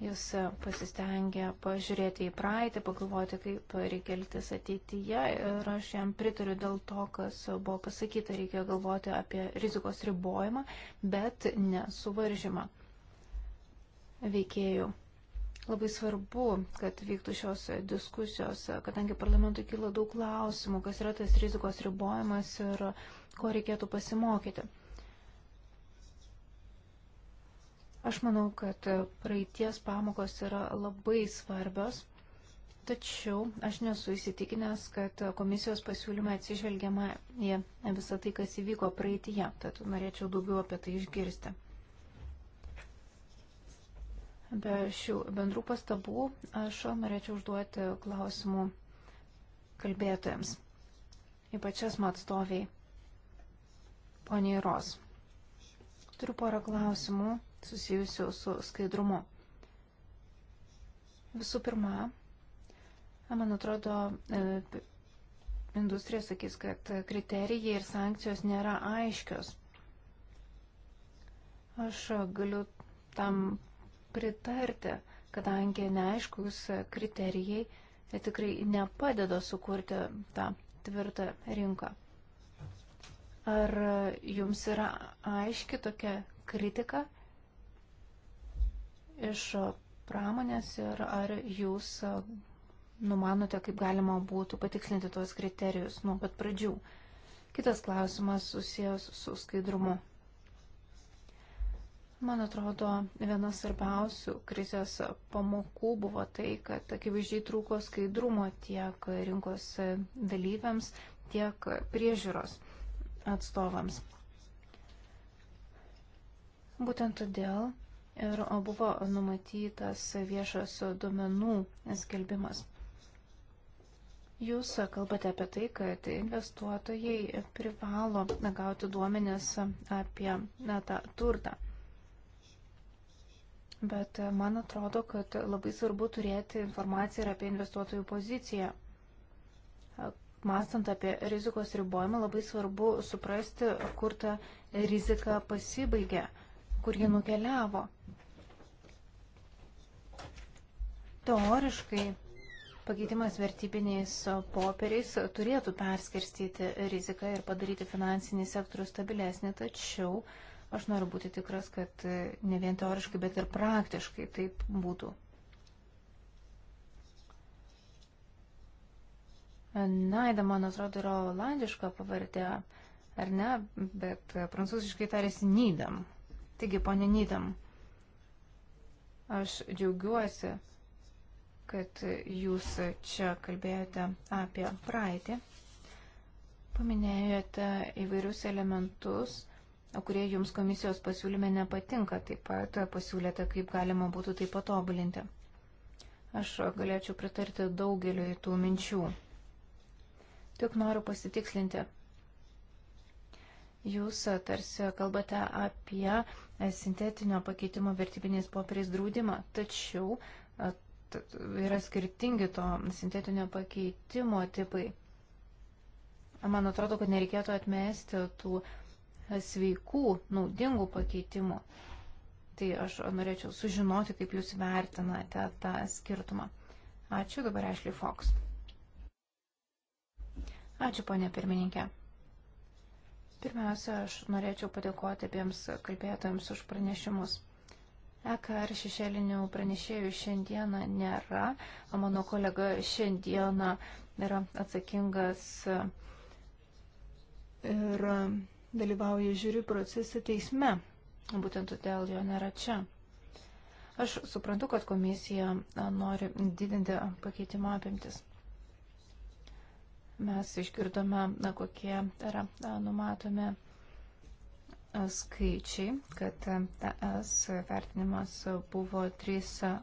Jis pasistengė pažiūrėti į praeitį, pagalvoti, kaip reikia elgtis ateityje ir aš jam pritariu dėl to, kas buvo pasakyta, reikia galvoti apie rizikos ribojimą, bet ne suvaržymą veikėjų. Labai svarbu, kad vyktų šios diskusijos, kadangi parlamentui kyla daug klausimų, kas yra tas rizikos ribojimas ir ko reikėtų pasimokyti. Aš manau, kad praeities pamokos yra labai svarbios, tačiau aš nesu įsitikinęs, kad komisijos pasiūlymai atsižvelgiama į visą tai, kas įvyko praeitie, tad norėčiau daugiau apie tai išgirsti. Be šių bendrų pastabų aš norėčiau užduoti klausimų kalbėtojams, ypač esmo atstoviai, poniai Ros. Turiu porą klausimų susijusių su skaidrumu. Visų pirma, man atrodo, e, industrija sakys, kad kriterijai ir sankcijos nėra aiškios. Aš galiu tam pritarti, kadangi neaiškus kriterijai tikrai nepadeda sukurti tą tvirtą rinką. Ar jums yra aiški tokia kritika iš pramonės ir ar jūs numanote, kaip galima būtų patikslinti tuos kriterijus nuo pat pradžių. Kitas klausimas susijęs su skaidrumu. Man atrodo, viena svarbiausių krizės pamokų buvo tai, kad akivaizdžiai trūko skaidrumo tiek rinkos dalyviams, tiek priežiūros atstovams. Būtent todėl ir buvo numatytas viešas duomenų skelbimas. Jūs kalbate apie tai, kad investuotojai privalo gauti duomenis apie na, tą turtą. Bet man atrodo, kad labai svarbu turėti informaciją ir apie investuotojų poziciją. Mastant apie rizikos ribojimą, labai svarbu suprasti, kur ta rizika pasibaigia kur ji nukeliavo. Teoriškai pakeitimas vertybiniais popieriais turėtų perskirstyti riziką ir padaryti finansinį sektorių stabilesnį, tačiau aš noriu būti tikras, kad ne vien teoriškai, bet ir praktiškai taip būtų. Naida, man atrodo, yra olandiška pavardė, ar ne, bet prancūziškai tarėsi Nydam. Taigi, ponė Nydam, aš džiaugiuosi, kad jūs čia kalbėjote apie praeitį, paminėjote įvairius elementus, kurie jums komisijos pasiūlyme nepatinka, taip pat pasiūlėte, kaip galima būtų tai patobulinti. Aš galėčiau pritarti daugeliu į tų minčių. Tik noriu pasitikslinti. Jūs tarsi kalbate apie E, sintetinio pakeitimo vertybiniais popieriais draudimą, tačiau e, yra skirtingi to sintetinio pakeitimo tipai. Man atrodo, kad nereikėtų atmesti tų e, sveikų, naudingų pakeitimų. Tai aš norėčiau sužinoti, kaip jūs vertinate tą skirtumą. Ačiū dabar Ashley Fox. Ačiū, ponė pirmininkė. Pirmiausia, aš norėčiau padėkoti abiems kalbėtojams už pranešimus. EKR šešėlinių pranešėjų šiandieną nėra, o mano kolega šiandieną yra atsakingas ir dalyvauja žiūrių procese teisme. Būtent todėl jo nėra čia. Aš suprantu, kad komisija nori didinti pakeitimo apimtis. Mes išgirdome, na, kokie yra numatomi skaičiai, kad ES vertinimas buvo 3A,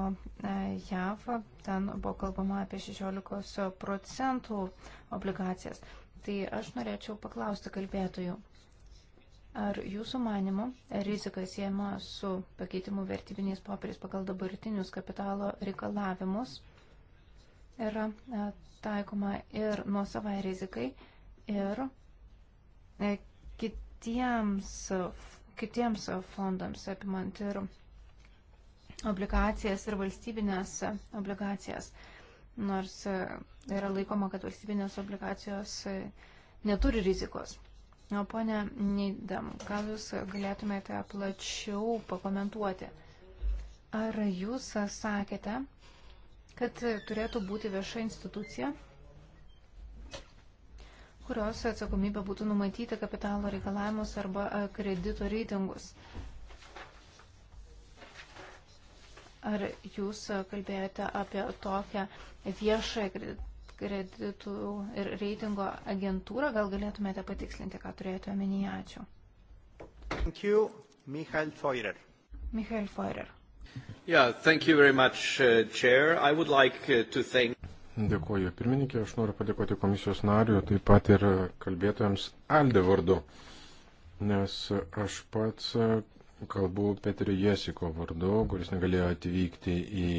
o JAV ten buvo kalbama apie 16 procentų obligacijas. Tai aš norėčiau paklausti kalbėtojų, Ar jūsų manimu rizika siejama su pakeitimu vertybiniais popieriais pagal dabartinius kapitalo reikalavimus yra e, taikoma ir nuosavai rizikai, ir e, kitiems, kitiems fondams, apimant ir obligacijas ir valstybinės obligacijas. Nors e, yra laikoma, kad valstybinės obligacijos neturi rizikos. O ponė Nydam, gal jūs galėtumėte plačiau pakomentuoti? Ar jūs sakėte, kad turėtų būti vieša institucija, kurios atsakomybė būtų numatyti kapitalo reikalavimus arba e, kredito reitingus. Ar jūs e, kalbėjote apie tokią viešą kreditų ir reitingo agentūrą? Gal galėtumėte patikslinti, ką turėjote omenyje? Ačiū. Thank you, Michael Feurer. Michael Feurer. Yeah, much, uh, like uh, thank... Dėkuoju pirmininkė, aš noriu padėkoti komisijos nariu, taip pat ir kalbėtojams Alde vardu, nes aš pats uh, kalbu Petri Jesiko vardu, kuris negalėjo atvykti į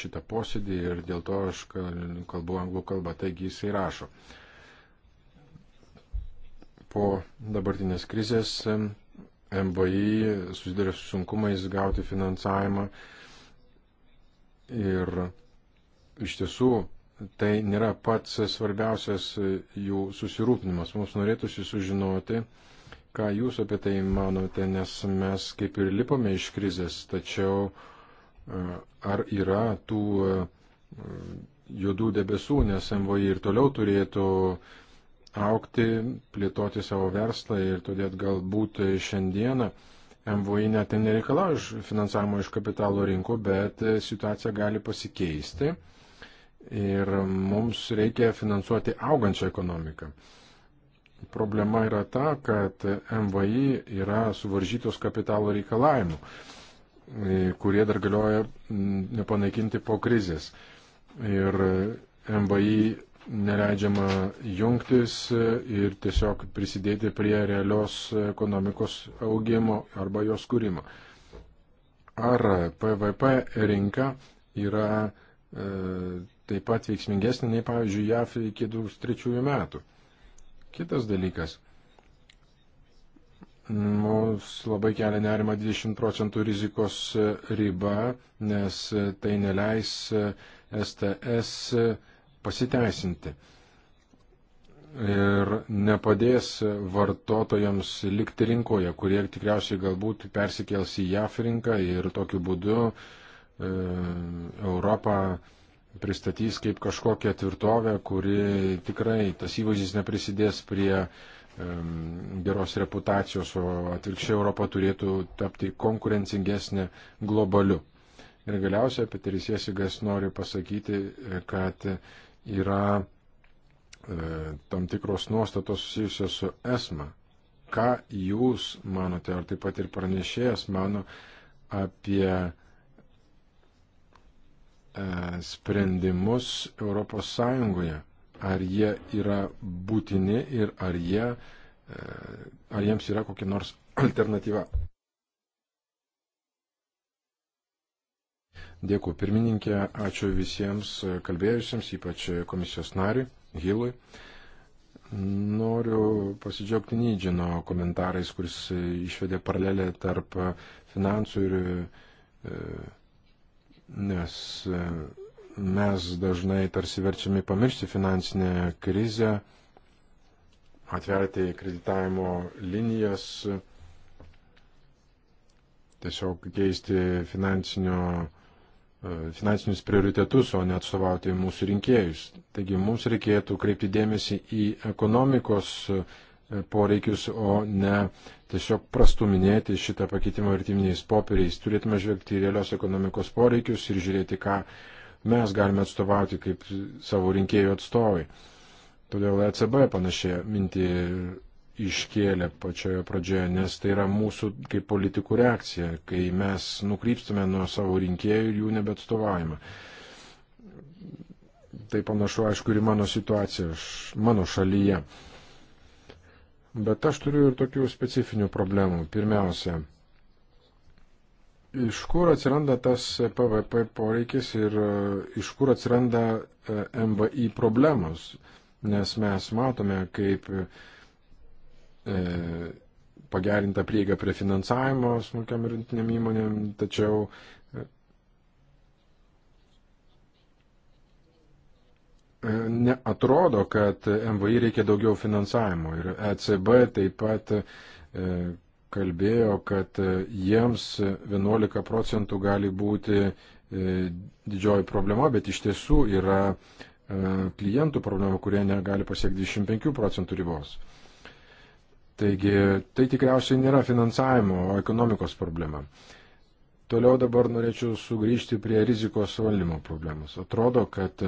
šitą posėdį ir dėl to aš kalbu anglų kalbą, taigi jisai rašo. Po dabartinės krizės um, MBI susiduria su sunkumais gauti finansavimą ir iš tiesų tai nėra pats svarbiausias jų susirūpinimas. Mums norėtųsi sužinoti, ką jūs apie tai manote, nes mes kaip ir lipame iš krizės, tačiau e, ar yra tų e, juodų debesų, nes MVI ir toliau turėtų uh, aukti, plėtoti savo verslą ir todėl galbūt šiandieną MVI net nereikalauja finansavimo iš kapitalo rinkų, bet situacija gali pasikeisti ir mums reikia finansuoti augančią ekonomiką. Problema yra ta, kad MVI yra suvaržytos kapitalo reikalavimų, kurie dar galioja mm, nepanaikinti po krizės. Ir MVI neleidžiama jungtis ir tiesiog prisidėti prie realios ekonomikos augimo arba jos kūrimo. Ar PVP rinka yra e, taip pat veiksmingesnė nei, pavyzdžiui, JAF iki 2003 metų? Kitas dalykas. Mums labai kelia nerima 20 procentų rizikos riba, nes tai neleis STS pasiteisinti ir nepadės vartotojams likti rinkoje, kurie tikriausiai galbūt persikels į JAF rinką ir tokiu būdu e, Europą pristatys kaip kažkokią tvirtovę, kuri tikrai tas įvaizdis neprisidės prie e, geros reputacijos, o atvirkščiai Europa turėtų tapti konkurencingesnė globaliu. Ir galiausiai Peteris Jėsigas nori pasakyti, kad e, yra e, tam tikros nuostatos susijusios su esma. Ką jūs manote, ar taip pat ir pranešėjas mano apie e, sprendimus ES, ar jie yra būtini ir ar, jie, e, ar jiems yra kokia nors alternatyva? Dėkui pirmininkė, ačiū visiems kalbėjusiems, ypač komisijos nariui Hilui. Noriu pasidžiaugti Nydžino komentarais, kuris išvedė paralelę tarp finansų ir e, nes e, mes dažnai tarsi verčiami pamiršti finansinę krizę, atverti kreditavimo linijas, tiesiog keisti finansinio E, finansinius prioritetus, o ne atstovauti mūsų rinkėjus. Taigi mums reikėtų kreipti dėmesį į ekonomikos e, poreikius, o ne tiesiog prastuminėti šitą pakeitimą vertiminiais popieriais. Turėtume žvelgti į realios ekonomikos poreikius ir žiūrėti, ką mes galime atstovauti kaip savo rinkėjų atstovai. Todėl ECB panašiai mintį iškėlė pačioje pradžioje, nes tai yra mūsų kaip politikų reakcija, kai mes nukrypstume nuo savo rinkėjų ir jų nebetstovavimą. Tai panašu, aišku, ir mano situacija, aš, mano šalyje. Bet aš turiu ir tokių specifinių problemų. Pirmiausia, iš kur atsiranda tas PVP poreikis ir e, iš kur atsiranda e, MVI problemos, nes mes matome, kaip E, pagerinta prieiga prie finansavimo smulkiam ir rytiniam įmonėm, tačiau e, neatrodo, kad MVI reikia daugiau finansavimo. Ir ECB taip pat e, kalbėjo, kad jiems 11 procentų gali būti didžioji problema, bet iš tiesų yra klientų problema, kurie negali pasiekti 25 procentų ribos. Taigi tai tikriausiai nėra finansavimo, o ekonomikos problema. Toliau dabar norėčiau sugrįžti prie rizikos valdymo problemos. Atrodo, kad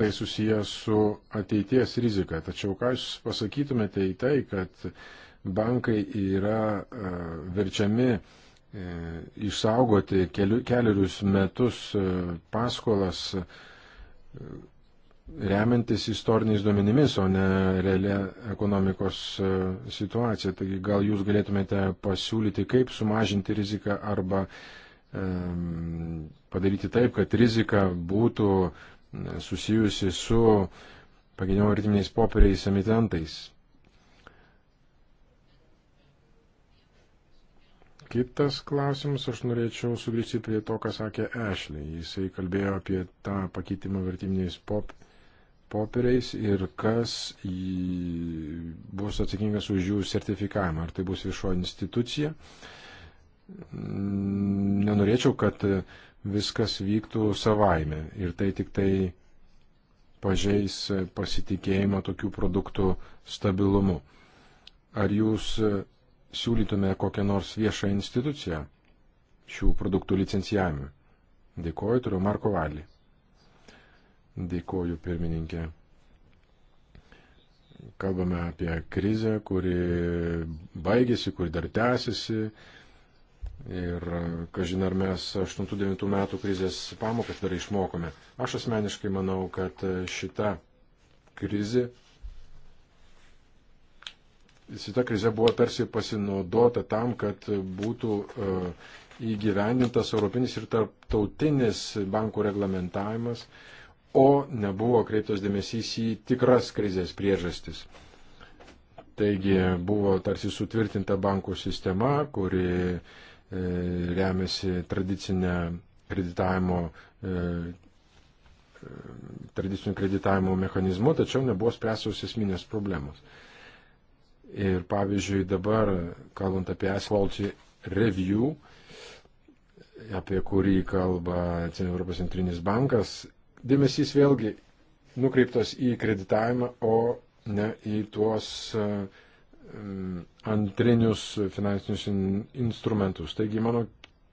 tai susijęs su ateities rizika. Tačiau ką jūs pasakytumėte į tai, kad bankai yra e, verčiami E, išsaugoti keli, keliarius metus e, paskolas e, remiantis istoriniais duomenimis, o ne realia ekonomikos situacija. Taigi gal jūs galėtumėte pasiūlyti, kaip sumažinti riziką arba padaryti taip, kad rizika būtų susijusi su pagėdimo vertiminiais popieriais emitentais. Kitas klausimas, aš norėčiau sugrįžti prie to, ką sakė Ešlė. Jisai kalbėjo apie tą pakeitimą vertiminiais pop, popieriais ir kas į, bus atsakingas už jų sertifikavimą. Ar tai bus viešoji institucija? Nenorėčiau, kad viskas vyktų savaime ir tai tik tai pažeis pasitikėjimą tokių produktų stabilumu. Ar jūs siūlytume kokią nors viešą instituciją šių produktų licencijavimui. Dėkoju, turiu Marko Valį. Dėkoju, pirmininkė. Kalbame apie krizę, kuri baigėsi, kuri dar tęsiasi. Ir, kažin, ar mes 8-9 metų krizės pamokas dar išmokome. Aš asmeniškai manau, kad šita krizė šita krize buvo tarsi pasinaudota tam, kad būtų e, įgyvendintas europinis ir tarptautinis bankų reglamentavimas, o nebuvo kreiptos dėmesys į tikras krizės priežastis. Taigi buvo tarsi sutvirtinta bankų sistema, kuri e, remiasi tradicinę kreditavimo e, tradicinių kreditavimo mechanizmų, tačiau nebuvo spręstos esminės problemos. Ir pavyzdžiui, dabar, kalbant apie Asphalt Review, apie kurį kalba Europos centrinis bankas, dėmesys vėlgi nukreiptas į kreditavimą, o ne į tuos mm, antrinius finansinius instrumentus. Taigi mano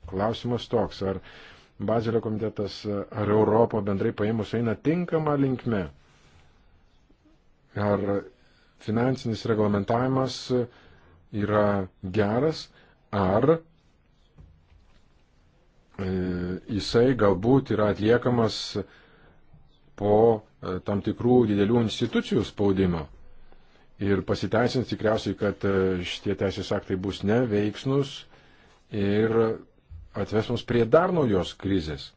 klausimas toks, ar Bazilio komitetas, ar Europo bendrai paėmus eina tinkama linkme? Ar finansinis reglamentavimas yra geras, ar e, jisai galbūt yra atliekamas po e, tam tikrų didelių institucijų spaudimo. Ir pasiteisins tikriausiai, kad e, šitie teisės aktai bus neveiksnus ir atves mus prie dar naujos krizės.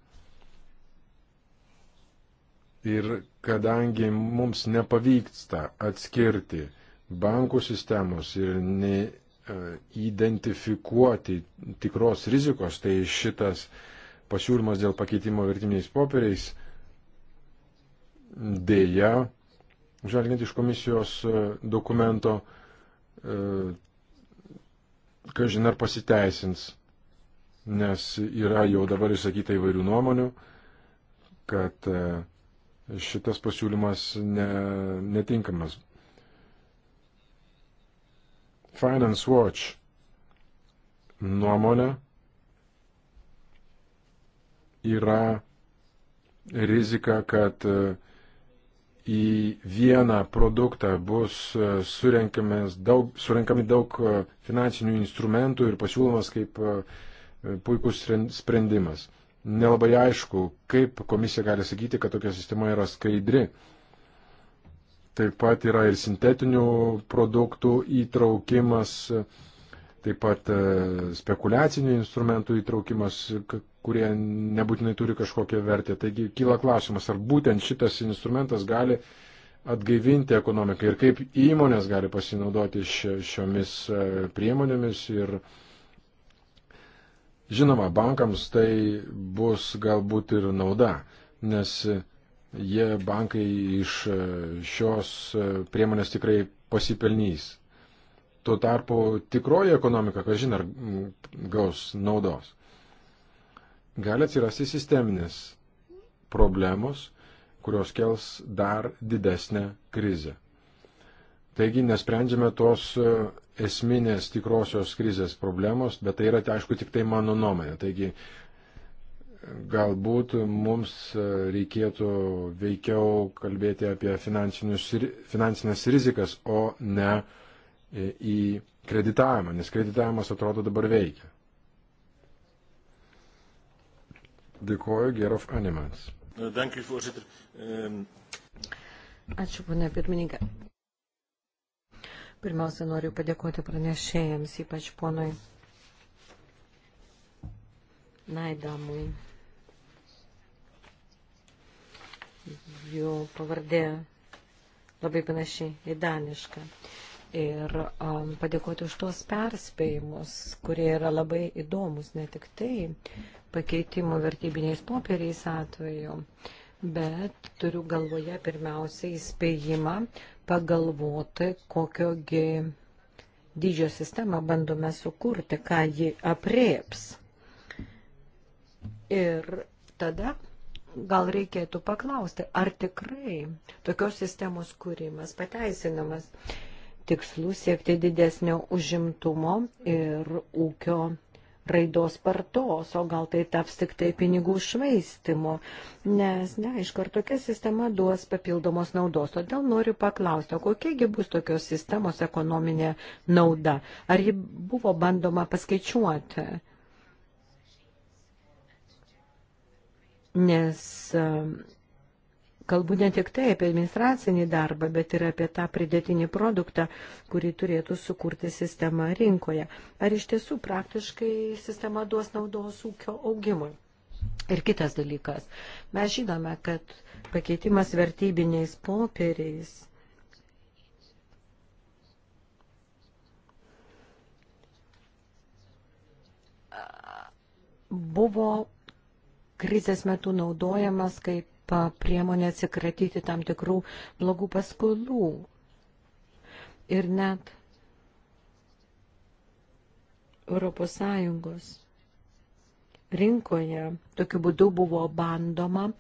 Ir kadangi mums nepavyksta atskirti bankų sistemos ir ne, e, identifikuoti tikros rizikos, tai šitas pasiūlymas dėl pakeitimo vertimiais popieriais dėja, žvelgiant iš komisijos e, dokumento, e, kažin ar pasiteisins, nes yra jau dabar išsakyta įvairių nuomonių, kad šitas pasiūlymas ne, netinkamas. Finance Watch nuomonė yra rizika, kad e, į vieną produktą bus e, daug, surinkami daug e, finansinių instrumentų ir pasiūlomas kaip puikus sprendimas nelabai aišku, kaip komisija gali sakyti, kad tokia sistema yra skaidri. Taip pat yra ir sintetinių produktų įtraukimas, taip pat e, spekuliacinių instrumentų įtraukimas, kurie nebūtinai turi kažkokią vertę. Taigi kyla klausimas, ar būtent šitas instrumentas gali atgaivinti ekonomiką ir kaip įmonės gali pasinaudoti šiomis e, priemonėmis ir priemonėmis Žinoma, bankams tai bus galbūt ir nauda, nes jie bankai iš šios priemonės tikrai pasipelnys. Tuo tarpu tikroji ekonomika, ką žin, ar gaus naudos. Gali atsirasti sisteminės problemos, kurios kels dar didesnę krizę. Taigi nesprendžiame tos e, esminės tikrosios krizės problemos, bet tai yra, tai, aišku, tik tai mano nuomonė. Taigi galbūt mums e, reikėtų veikiau kalbėti apie finansinės rizikas, o ne e, į kreditavimą, nes kreditavimas atrodo dabar veikia. Dėkuoju, Gerov Animans. Ehm. Ačiū, ponia pirmininkė. Pirmiausia, noriu padėkoti pranešėjams, ypač ponui Naidamui. Jų pavardė labai panašiai į danišką. Ir um, padėkoti už tuos perspėjimus, kurie yra labai įdomus, ne tik tai pakeitimų vertybiniais popieriais atveju, bet turiu galvoje pirmiausia įspėjimą, pagalvoti, kokiogi dydžio sistemą bandome sukurti, ką ji aprieps. Ir tada gal reikėtų paklausti, ar tikrai tokios sistemos kūrimas pateisinamas tikslu siekti didesnio užimtumo ir ūkio raidos spartos, o gal tai taps tik tai pinigų švaistimu, nes neaišku, ar tokia sistema duos papildomos naudos. Todėl noriu paklausti, o kokiegi bus tokios sistemos ekonominė nauda? Ar ji buvo bandoma paskaičiuoti? Nes kalbu ne tik tai apie administracinį darbą, bet ir apie tą pridėtinį produktą, kurį turėtų sukurti sistema rinkoje. Ar iš tiesų praktiškai sistema duos naudos ūkio augimui? Ir kitas dalykas. Mes žinome, kad pakeitimas vertybiniais popieriais buvo krizės metu naudojamas kaip priemonė atsikratyti tam tikrų blogų paskolų. Ir net Europos Sąjungos rinkoje tokiu būdu buvo bandoma a,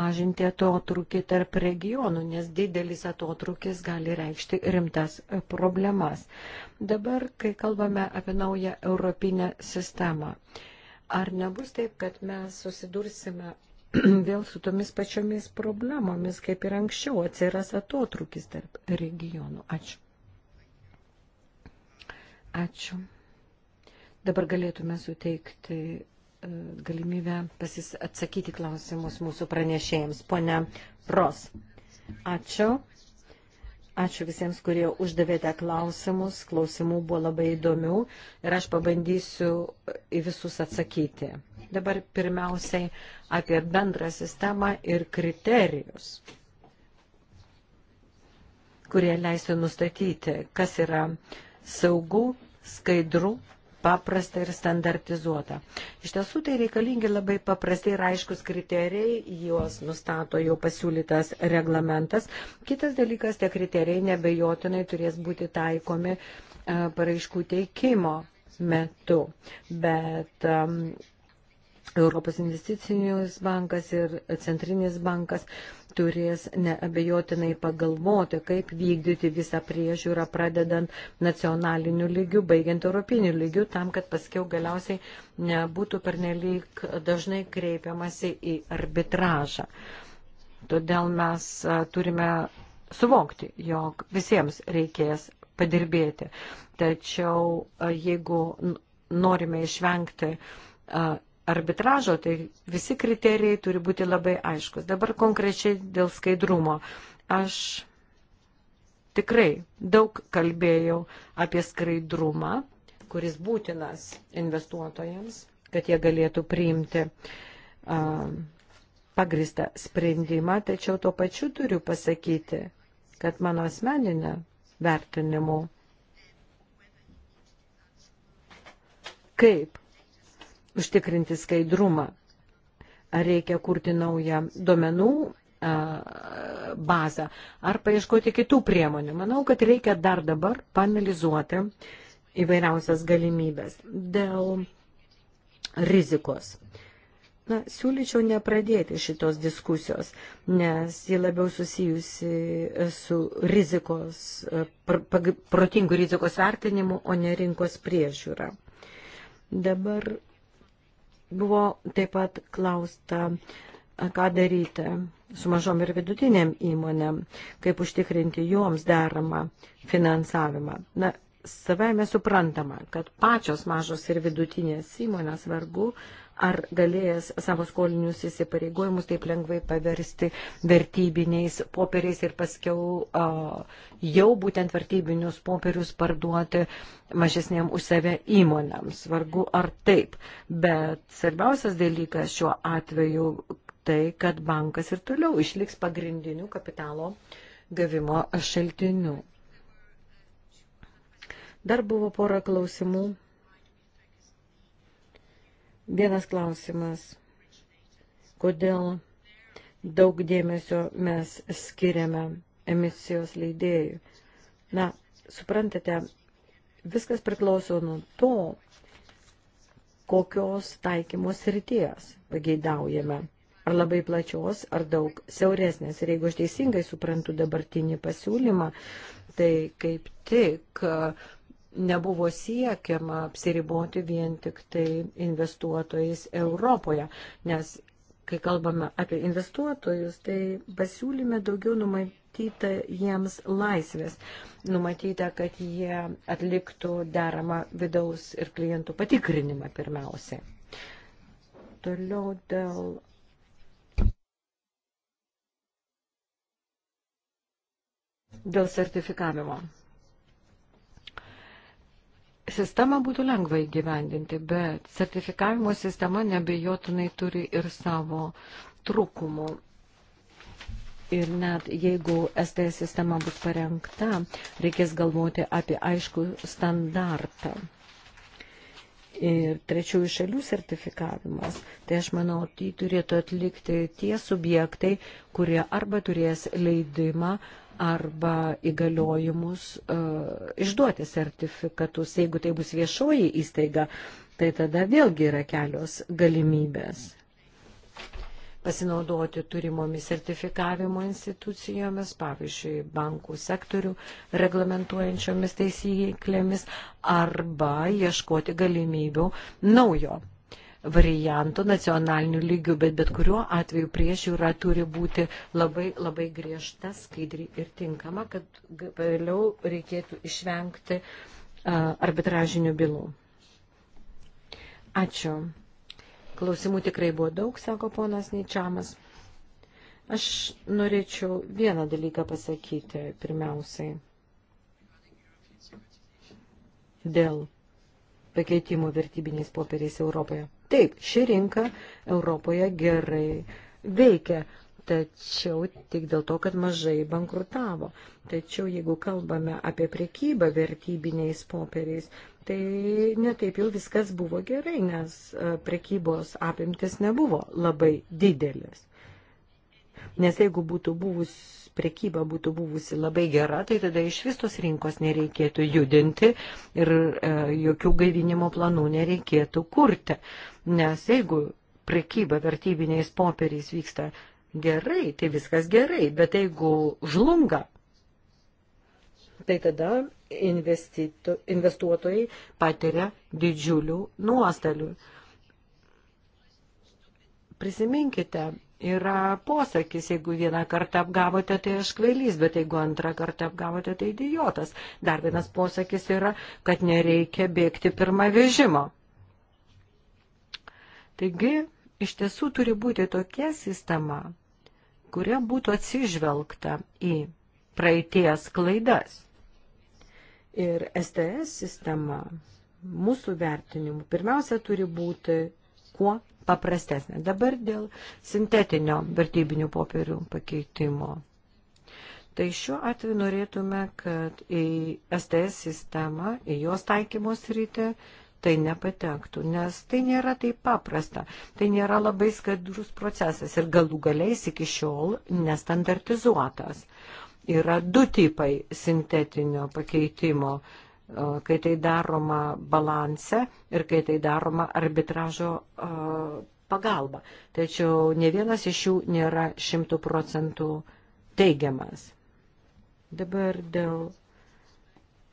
mažinti atotrukį tarp regionų, nes didelis atotrukis gali reikšti rimtas problemas. Dabar, kai kalbame apie naują europinę sistemą, ar nebus taip, kad mes susidursime (clears throat) vėl su tomis pačiomis problemomis, kaip ir anksčiau atsiras atotrukis tarp regionų. Ačiū. Ačiū. Dabar galėtume suteikti e, galimybę pasis atsakyti klausimus mūsų pranešėjams. Pone Pros. Ačiū. Ačiū visiems, kurie uždavėte klausimus. Klausimų buvo labai įdomių ir aš pabandysiu į visus atsakyti. Dabar pirmiausiai apie bendrą sistemą ir kriterijus, kurie leistų nustatyti, kas yra saugu, skaidru, paprasta ir standartizuota. Iš tiesų tai reikalingi labai paprasti ir aiškus kriterijai, juos nustato jau pasiūlytas reglamentas. Kitas dalykas, tie kriterijai nebejotinai turės būti taikomi e, paraiškų teikimo metu. Bet um, Europos investicinis bankas ir centrinis bankas turės neabejotinai pagalvoti, kaip vykdyti visą priežiūrą, pradedant nacionaliniu lygiu, baigiant europiniu lygiu, tam, kad paskiau galiausiai nebūtų pernelyg dažnai kreipiamasi į arbitražą. Todėl mes turime suvokti, jog visiems reikės padirbėti. Tačiau jeigu norime išvengti arbitražo, tai visi kriterijai turi būti labai aiškus. Dabar konkrečiai dėl skaidrumo. Aš tikrai daug kalbėjau apie skaidrumą, kuris būtinas investuotojams, kad jie galėtų priimti uh, pagristą sprendimą, tačiau tuo pačiu turiu pasakyti, kad mano asmeninė vertinimu, kaip užtikrinti skaidrumą. Ar reikia kurti naują duomenų bazą, ar paieškoti kitų priemonių. Manau, kad reikia dar dabar panalizuoti įvairiausias galimybės dėl rizikos. Na, siūlyčiau nepradėti šitos diskusijos, nes ji labiau susijusi su rizikos, protingų rizikos vertinimu, o ne rinkos priežiūra. Dabar Buvo taip pat klausta, ką daryti su mažom ir vidutiniam įmonėm, kaip užtikrinti joms deramą finansavimą. Na, savai mes suprantama, kad pačios mažos ir vidutinės įmonės vargu ar galėjęs savo skolinius įsipareigojimus taip lengvai paversti vertybiniais popieriais ir paskiau jau būtent vertybinius popierius parduoti mažesniem už save įmonėms. Vargu ar taip. Bet svarbiausias dalykas šiuo atveju tai, kad bankas ir toliau išliks pagrindiniu kapitalo gavimo šaltiniu. Dar buvo pora klausimų Vienas klausimas. Kodėl daug dėmesio mes skiriame emisijos leidėjų? Na, suprantate, viskas priklauso nuo to, kokios taikymos ryties pageidaujame. Ar labai plačios, ar daug siauresnės. Ir jeigu aš teisingai suprantu dabartinį pasiūlymą, tai kaip tik nebuvo siekiama apsiriboti vien tik tai investuotojais Europoje, nes kai kalbame apie investuotojus, tai pasiūlyme daugiau numatyta jiems laisvės, numatyta, kad jie atliktų deramą vidaus ir klientų patikrinimą pirmiausiai. Toliau dėl dėl sertifikavimo. Sistemą būtų lengva įgyvendinti, bet sertifikavimo sistema nebejotinai turi ir savo trūkumų. Ir net jeigu STS sistema bus parengta, reikės galvoti apie aišku standartą. Ir trečiųjų šalių sertifikavimas, tai aš manau, tai turėtų atlikti tie subjektai, kurie arba turės leidimą, arba įgaliojimus uh, išduoti sertifikatus. Jeigu tai bus viešoji įstaiga, tai tada vėlgi yra kelios galimybės pasinaudoti turimomis sertifikavimo institucijomis, pavyzdžiui, bankų sektorių reglamentuojančiomis taisyklėmis arba ieškoti galimybių naujo varianto nacionaliniu lygiu, bet bet kuriuo atveju priežiūra turi būti labai, labai griežta, skaidri ir tinkama, kad vėliau reikėtų išvengti arbitražinių bylų. Ačiū. Klausimų tikrai buvo daug, sako ponas Ničiamas. Aš norėčiau vieną dalyką pasakyti pirmiausiai dėl pakeitimų vertybiniais popieriais Europoje. Taip, ši rinka Europoje gerai veikia, tačiau tik dėl to, kad mažai bankrutavo. Tačiau jeigu kalbame apie priekybą vertybiniais popieriais, tai netaip jau viskas buvo gerai, nes e, priekybos apimtis nebuvo labai didelis. Nes jeigu būtų buvus, prekyba būtų buvusi labai gera, tai tada iš vis tos rinkos nereikėtų judinti ir e, jokių gaivinimo planų nereikėtų kurti. Nes jeigu prekyba vertybiniais popieriais vyksta gerai, tai viskas gerai, bet jeigu žlunga, tai tada investuotojai patiria didžiulių nuostolių. Prisiminkite, yra posakis, jeigu vieną kartą apgavote, tai aš kvailys, bet jeigu antrą kartą apgavote, tai idiotas. Dar vienas posakis yra, kad nereikia bėgti pirmą vežimo. Taigi, iš tiesų turi būti tokia sistema, kuria būtų atsižvelgta į praeities klaidas. Ir STS sistema mūsų vertinimu pirmiausia turi būti kuo paprastesnė. Dabar dėl sintetinio vertybinių popierių pakeitimo. Tai šiuo atveju norėtume, kad į STS sistemą, į jos taikymos rytę, tai nepatektų, nes tai nėra taip paprasta, tai nėra labai skaidrus procesas ir galų galiais iki šiol nestandartizuotas. Yra du tipai sintetinio pakeitimo kai tai daroma balanse ir kai tai daroma arbitražo pagalba. Tačiau ne vienas iš jų nėra šimtų procentų teigiamas. Dabar dėl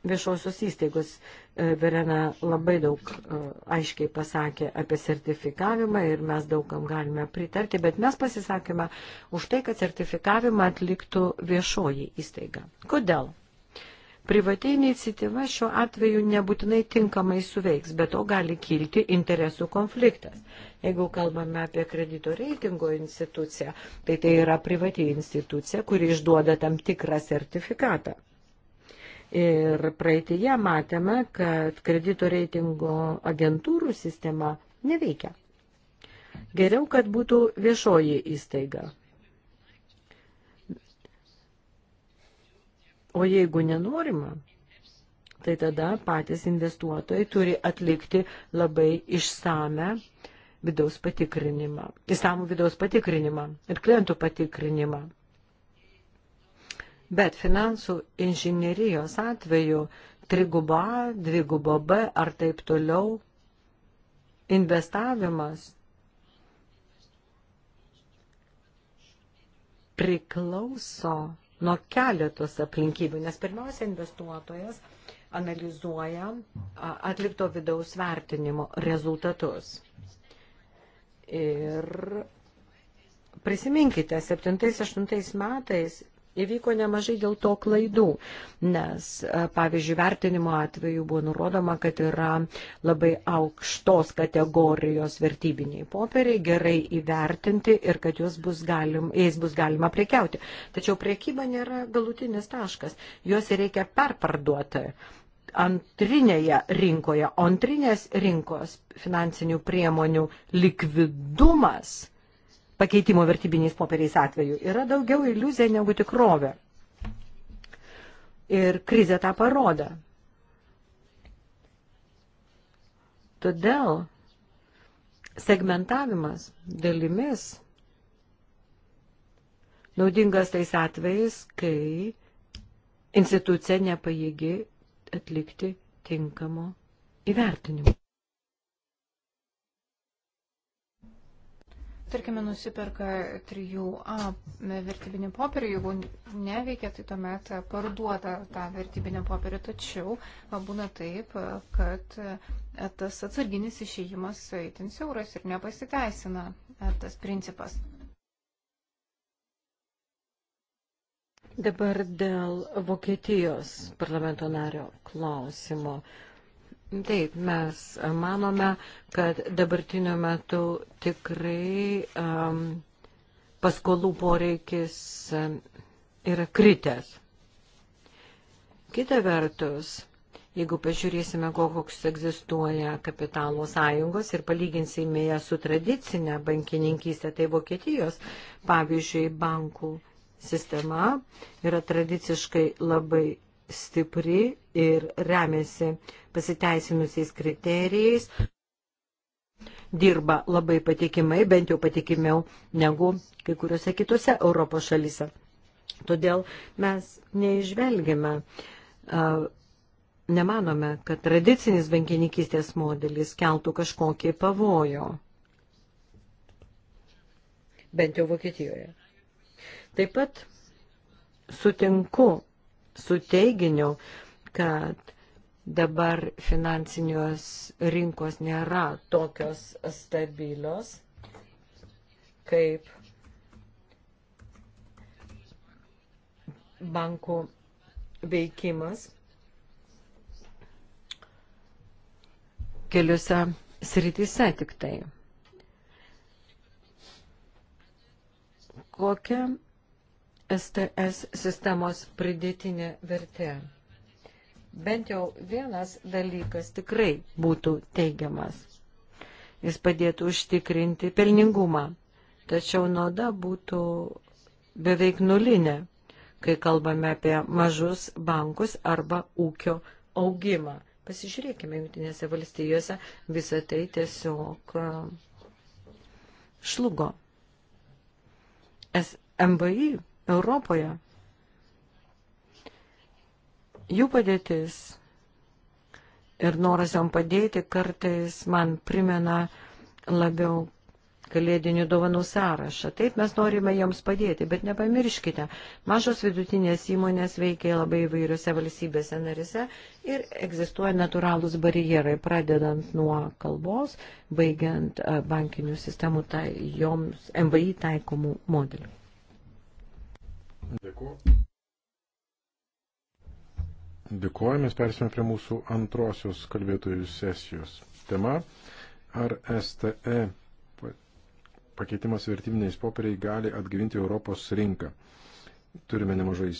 viešosios įstaigos Verena labai daug aiškiai pasakė apie sertifikavimą ir mes daugam galime pritarti, bet mes pasisakėme už tai, kad sertifikavimą atliktų viešoji įstaiga. Kodėl? Privati iniciatyva šiuo atveju nebūtinai tinkamai suveiks, bet to gali kilti interesų konfliktas. Jeigu kalbame apie kredito reitingo instituciją, tai tai yra privati institucija, kuri išduoda tam tikrą sertifikatą. Ir praeitėje matėme, kad kredito reitingo agentūrų sistema neveikia. Geriau, kad būtų viešoji įstaiga, O jeigu nenorima, tai tada patys investuotojai turi atlikti labai išsame vidaus patikrinimą, įsamų vidaus patikrinimą ir klientų patikrinimą. Bet finansų inžinierijos atveju triguba A, dviguba B ar taip toliau investavimas priklauso nuo keletos aplinkybių, nes pirmiausia investuotojas analizuoja atlikto vidaus vertinimo rezultatus. Ir prisiminkite, 7-8 metais įvyko nemažai dėl to klaidų, nes, e, pavyzdžiui, vertinimo atveju buvo nurodoma, kad yra labai aukštos kategorijos vertybiniai popieriai, gerai įvertinti ir kad juos bus galim, jais bus galima prekiauti. Tačiau priekyba nėra galutinis taškas, juos reikia perparduoti antrinėje rinkoje, o antrinės rinkos finansinių priemonių likvidumas pakeitimo vertybiniais popieriais atveju yra daugiau iliuzija negu tikrovė. Ir krizė tą parodė. Todėl segmentavimas dalimis naudingas tais atvejais, kai institucija nepajėgi atlikti tinkamo įvertinimo. tarkime, nusiperka 3A vertybinį popierį, jeigu neveikia, tai tuomet parduoda tą vertybinę popierį, tačiau būna taip, kad tas atsarginis išėjimas itin siauras ir nepasiteisina e, tas principas. Dabar dėl Vokietijos parlamento nario klausimo. Uh, Taip, mes manome, kad dabartiniu metu tikrai um, paskolų poreikis um, yra kritęs. Kita vertus, jeigu pažiūrėsime, koks egzistuoja kapitalo sąjungos ir palyginsime ją su tradicinė bankininkystė, tai Vokietijos, pavyzdžiui, bankų sistema yra tradiciškai labai stipri ir remiasi pasiteisinusiais kriterijais, dirba labai patikimai, bent jau patikimiau negu kai kuriuose kitose Europos šalyse. Todėl mes neižvelgiame, nemanome, kad tradicinis bankininkystės modelis keltų kažkokį pavojo. Bent jau Vokietijoje. Taip pat sutinku su teiginiu, kad dabar finansinios rinkos nėra tokios stabilios, kaip bankų veikimas keliuose srityse tik tai. Kokia STS sistemos pridėtinė vertė. Bent jau vienas dalykas tikrai būtų teigiamas. Jis padėtų užtikrinti pelningumą, tačiau nauda būtų beveik nulinė, kai kalbame apie mažus bankus arba ūkio augimą. Pasižiūrėkime, jungtinėse valstijose visą tai tiesiog šlugo. E, SMBI Europoje jų padėtis ir noras jom padėti kartais man primena labiau kalėdinių dovanų sąrašą. Taip mes norime joms padėti, bet nepamirškite, mažos vidutinės įmonės veikia labai įvairiose valstybėse narise ir egzistuoja natūralūs barjerai, pradedant nuo kalbos, baigiant bankinių sistemų tai joms MVI taikomų modelių. Dėkuoju. Dėkuoju, mes persime prie mūsų antrosios kalbėtojų sesijos. Tema, ar STE pakeitimas vertybiniais popieriai gali atgyvinti Europos rinką. Turime nemažai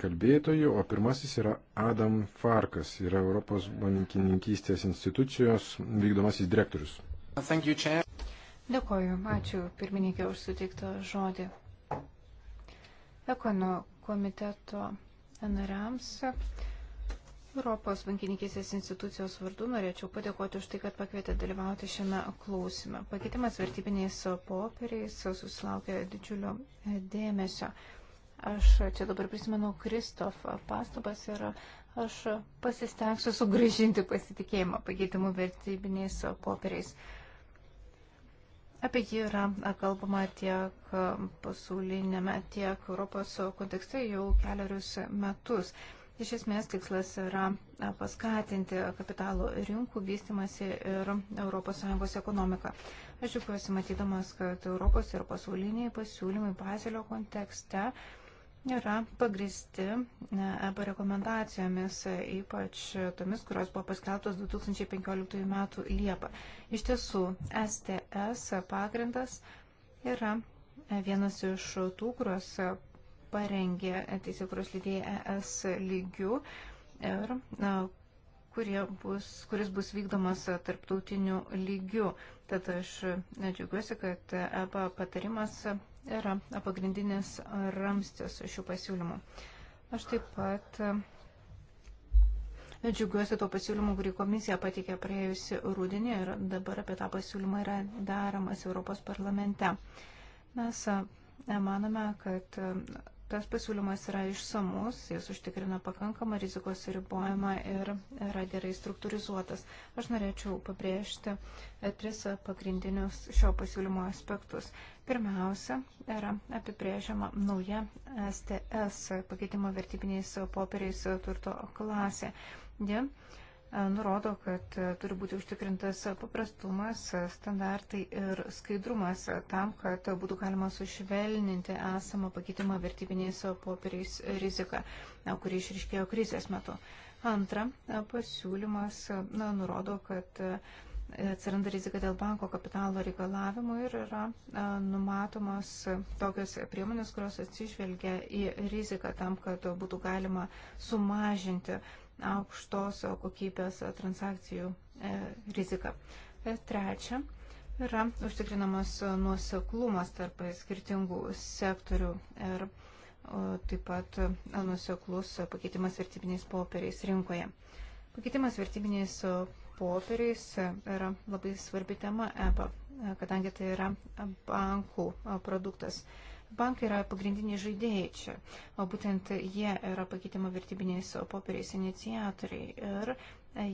kalbėtojų, o pirmasis yra Adam Farkas, yra Europos bankininkystės institucijos vykdomasis direktorius. Dėkoju, ačiū pirmininkė už suteiktą žodį ekono komiteto nariams. Europos bankininkysės institucijos vardu norėčiau padėkoti už tai, kad pakvietė dalyvauti šiame klausime. Pakeitimas vertybiniais popieriais susilaukė didžiulio dėmesio. Aš čia dabar prisimenu Kristof pastabas ir aš pasistengsiu sugražinti pasitikėjimą pakeitimų vertybiniais popieriais. Apie jį yra kalbama tiek pasaulinėme, tiek Europos kontekste jau keliarius metus. Iš esmės tikslas yra paskatinti kapitalo rinkų vystimasi ir ES ekonomiką. Aš džiaugiuosi matydamas, kad Europos ir pasauliniai pasiūlymai Bazelio kontekste uh, yra pagristi EBA rekomendacijomis, e, ypač tomis, kurios buvo paskelbtos 2015 m. Liepą. Iš tiesų, STS pagrindas yra e, vienas iš tų, kurios parengė teisėkuros lydėjai ES lygių ir e, bus, kuris bus vykdomas tarptautiniu lygiu. Tad aš džiaugiuosi, kad EBA patarimas yra pagrindinis ramstis šių pasiūlymų. Aš taip pat e, džiugiuosi to pasiūlymu, kurį komisija pateikė praėjusi rūdienį ir dabar apie tą pasiūlymą yra daromas Europos parlamente. Mes e, manome, kad e, Tas pasiūlymas yra išsamus, jis užtikrina pakankamą rizikos ribojimą ir yra gerai struktūrizuotas. Aš norėčiau pabrėžti e, tris pagrindinius šio pasiūlymo aspektus. Pirmiausia, yra apibrėžiama nauja STS pakeitimo vertybiniais popieriais turto klasė. Ji E, nurodo, kad e, turi būti užtikrintas paprastumas, e, standartai ir skaidrumas tam, kad būtų galima sušvelninti esamą pakitimą vertybiniais popieriais riziką, kurį išriškėjo krizės metu. Antra, pasiūlymas na, nurodo, kad atsiranda rizika dėl banko kapitalo reikalavimų ir yra numatomos tokios priemonės, kurios atsižvelgia į riziką tam, kad būtų galima sumažinti aukštos kokybės transakcijų e, riziką. E, trečia, yra užtikrinamas nuoseklumas tarp skirtingų sektorių ir taip pat nuoseklus pakeitimas vertybiniais popieriais rinkoje. Pakeitimas vertybiniais popieriais yra labai svarbi tema EBA, kadangi tai yra bankų produktas. Bankai yra pagrindiniai žaidėjai čia, o būtent jie yra pakeitimo vertybiniais popieriais inicijatoriai ir e,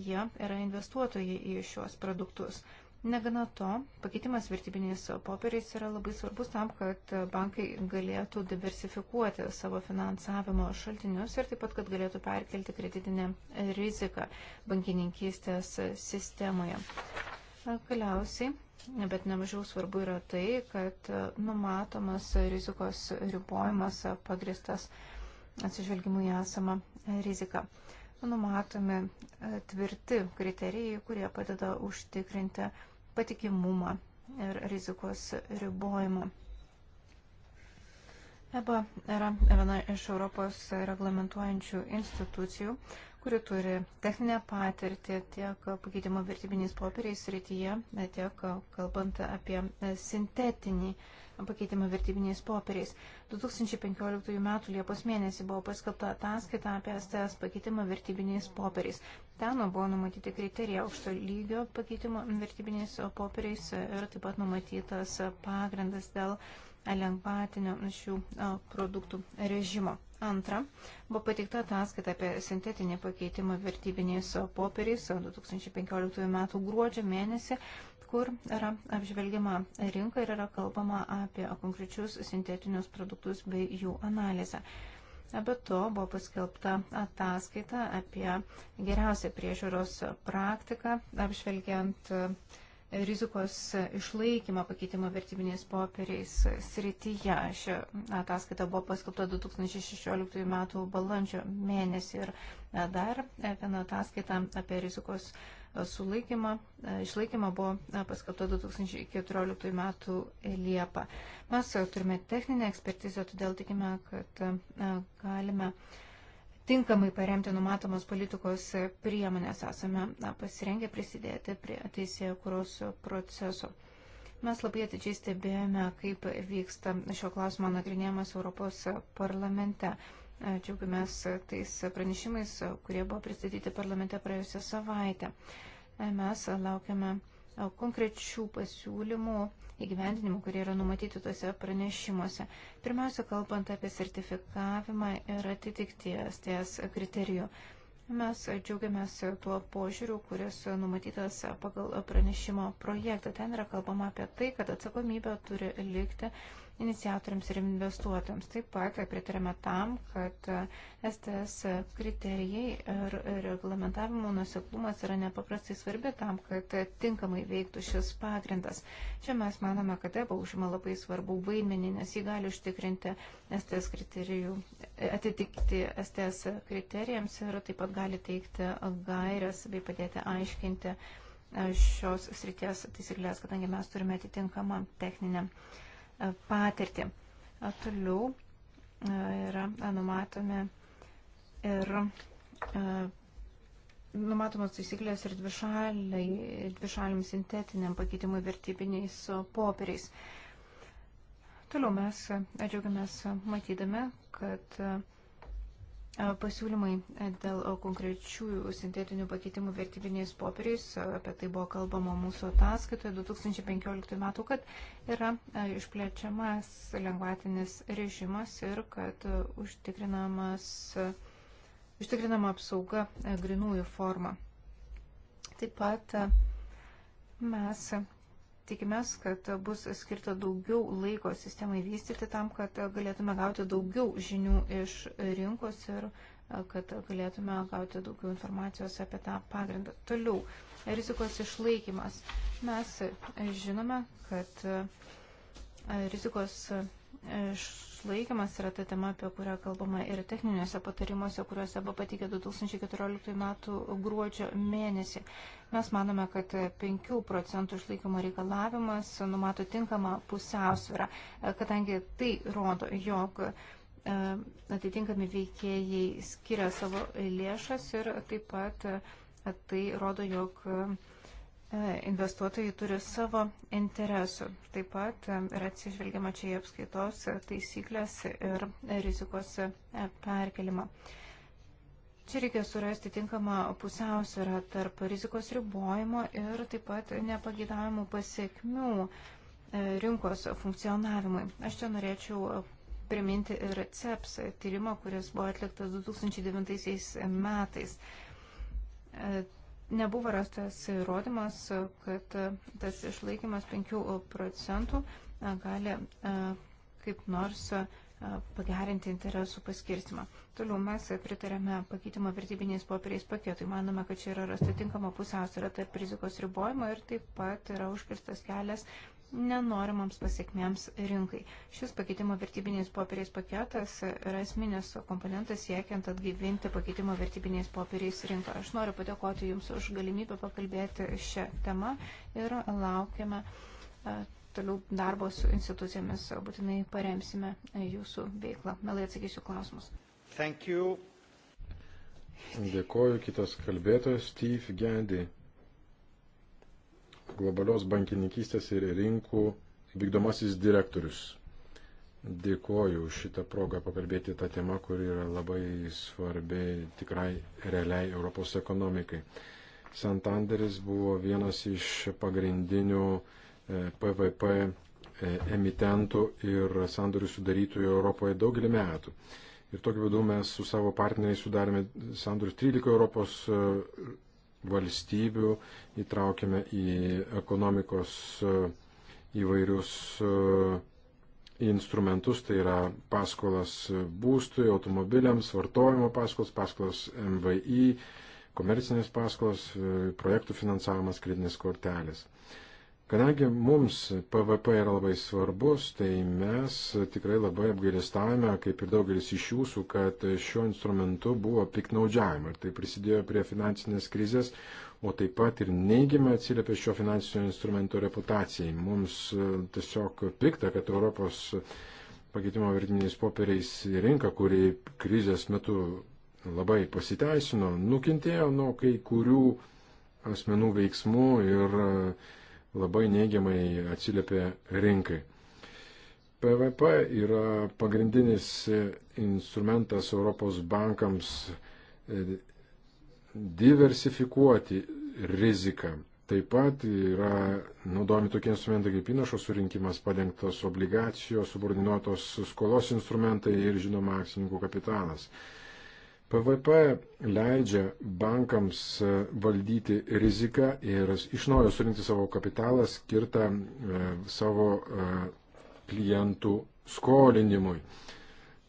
jie yra investuotojai į šios produktus. Negana to, pakeitimas vertybiniais popieriais yra labai svarbus tam, kad bankai galėtų diversifikuoti savo finansavimo šaltinius ir taip pat, kad galėtų perkelti kreditinę riziką bankininkystės sistemoje. Galiausiai Bet nemažiau svarbu yra tai, kad e, numatomas rizikos ribojimas e, pagristas atsižvelgimu į esamą riziką. Numatomi e, tvirti kriterijai, kurie padeda užtikrinti patikimumą ir rizikos ribojimą. EBA yra viena iš Europos reglamentuojančių institucijų kuri turi techninę patirtį tiek pakeitimo vertybiniais popieriais rytyje, tiek kalbant apie e, sintetinį pakeitimą vertybiniais popieriais. 2015 m. Liepos mėnesį buvo paskelbta ataskaita apie STS pakeitimą vertybiniais popieriais. Ten buvo numatyti kriterija aukšto lygio pakeitimo vertybiniais popieriais ir taip pat numatytas pagrindas dėl lengvatinio šių produktų režimo. Antra, buvo pateikta ataskaita apie sintetinį pakeitimą vertybiniais popieriais 2015 m. gruodžio mėnesį, kur yra apžvelgiama rinka ir yra kalbama apie konkrečius sintetinius produktus bei jų analizę. Be to buvo paskelbta ataskaita apie geriausią priežiūros praktiką, apžvelgiant uh, rizikos išlaikymo pakeitimo vertybiniais popieriais srityje. Ši ataskaita buvo paskelbta 2016 m. balandžio mėnesį ir e, dar e, viena ataskaita apie rizikos e, sulaikymą, išlaikymą buvo paskelbta 2014 m. Liepą. Mes turime techninę ekspertizę, todėl tikime, kad galime tinkamai paremti numatomos politikos priemonės. Esame na, pasirengę prisidėti prie teisėjų kuros proceso. Mes labai atidžiai stebėjome, kaip vyksta šio klausimo nagrinėjimas Europos parlamente. Džiaugiamės tais pranešimais, kurie buvo pristatyti parlamente praėjusią savaitę. Mes laukiame konkrečių pasiūlymų įgyvendinimu, kurie yra numatyti tuose pranešimuose. Pirmiausia, kalbant apie sertifikavimą ir atitikties ties kriterijų. Mes džiaugiamės tuo požiūriu, kuris numatytas pagal pranešimo projektą. Ten yra kalbama apie tai, kad atsakomybė turi likti iniciatoriams ir investuotojams. Taip pat pritarėme tam, kad STS kriterijai ir reglamentavimo nuseklumas yra nepaprastai svarbi tam, kad tinkamai veiktų šis pagrindas. Čia mes manome, kad EBA užima labai svarbų vaidmenį, nes jį gali užtikrinti STS kriterijų, atitikti STS kriterijams ir taip pat gali teikti gairias bei padėti aiškinti šios srities taisyklės, kadangi mes turime atitinkamą techninę patirtį. Toliau yra numatomi ir numatomos taisyklės ir dvišaliam sintetiniam pakeitimui vertybiniais popieriais. Toliau mes džiaugiamės matydami, kad Pasiūlymai dėl konkrečių sintetinių pakeitimų vertybiniais popieriais, apie tai buvo kalbama mūsų ataskaitoje 2015 metų, kad yra išplečiamas lengvatinis režimas ir kad užtikrinamas, užtikrinama apsauga grinųjų forma. Taip pat mes Tikimės, kad bus skirta daugiau laiko sistemai vystyti tam, kad galėtume gauti daugiau žinių iš rinkos ir e, kad galėtume gauti daugiau informacijos apie tą pagrindą. Toliau, rizikos išlaikymas. Mes žinome, kad e, rizikos Išlaikymas yra ta tema, apie kurią kalbama ir techniniuose patarimuose, kuriuose buvo patikė 2014 m. gruodžio mėnesį. Mes manome, kad 5 procentų išlaikymo reikalavimas numato tinkamą pusiausvyrą, kadangi tai rodo, jog e, atitinkami veikėjai skiria savo lėšas ir taip pat e, tai rodo, jog investuotojai turi savo interesų. Taip pat yra atsižvelgiama čia į apskaitos taisyklės ir rizikos e, perkelimą. Čia reikia surasti tinkamą pusiausvyrą tarp rizikos ribojimo ir taip pat nepagydavimų pasiekmių e, rinkos funkcionavimui. Aš čia norėčiau e, priminti ir CEPS tyrimą, kuris buvo atliktas 2009 metais nebuvo rastas įrodymas, kad tas išlaikymas 5 procentų gali kaip nors pagerinti interesų paskirstimą. Toliau mes pritarėme pakeitimo vertybiniais popieriais paketui. Manome, kad čia yra rasta tinkama pusiausvėra tarp rizikos ribojimo ir taip pat yra užkirstas kelias nenorimams pasiekmėms rinkai. Šis pakeitimo vertybiniais popieriais paketas yra esminis komponentas siekiant atgyvinti pakeitimo vertybiniais popieriais rinką. Aš noriu padėkoti Jums už galimybę pakalbėti šią temą ir laukiame e, toliau darbo su institucijomis. Būtinai paremsime Jūsų veiklą. Melai atsakysiu klausimus. Thank you. Dėkoju kitas kalbėtojas Steve Gendy globalios bankininkystės ir rinkų vykdomasis direktorius. Dėkoju šitą progą pakalbėti tą temą, kuri yra labai svarbi tikrai realiai Europos ekonomikai. Santanderis buvo vienas iš pagrindinių PVP e, e, emitentų ir sandorių sudarytojų Europoje daugelį metų. Ir tokiu būdu mes su savo partneriais sudarėme sandorius 13 Europos e, valstybių įtraukėme į ekonomikos e, įvairius e, instrumentus, tai yra paskolas būstui, automobiliams, vartojimo paskolas, paskolas MVI, komercinės paskolas, e, projektų finansavimas, kreditinės kortelės. Kadangi mums PVP yra labai svarbus, tai mes tikrai labai apgailestavome, kaip ir daugelis iš jūsų, kad šiuo instrumentu buvo piknaudžiavimo ir tai prisidėjo prie finansinės krizės, o taip pat ir neigiamai atsiliepė šio finansinio instrumento reputacijai. Mums e, tiesiog pikta, kad Europos pakeitimo vertiniais popieriais rinka, kuri krizės metu labai pasiteisino, nukentėjo nuo kai kurių asmenų veiksmų ir uh, labai neigiamai atsiliepia rinkai. PVP yra pagrindinis instrumentas Europos bankams e, diversifikuoti riziką. Taip pat yra naudojami tokie instrumentai kaip įnašo surinkimas, padengtos obligacijos, subordinuotos skolos instrumentai ir žinoma akcininkų kapitalas. PVP leidžia bankams e, valdyti riziką ir iš naujo surinkti savo kapitalą skirtą e, savo e, klientų skolinimui.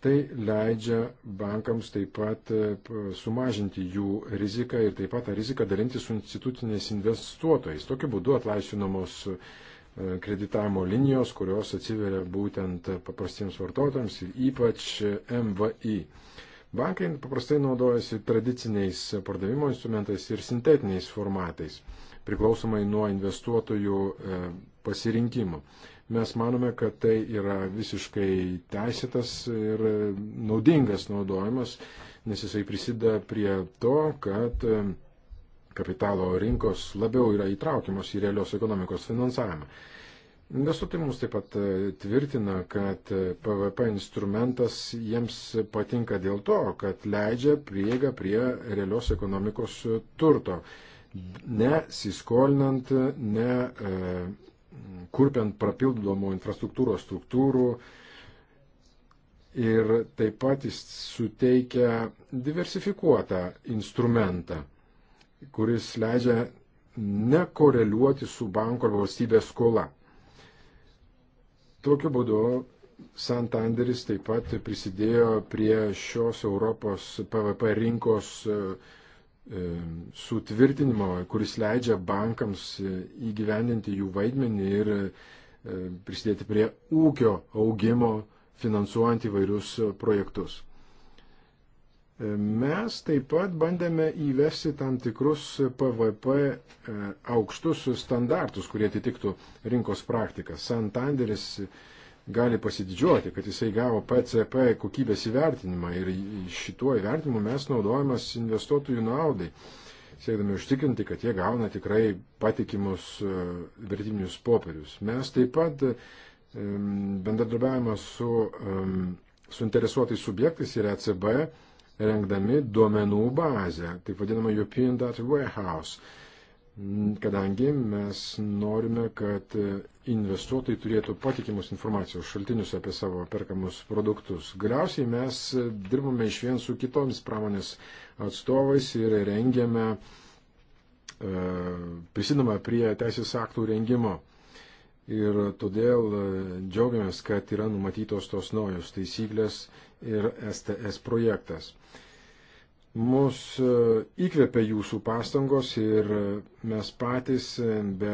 Tai leidžia bankams taip pat sumažinti jų riziką ir taip pat tą riziką dalinti su institutiniais investuotojais. Tokiu būdu atlaisvinamos kreditavimo linijos, kurios atsiveria būtent paprastiems vartotojams ir ypač MVI. Bankai paprastai naudojasi tradiciniais pardavimo instrumentais ir sintetiniais formatais, priklausomai nuo investuotojų e, pasirinkimų. Mes manome, kad tai yra visiškai teisėtas ir e, naudingas naudojimas, nes jisai prisideda prie to, kad e, kapitalo rinkos labiau yra įtraukiamos į realios ekonomikos finansavimą. Investuotojai mums taip pat e, tvirtina, kad PVP e, instrumentas jiems patinka dėl to, kad leidžia prieigą prie realios ekonomikos turto, nesiskolinant, ne e, kurpiant papildomų infrastruktūros struktūrų ir taip pat jis suteikia diversifikuotą instrumentą, kuris leidžia nekoreliuoti su banko ar valstybės skola. Tokiu būdu Santanderis taip pat prisidėjo prie šios Europos PVP rinkos e, e, sutvirtinimo, kuris leidžia bankams e, įgyvendinti jų vaidmenį ir prisidėti prie ūkio augimo, finansuojant įvairius projektus. Mes taip pat bandėme įvesti tam tikrus PVP e, aukštus standartus, kurie atitiktų rinkos praktiką. Santanderis gali pasididžiuoti, kad jisai gavo PCP kokybės įvertinimą ir šituo įvertinimu mes naudojamas investuotojų naudai, siekdami užtikrinti, kad jie gauna tikrai patikimus e, vertinius popierius. Mes taip pat e, bendradarbiavimą su suinteresuotais subjektais ir ECB rengdami duomenų bazę, taip vadinamą European Data Warehouse, kadangi mes norime, kad investuotojai turėtų patikimus informacijos šaltinius apie savo perkamus produktus. Galiausiai mes dirbame iš vien su kitomis pramonės atstovais ir rengiame, e, prisidame prie teisės aktų rengimo. Ir todėl e, džiaugiamės, kad yra numatytos tos naujos taisyklės ir STS projektas. Mus e, įkvėpia jūsų pastangos ir e, mes patys be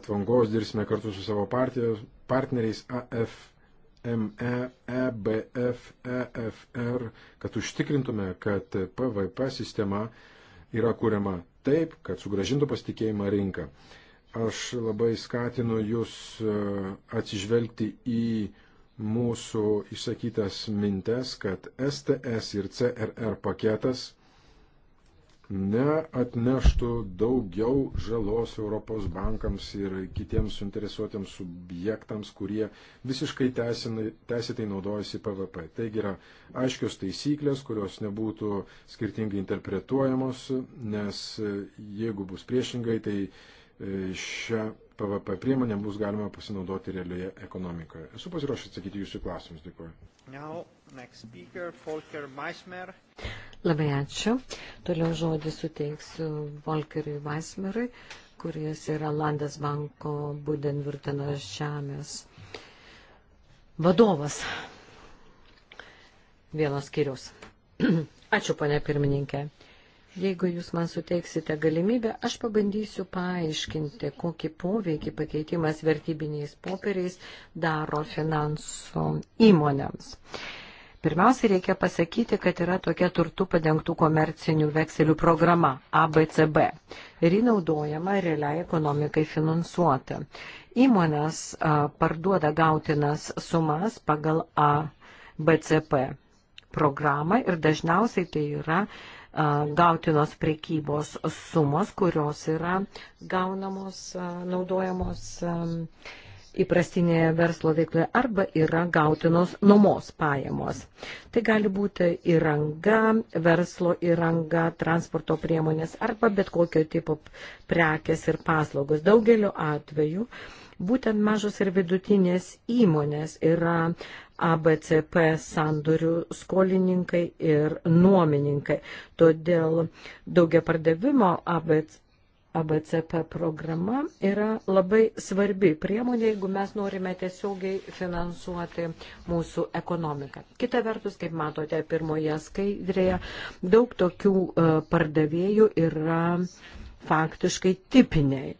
atvangos dirbsime kartu su savo partijos, partneriais AFME, EBF, EFR, kad užtikrintume, kad PVP sistema yra kuriama taip, kad sugražintų pasitikėjimą rinką. Aš labai skatinu jūs e, atsižvelgti į mūsų išsakytas mintes, kad STS ir CRR paketas neatneštų daugiau žalos Europos bankams ir kitiems suinteresuotiems subjektams, kurie visiškai teisėtai naudojasi PVP. Taigi yra aiškios taisyklės, kurios nebūtų skirtingai interpretuojamos, nes jeigu bus priešingai, tai šią PVP priemonę bus galima pasinaudoti realioje ekonomikoje. Esu pasiruošęs atsakyti jūsų klausimus. Dėkuoju. Now, speaker, Labai ačiū. Toliau žodį suteiksiu Volkeriui Maismerui, kuris yra Landesbanko Budenvirteno žemės vadovas. Vienas skyrius. (clears throat) Ačiū, ponė pirmininkė. Jeigu jūs man suteiksite galimybę, aš pabandysiu paaiškinti, kokį poveikį pakeitimas vertybiniais popieriais daro finansų įmonėms. Pirmiausia, reikia pasakyti, kad yra tokia turtų padengtų komercinių vekselių programa ABCB ir ji naudojama realiai ekonomikai finansuoti. Įmonės a, parduoda gautinas sumas pagal ABCP programą ir dažniausiai tai yra gautinos prekybos sumos, kurios yra gaunamos, naudojamos įprastinėje verslo veikloje arba yra gautinos nuomos pajamos. Tai gali būti įranga, verslo įranga, transporto priemonės arba bet kokio tipo prekes ir paslaugos. Daugeliu atveju uh, Būtent mažos ir vidutinės įmonės yra ABCP sandorių skolininkai ir nuomininkai. Todėl daugia pardavimo ABC, ABCP programa yra labai svarbi priemonė, jeigu mes norime tiesiogiai finansuoti mūsų ekonomiką. Kita vertus, kaip matote pirmoje skaidrėje, daug tokių e, pardavėjų yra faktiškai tipiniai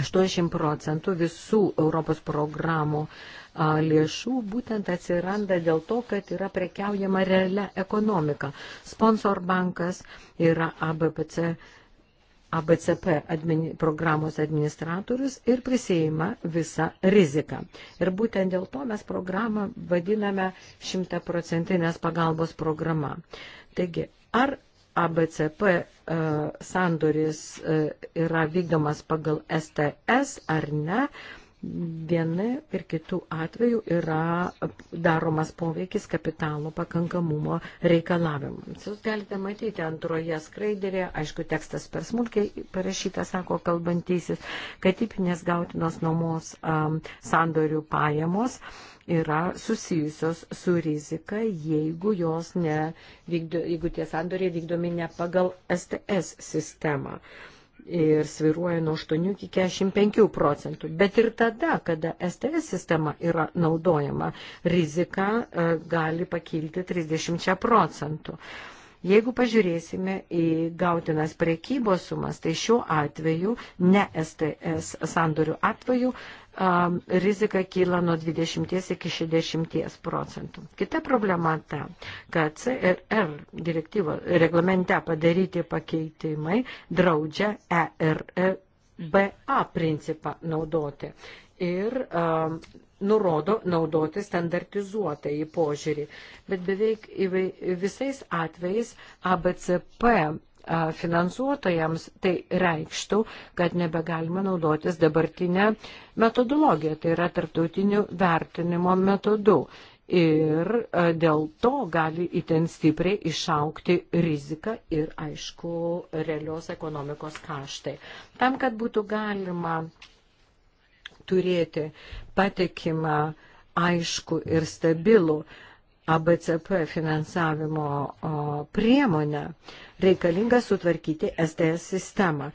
80 procentų visų Europos programų a, lėšų būtent atsiranda dėl to, kad yra prekiaujama realia ekonomika. Sponsor bankas yra ABPC, ABCP admini, programos administratorius ir prisėima visą riziką. Ir būtent dėl to mes programą vadiname šimtaprocentinės pagalbos programa. Taigi, ar ABCP e, sandoris e, yra vykdomas pagal STS ar ne, vieni ir kitų atvejų yra daromas poveikis kapitalo pakankamumo reikalavimams. Jūs galite matyti antroje skraidėje, aišku, tekstas per smulkiai parašytas, sako kalbantysis, kad tipinės gautinos nuomos um, sandorių pajamos. Um, yra susijusios su rizika, jeigu, ne vykdo, jeigu tie sandoriai vykdomi ne pagal STS sistemą. Ir sviruoja nuo 8 iki 45 procentų. Bet ir tada, kada STS sistema yra naudojama, rizika e, gali pakilti 30 procentų. Jeigu pažiūrėsime į gautinas priekybos sumas, tai šiuo atveju, ne STS sandorių atveju, um, rizika kyla nuo 20 iki 60 procentų. Kita problema ta, kad CRR direktyvo reglamente padaryti pakeitimai draudžia ERBA e principą naudoti. Ir um, nurodo naudoti standartizuotą į požiūrį. Bet beveik visais atvejais ABCP finansuotojams, tai reikštų, kad nebegalima naudotis dabartinę metodologiją, tai yra tarptautinių vertinimo metodų. Ir dėl to gali itin stipriai išaukti rizika ir, aišku, realios ekonomikos kaštai. Tam, kad būtų galima turėti patikimą, aišku ir stabilų ABCP finansavimo priemonę, reikalinga sutvarkyti STS sistemą.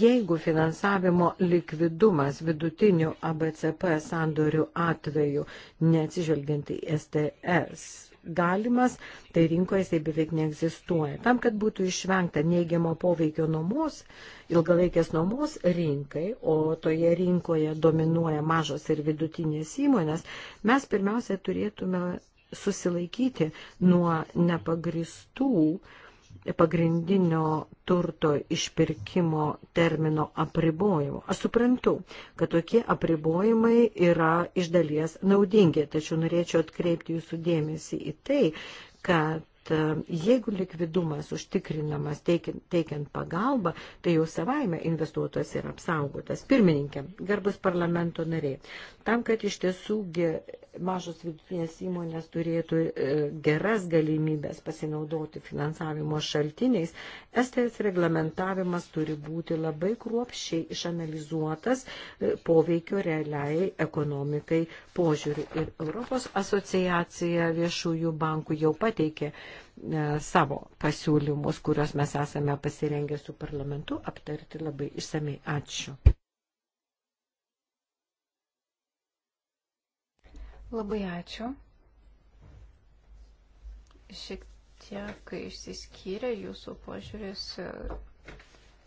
Jeigu finansavimo likvidumas vidutinių ABCP sandorių atveju, neatsižvelgiant į STS, galimas, tai rinkoje jisai beveik neegzistuoja. Tam, kad būtų išvengta neigiamo poveikio nuomos, ilgalaikės nuomos rinkai, o toje rinkoje dominuoja mažos ir vidutinės įmonės, mes pirmiausia turėtume susilaikyti nuo nepagristų uh, pagrindinio turto išpirkimo termino apribojimų. Aš suprantu, kad tokie apribojimai yra iš dalies naudingi, tačiau norėčiau atkreipti jūsų dėmesį į tai, kad e, jeigu likvidumas užtikrinamas teikiant, teikiant pagalbą, tai jau savaime investuotojas yra apsaugotas. Pirmininkė, garbus parlamento nariai, tam, kad iš tiesų mažos vidutinės įmonės turėtų e, geras galimybės pasinaudoti finansavimo šaltiniais, STS reglamentavimas turi būti labai kruopščiai išanalizuotas e, poveikio realiai ekonomikai požiūriu. Ir Europos asociacija viešųjų bankų jau pateikė e, savo pasiūlymus, kuriuos mes esame pasirengę su parlamentu aptarti labai išsamei. Ačiū. Labai ačiū. Šiek tiek išsiskyrė jūsų požiūris e,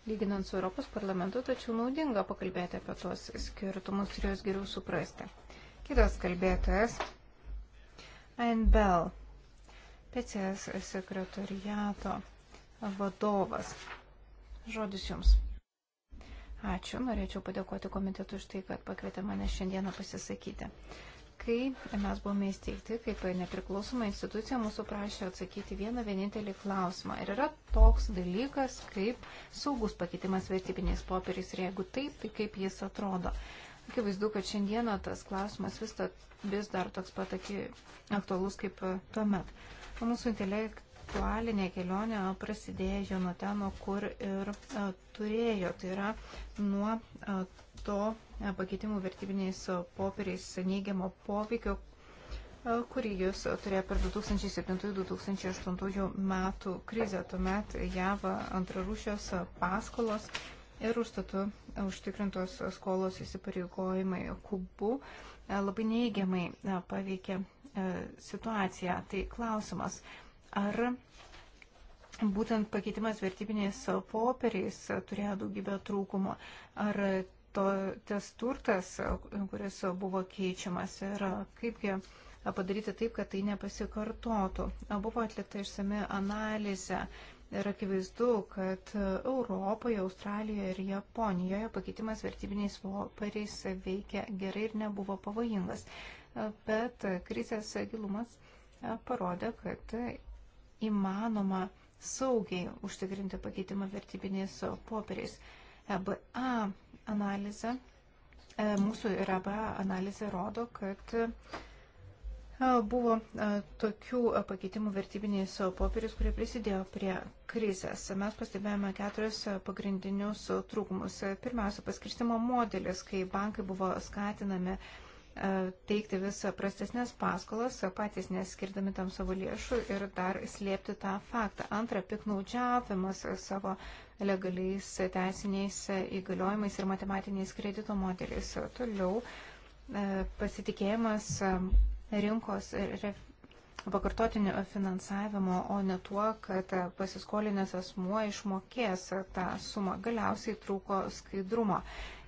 lyginant su Europos parlamentu, tačiau naudinga pakalbėti apie tuos skirtumus ir juos geriau suprasti. Kitas kalbėtojas, Ayn Bell, PCS sekretoriato vadovas. Žodis jums. Ačiū, norėčiau padėkoti komitetui už tai, kad pakvietė mane šiandieną pasisakyti. Kai mes buvome įsteigti kaip nepriklausoma institucija, mūsų prašė atsakyti vieną vienintelį klausimą. Ir yra toks dalykas, kaip saugus pakeitimas vertybiniais popieriais ir jeigu taip, tai kaip jis atrodo. Akivaizdu, kad šiandieną tas klausimas vis, ta, vis dar toks pat aktualus kaip tuomet. Mūsų intelektualinė kelionė prasidėjo nuo ten, kur ir a, e, turėjo, tai yra nuo a, e, to e, pakeitimų vertybiniais e, popieriais neigiamo poveikio, e, kurį jis turėjo per 2007-2008 metų krizę. Tuomet JAV antrarūšios paskolos ir užstatu užtikrintos skolos įsipareigojimai kubu labai neigiamai paveikė situaciją. Tai klausimas, ar būtent pakeitimas vertybiniais popieriais turėjo daugybę trūkumų. Ar to, tas turtas, kuris buvo keičiamas ir kaipgi padaryti taip, kad tai nepasikartotų. Buvo atlikta išsami analizė ir akivaizdu, kad Europoje, Australijoje ir Japonijoje pakeitimas vertybiniais popieriais veikia gerai ir nebuvo pavojingas. Bet krizės gilumas parodė, kad įmanoma saugiai užtikrinti pakeitimą vertybiniais popieriais. EBA analizė, e, mūsų RABA analizė rodo, kad e, buvo e, tokių pakeitimų vertybiniais popieriais, kurie prisidėjo prie krizės. Mes pastebėjome keturis pagrindinius trūkumus. Pirmiausia, paskirstimo modelis, kai bankai buvo skatinami E, teikti vis prastesnės paskolas, patys neskirdami tam savo lėšų ir dar slėpti tą faktą. Antra, piknaudžiavimas savo legaliais teisiniais įgaliojimais ir matematiniais kredito modeliais. Toliau e, pasitikėjimas e, rinkos pakartotinio finansavimo, o ne tuo, kad pasiskolinęs asmuo išmokės tą sumą. Galiausiai trūko skaidrumo.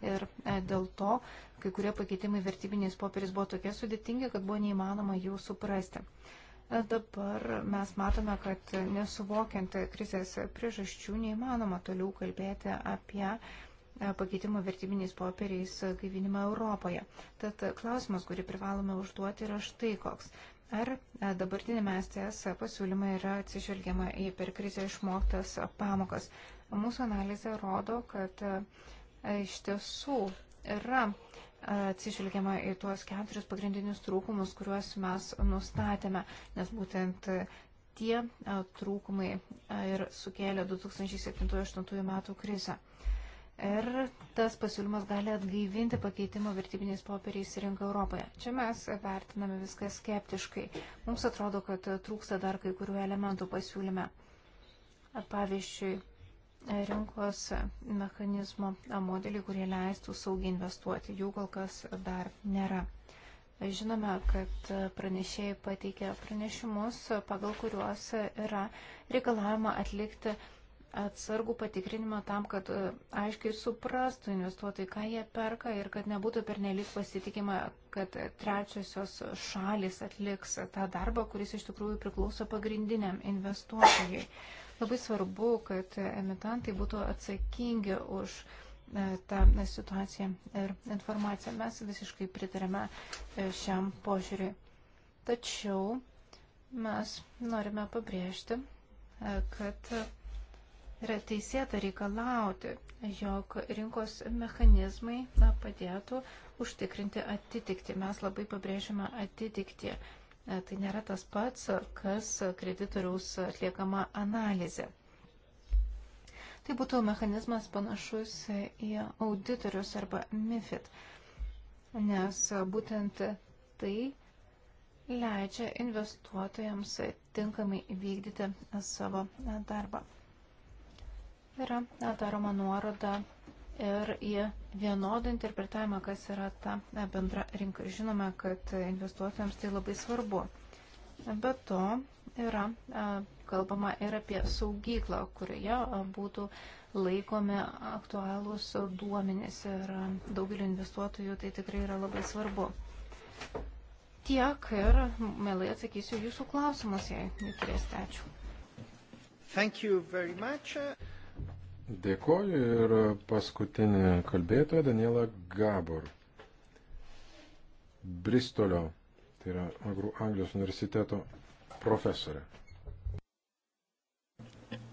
Ir dėl to Kai kurie pakeitimai vertybiniais popieriais buvo tokie sudėtingi, kad buvo neįmanoma jų suprasti. E, dabar mes matome, kad nesuvokiant krizės priežasčių neįmanoma toliau kalbėti apie e, pakeitimo vertybiniais popieriais gaivinimą Europoje. Tad klausimas, kurį privalome užduoti, yra štai koks. Ar e, dabartinėme STS pasiūlyme yra atsižvelgiama į per krizę išmoktas pamokas? Mūsų analizė rodo, kad iš tiesų yra atsižvelgiama į tuos keturis pagrindinius trūkumus, kuriuos mes nustatėme, nes būtent tie trūkumai ir sukėlė 2007-2008 metų krizę. Ir tas pasiūlymas gali atgaivinti pakeitimo vertybiniais popieriais rinką Europoje. Čia mes vertiname viską skeptiškai. Mums atrodo, kad trūksta dar kai kurių elementų pasiūlyme. Pavyzdžiui, rinkos mechanizmo modelį, kurie leistų saugiai investuoti. Jų kol kas dar nėra. Žinome, kad pranešėjai pateikė pranešimus, pagal kuriuos yra reikalavima atlikti atsargų patikrinimą tam, kad aiškiai suprastų investuotojai, ką jie perka ir kad nebūtų pernelyg pasitikima, kad trečiosios šalis atliks tą darbą, kuris iš tikrųjų priklauso pagrindiniam investuotojai. Labai svarbu, kad emitantai būtų atsakingi už e, tą situaciją ir informaciją. Mes visiškai pritarėme e, šiam požiūriui. Tačiau mes norime pabrėžti, e, kad yra teisėta reikalauti, jog rinkos mechanizmai na, padėtų užtikrinti atitikti. Mes labai pabrėžime atitikti. E, tai nėra tas pats, kas kreditoriaus atliekama analizė. Tai būtų mechanizmas panašus į auditorius arba MIFID, nes būtent tai leidžia investuotojams tinkamai vykdyti savo darbą. Yra daroma nuoroda ir į vienodą interpretavimą, kas yra ta bendra rinka. Žinome, kad investuotojams tai labai svarbu. Be to yra kalbama ir apie saugyklą, kurioje būtų laikomi aktualūs duomenys ir daugeliu investuotojų tai tikrai yra labai svarbu. Tiek ir mielai atsakysiu jūsų klausimus, jei jų turėsite. Ačiū. Thank you very much. Dėkoju ir paskutinė kalbėtoja Daniela Gabor. Bristolio, tai yra Agrų Anglijos universiteto profesorė.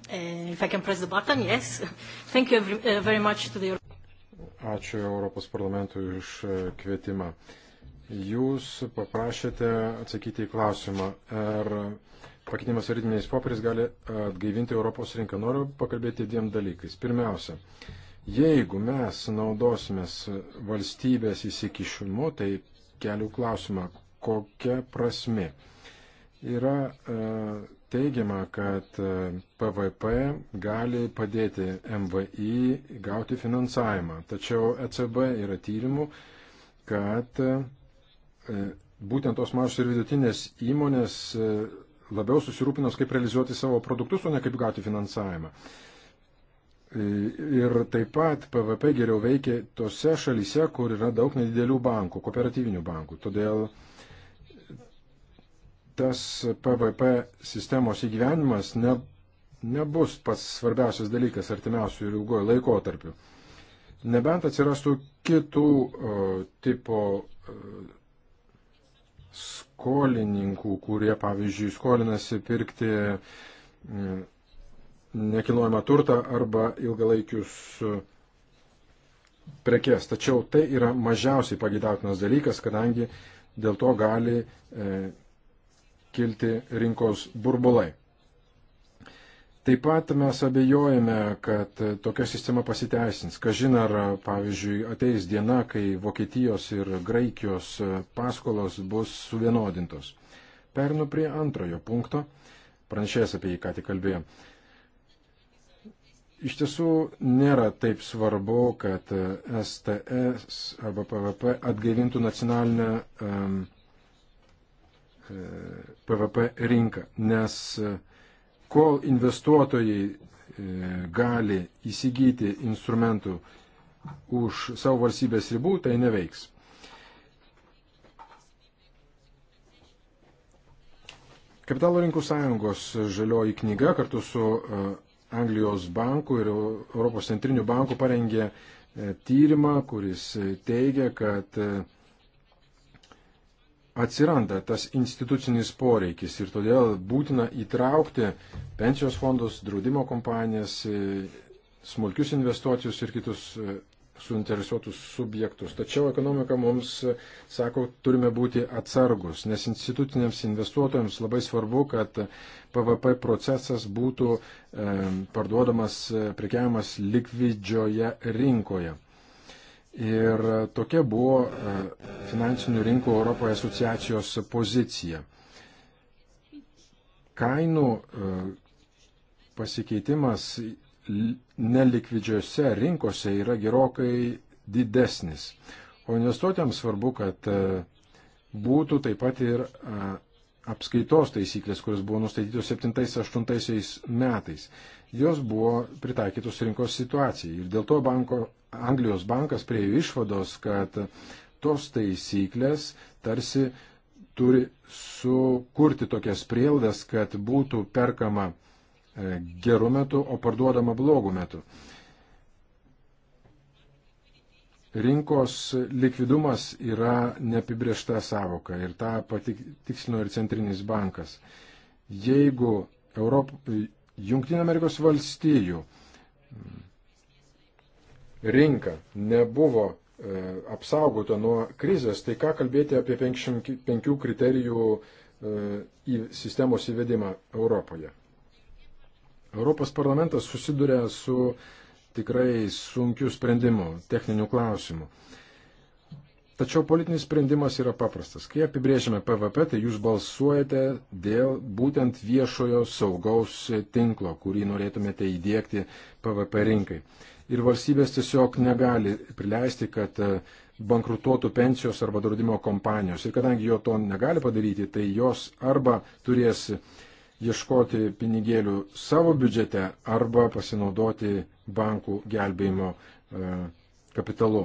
Eh, button, yes. Eh, the... Ačiū Europos parlamentui už eh, kvietimą. Jūs paprašėte atsakyti į klausimą, ar er pakeitimas vertybiniais popieriais gali atgaivinti Europos rinką. Noriu pakalbėti dviem dalykais. Pirmiausia, jeigu mes naudosimės valstybės įsikišimu, tai kelių klausimą, kokia prasme. Yra e, teigiama, kad PVP e, gali padėti MVI gauti finansavimą. Tačiau ECB yra tyrimų, kad e, būtent tos mažos ir vidutinės įmonės labiau susirūpinus, kaip realizuoti savo produktus, o ne kaip gauti finansavimą. Ir taip pat PVP geriau veikia tose šalyse, kur yra daug nedidelių bankų, kooperatyvinių bankų. Todėl tas PVP sistemos įgyvenimas ne, nebus pats svarbiausias dalykas artimiausių ir ilgojo laikotarpių. Nebent atsirastų kitų o, tipo o, skolininkų, kurie, pavyzdžiui, skolinasi pirkti mm, nekilnojamą turtą arba ilgalaikius mm, prekes. Tačiau tai yra mažiausiai pageidautinas dalykas, kadangi dėl to gali e, kilti rinkos burbulai. Taip pat mes abejojame, kad tokia sistema pasiteisins. Kažin ar, pavyzdžiui, ateis diena, kai Vokietijos ir Graikijos paskolos bus suvienodintos. Pernu prie antrojo punkto. Pranešėjas apie jį ką tik kalbėjo. Iš tiesų nėra taip svarbu, kad STS arba PVP atgaivintų nacionalinę um, PVP e, rinką, nes uh, Kol investuotojai e, gali įsigyti instrumentų už savo valstybės ribų, tai neveiks. Kapitalo rinkų sąjungos žalioji knyga kartu su e, Anglijos banku ir Europos centriniu banku parengė e, tyrimą, kuris teigia, kad atsiranda tas institucinis poreikis ir todėl būtina įtraukti pensijos fondus, draudimo kompanijas, e, smulkius investuotojus ir kitus e, suinteresuotus subjektus. Tačiau ekonomika mums e, sako, turime būti atsargus, nes institutiniams investuotojams labai svarbu, kad PVP procesas būtų e, parduodamas, prekiamas likvidžioje rinkoje. Ir e, tokia buvo e, finansinių rinkų Europoje asociacijos pozicija. Kainų e, pasikeitimas nelikvidžiose rinkose yra gerokai didesnis. O investuotėms svarbu, kad būtų taip pat ir apskaitos taisyklės, kurios buvo nustatytos 7-8 metais. Jos buvo pritaikytos rinkos situacijai ir dėl to banko, Anglijos bankas priejo išvados, kad tos taisyklės tarsi turi sukurti tokias prielaidas, kad būtų perkama e, gerų metų, o parduodama blogų metų. Rinkos likvidumas yra neapibriešta savoka ir tą patikslino ir Centrinis bankas. Jeigu Europ... Junktinė Amerikos valstijų mm, rinka nebuvo e, apsaugota nuo krizės, tai ką kalbėti apie 55 kriterijų e, į sistemos įvedimą Europoje. Europos parlamentas susiduria su tikrai sunkių sprendimų, techninių klausimų. Tačiau politinis sprendimas yra paprastas. Kai apibrėžiame PVP, tai jūs balsuojate dėl būtent viešojo saugaus tinklo, kurį norėtumėte įdėkti PVP rinkai. Ir valstybės tiesiog negali prileisti, kad e, bankrutuotų pensijos arba draudimo kompanijos. Ir kadangi jo to negali padaryti, tai jos arba turės ieškoti pinigėlių savo biudžete arba pasinaudoti bankų gelbėjimo e, kapitalu.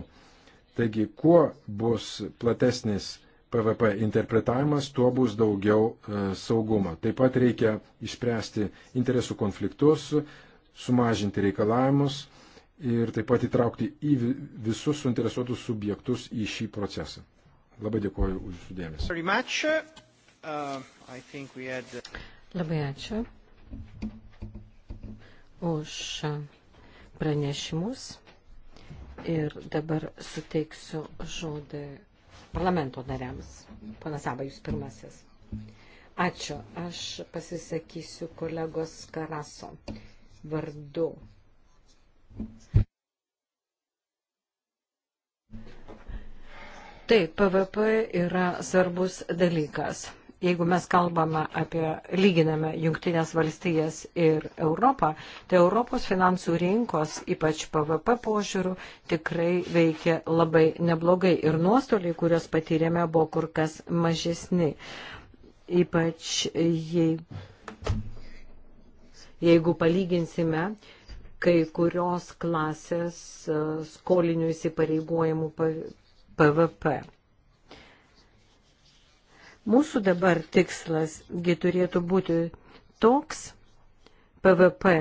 Taigi, kuo bus platesnis PVP interpretavimas, tuo bus daugiau e, saugumo. Taip pat reikia išspręsti interesų konfliktus, sumažinti reikalavimus ir taip pat įtraukti į visus suinteresuotus subjektus į šį procesą. Labai dėkuoju už jūsų dėmesį. Uh, uh, Labai ačiū už pranešimus ir dabar suteiksiu žodį parlamento nariams. Pana Saba, jūs pirmasis. Ačiū. Aš pasisakysiu kolegos Karaso vardu. Taip, PVP yra svarbus dalykas jeigu mes kalbame apie, lyginame Junktinės valstijas ir Europą, tai Europos finansų rinkos, ypač PVP požiūrių, tikrai veikia labai neblogai ir nuostoliai, kuriuos patyrėme, buvo kur kas mažesni. Ypač jei, jeigu palyginsime kai kurios klasės e, skolinių įsipareigojimų PVP. Mūsų dabar tikslasgi turėtų būti toks PVP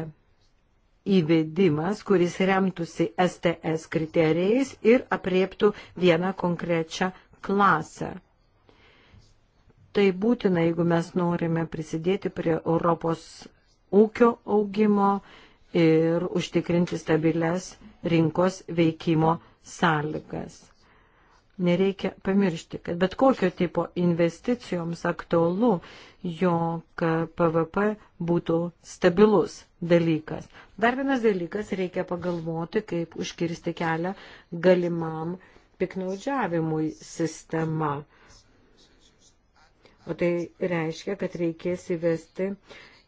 įvedimas, kuris remtųsi STS kriterijais ir apriektų vieną konkrečią klasę. Tai būtina, jeigu mes norime prisidėti prie Europos ūkio augimo ir užtikrinti stabilias rinkos veikimo sąlygas nereikia pamiršti, kad bet kokio tipo investicijoms aktualu, jog PVP būtų stabilus dalykas. Dar vienas dalykas, reikia pagalvoti, kaip užkirsti kelią galimam piknaudžiavimui sistema. O tai reiškia, kad reikės įvesti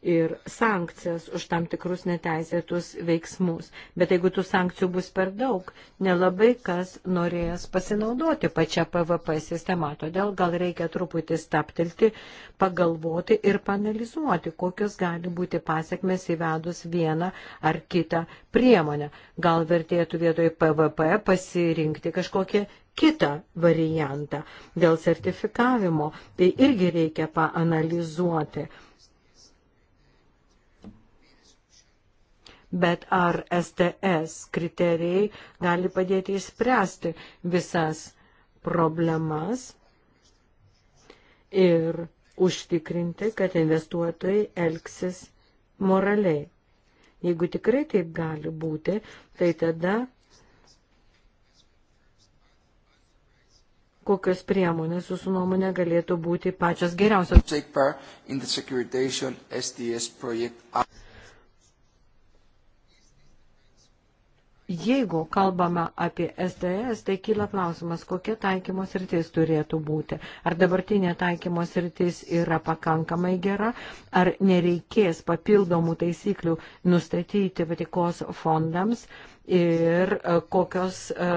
ir sankcijas už tam tikrus neteisėtus veiksmus. Bet jeigu tų sankcijų bus per daug, nelabai kas norės pasinaudoti pačią PVP sistemą. Todėl gal reikia truputį staptelti, pagalvoti ir panalizuoti, kokios gali būti pasiekmes įvedus vieną ar kitą priemonę. Gal vertėtų vietoj PVP pasirinkti kažkokią kitą variantą dėl sertifikavimo. Tai irgi reikia paanalizuoti bet ar STS kriterijai gali padėti išspręsti visas problemas ir užtikrinti, kad investuotojai elgsis moraliai. Jeigu tikrai taip gali būti, tai tada kokios priemonės jūsų nuomonė galėtų būti pačios geriausios. Jeigu kalbama apie STS, tai kyla klausimas, kokia taikymos rytis turėtų būti. Ar dabartinė taikymos rytis yra pakankamai gera, ar nereikės papildomų taisyklių nustatyti patikos fondams ir e, kokios e,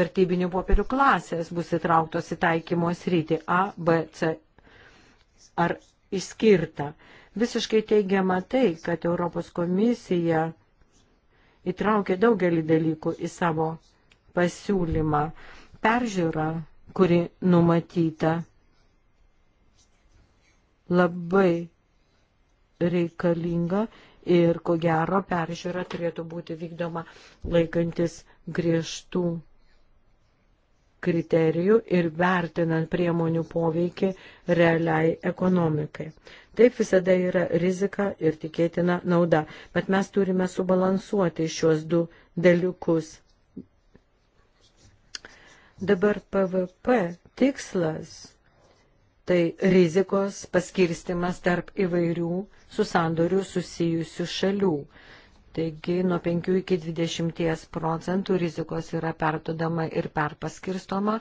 vertybinių popierių klasės bus įtrauktos į taikymos rytį A, B, C ar išskirta. Visiškai teigiama tai, kad Europos komisija įtraukė daugelį dalykų į savo pasiūlymą. Peržiūra, kuri numatyta, labai reikalinga ir ko gero peržiūra turėtų būti vykdoma laikantis griežtų kriterijų ir vertinant priemonių poveikį realiai ekonomikai. Taip visada yra rizika ir tikėtina nauda, bet mes turime subalansuoti šiuos du dalykus. Dabar PVP tikslas - tai rizikos paskirstimas tarp įvairių su sandoriu susijusių šalių. Taigi nuo 5 iki 20 procentų rizikos yra perdodama ir perpaskirstoma,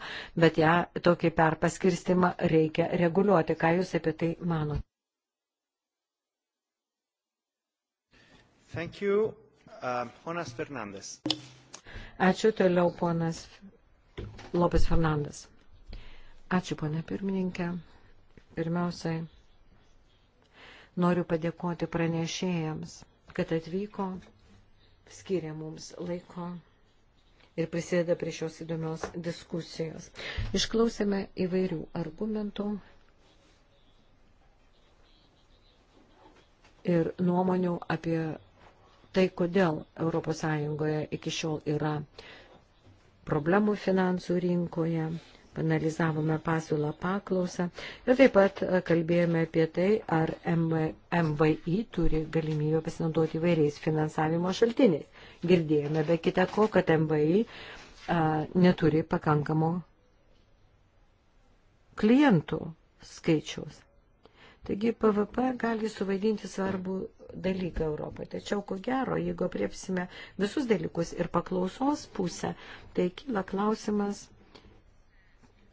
bet ją ja, tokį perpaskirstimą reikia reguliuoti. Ką Jūs apie tai manote? Thank you. Uh, ponas Fernandes. Ačiū toliau, ponas Lopes Fernandes. Ačiū, ponė pirmininkė. Pirmiausiai, noriu padėkoti pranešėjams kad atvyko, skiria mums laiko ir prisėda prie šios įdomios diskusijos. Išklausėme įvairių argumentų ir nuomonių apie tai, kodėl ES iki šiol yra problemų finansų rinkoje, Panalizavome pasiūlą paklausą ir taip pat e, kalbėjome apie tai, ar MVI turi galimybę pasinaudoti įvairiais finansavimo šaltiniais. Girdėjome be kita ko, kad MVI a, e, neturi pakankamo klientų skaičiaus. Taigi PVP gali suvaidinti svarbų dalyką Europoje. Tačiau, ko gero, jeigu apriepsime visus dalykus ir paklausos pusę, tai kyla klausimas,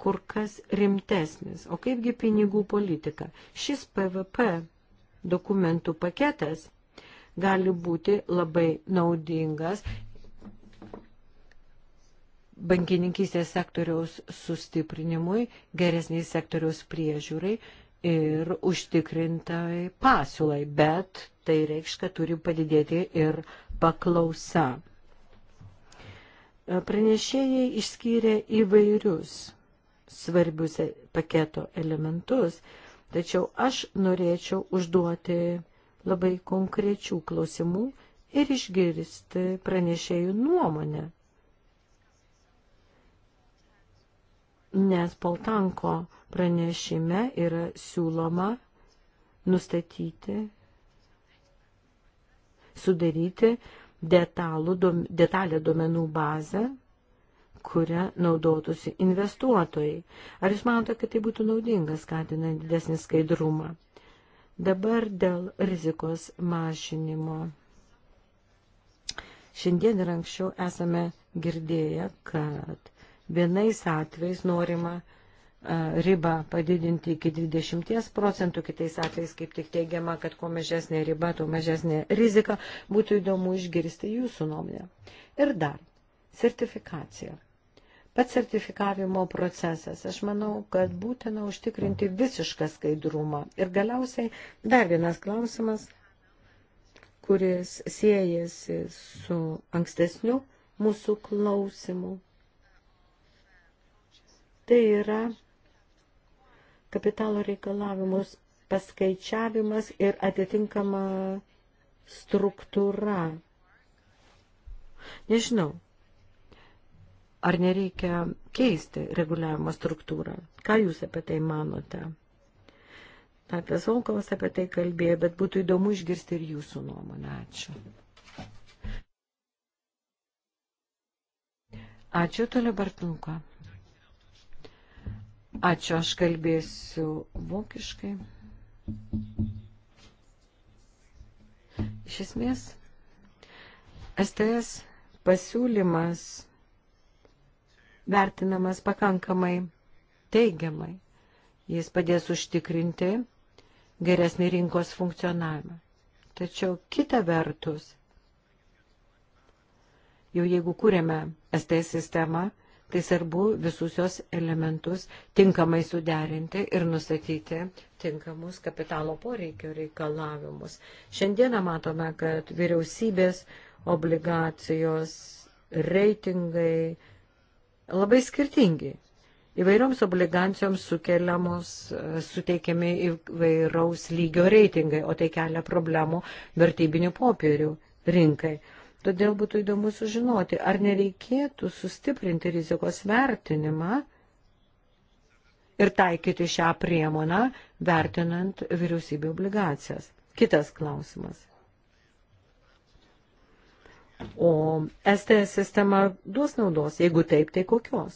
kur kas rimtesnis. O kaipgi pinigų politika? Šis PVP dokumentų paketas gali būti labai naudingas bankininkystės sektoriaus sustiprinimui, geresniai sektoriaus priežiūrai ir užtikrintai pasiūlai, bet tai reikš, kad turi padidėti ir paklausa. Pranešėjai išskyrė įvairius svarbius paketo elementus, tačiau aš norėčiau užduoti labai konkrečių klausimų ir išgirsti pranešėjų nuomonę. Nes Poltanko pranešime yra siūloma nustatyti, sudaryti detalų, detalę duomenų bazę kurią naudotųsi investuotojai. Ar jūs manote, kad tai būtų naudinga skatinant didesnį skaidrumą? Dabar dėl rizikos mažinimo. Šiandien ir anksčiau esame girdėję, kad vienais atvejais norima ribą padidinti iki 20 procentų, kitais atvejais kaip tik teigiama, kad kuo mažesnė riba, tuo mažesnė rizika. Būtų įdomu išgirsti jūsų nuomonę. Ir dar sertifikacija. Pats sertifikavimo procesas. Aš manau, kad būtina užtikrinti visišką skaidrumą. Ir galiausiai dar vienas klausimas, kuris siejasi su ankstesniu mūsų klausimu. Tai yra kapitalo reikalavimus paskaičiavimas ir atitinkama struktūra. Nežinau, ar nereikia keisti reguliavimo struktūrą. Ką Jūs apie tai manote? Natas Onkovas apie tai kalbėjo, bet būtų įdomu išgirsti ir Jūsų nuomonę. Ačiū. Ačiū, Tolė Bartunko. Ačiū, aš kalbėsiu vokiškai. Iš esmės, STS pasiūlymas vertinamas pakankamai teigiamai. Jis padės užtikrinti geresnį rinkos funkcionavimą. Tačiau kita vertus, jau jeigu kūrėme STS sistemą, tai svarbu visus jos elementus tinkamai suderinti ir nustatyti tinkamus kapitalo poreikio reikalavimus. Šiandieną matome, kad vyriausybės obligacijos, reitingai, labai skirtingi. Įvairioms obligacijoms sukeliamos, e, suteikiami įvairaus lygio reitingai, o tai kelia problemų vertybinių popierių rinkai. Todėl būtų įdomu sužinoti, ar nereikėtų sustiprinti rizikos vertinimą ir taikyti šią priemoną, vertinant vyriausybių obligacijas. Kitas klausimas. O STS sistema duos naudos, jeigu taip, tai kokios?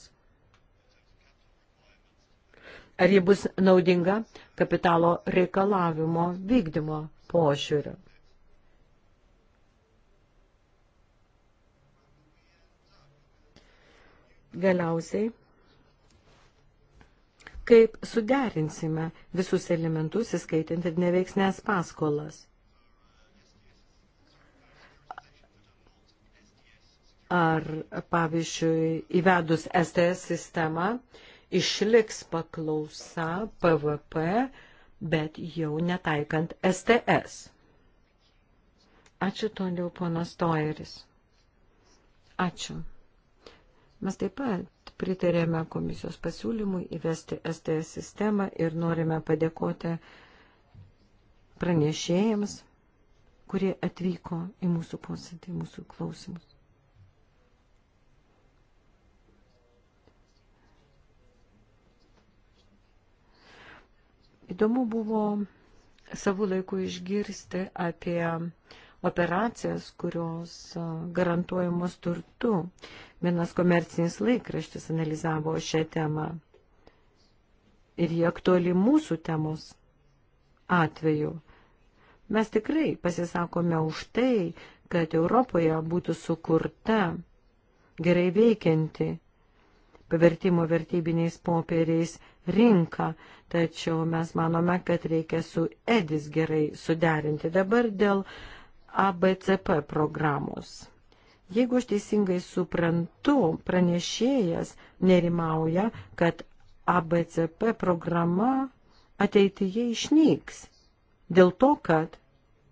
Ar ji bus naudinga kapitalo reikalavimo vykdymo pošiūriu? Galiausiai, kaip suderinsime visus elementus, įskaitant ir neveiksnės paskolas? Ar, pavyzdžiui, įvedus STS sistemą išliks paklausa PVP, bet jau netaikant STS. Ačiū toliau, ponas Toeris. Ačiū. Mes taip pat pritarėme komisijos pasiūlymui įvesti STS sistemą ir norime padėkoti pranešėjams, kurie atvyko į mūsų posėdį, mūsų klausimus. Įdomu buvo savų laikų išgirsti apie operacijas, kurios garantuojamos turtu. Vienas komercinis laikraštis analizavo šią temą. Ir jie aktuali mūsų temos atveju. Mes tikrai pasisakome už tai, kad Europoje būtų sukurta gerai veikianti pavertimo vertybiniais popieriais rinką, tačiau mes manome, kad reikia su EDIS gerai suderinti. Dabar dėl ABCP programos. Jeigu aš teisingai suprantu, pranešėjas nerimauja, kad ABCP programa ateityje išnyks. Dėl to, kad,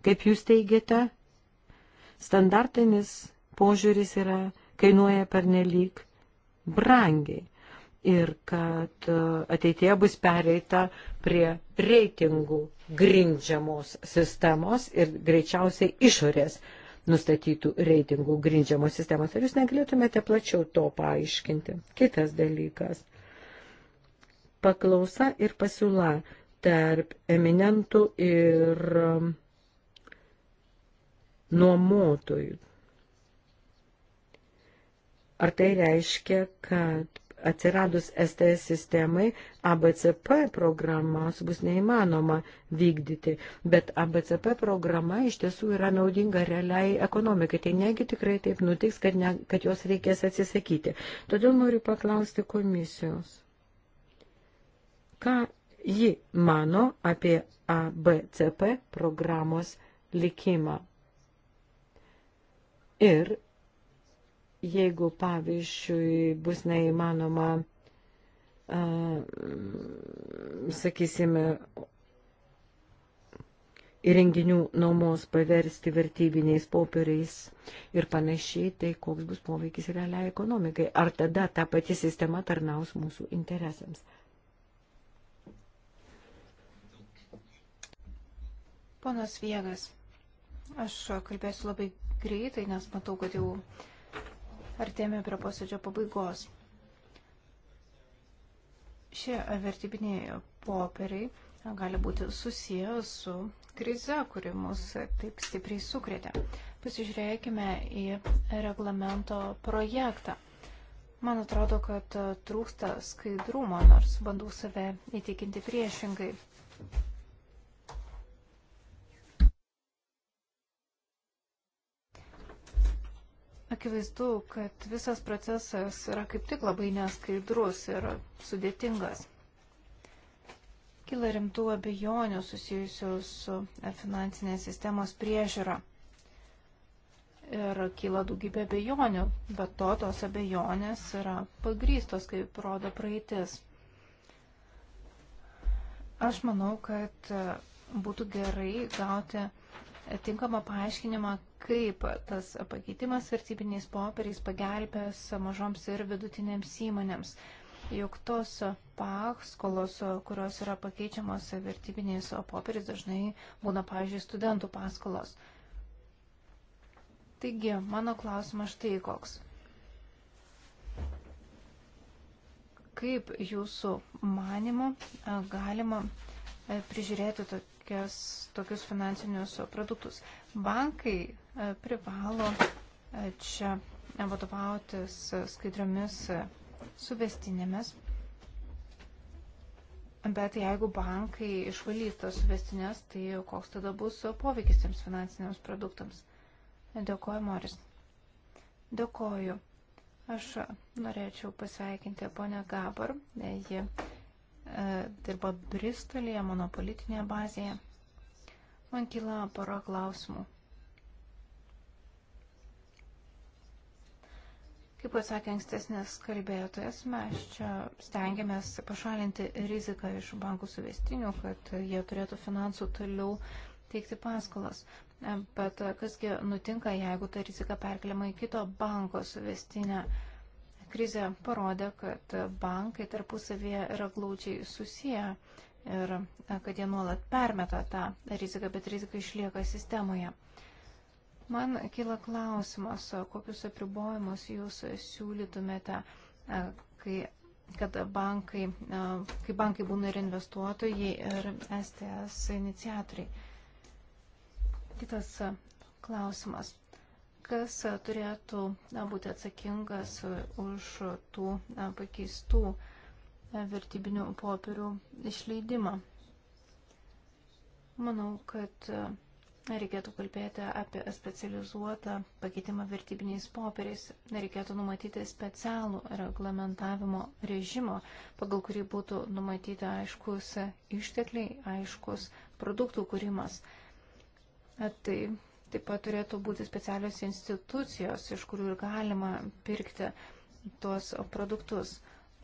kaip jūs teigiate, standartinis požiūris yra kainuoja per nelik brangiai ir kad e, ateitie bus pereita prie reitingų grindžiamos sistemos ir greičiausiai išorės nustatytų reitingų grindžiamos sistemos. Ar jūs negalėtumėte plačiau to paaiškinti? Kitas dalykas. Paklausa ir pasiūla tarp eminentų ir e, nuomotojų Ar tai reiškia, kad atsiradus STS sistemai ABCP programos bus neįmanoma vykdyti, bet ABCP programa iš tiesų yra naudinga realiai ekonomikai. Tai negi tikrai taip nutiks, kad, ne, kad jos reikės atsisakyti. Todėl noriu paklausti komisijos. Ką ji mano apie ABCP programos likimą? Ir jeigu, pavyzdžiui, bus neįmanoma, sakysime, įrenginių naumos paversti vertybiniais popieriais ir panašiai, tai koks bus poveikis realiai ekonomikai. Ar tada ta pati sistema tarnaus mūsų interesams? Ponas Viegas, aš kalbėsiu labai greitai, nes matau, kad jau uh, Artėjame prie posėdžio pabaigos. Šie vertybiniai popieriai gali būti susiję su krize, kuri mus taip stipriai sukrėtė. Pasižiūrėkime į reglamento projektą. Man atrodo, kad trūksta skaidrumo, nors bandau save įtikinti priešingai. Akivaizdu, kad visas procesas yra kaip tik labai neskaidrus ir sudėtingas. Kila rimtų abejonių susijusių su e, finansinės sistemos priežiūra. Ir kyla daugybė abejonių, bet to tos abejonės yra pagrystos, kaip rodo praeitis. Aš manau, kad e, būtų gerai gauti tinkamą paaiškinimą, kaip tas pakeitimas vertybiniais popieriais pagelbės mažoms ir vidutinėms įmonėms. Juk tos paskolos, kurios yra pakeičiamos vertybiniais popieriais, dažnai būna, pavyzdžiui, studentų paskolos. Taigi, mano klausimas štai koks. Kaip jūsų manimo galima prižiūrėti tokių tokias, tokius finansinius produktus. Bankai e, privalo e, čia vadovautis skaidriomis e, suvestinėmis. Bet jeigu bankai išvalys tas suvestinės, tai koks tada bus poveikis tiems finansiniams produktams? Dėkuoju, Moris. Dėkuoju. Aš norėčiau pasveikinti ponę Gabar. Ji E, dirba Bristolėje, mano politinėje bazėje. Man kyla para klausimų. Kaip pasakė ankstesnės kalbėtojas, mes čia stengiamės pašalinti riziką iš bankų suvestinių, kad jie turėtų finansų toliau teikti paskolas. E, bet e, kasgi nutinka, jeigu ta rizika perkeliama į kito banko suvestinę? Krizė parodė, kad bankai tarpusavėje yra glaučiai susiję ir e, kad jie nuolat permeta tą riziką, bet rizika išlieka sistemoje. Man kyla klausimas, kokius apribojimus jūs siūlytumėte, e, kai, kad bankai, e, kai bankai būna ir investuotojai, ir STS iniciatoriai. Kitas klausimas kas turėtų būti atsakingas už tų pakeistų vertybinių popierių išleidimą. Manau, kad reikėtų kalbėti apie specializuotą pakeitimą vertybiniais popieriais. Reikėtų numatyti specialų reglamentavimo režimo, pagal kurį būtų numatyti aiškus ištekliai, aiškus produktų kūrimas. Tai Taip pat turėtų būti specialios institucijos, iš kurių ir galima pirkti tuos produktus.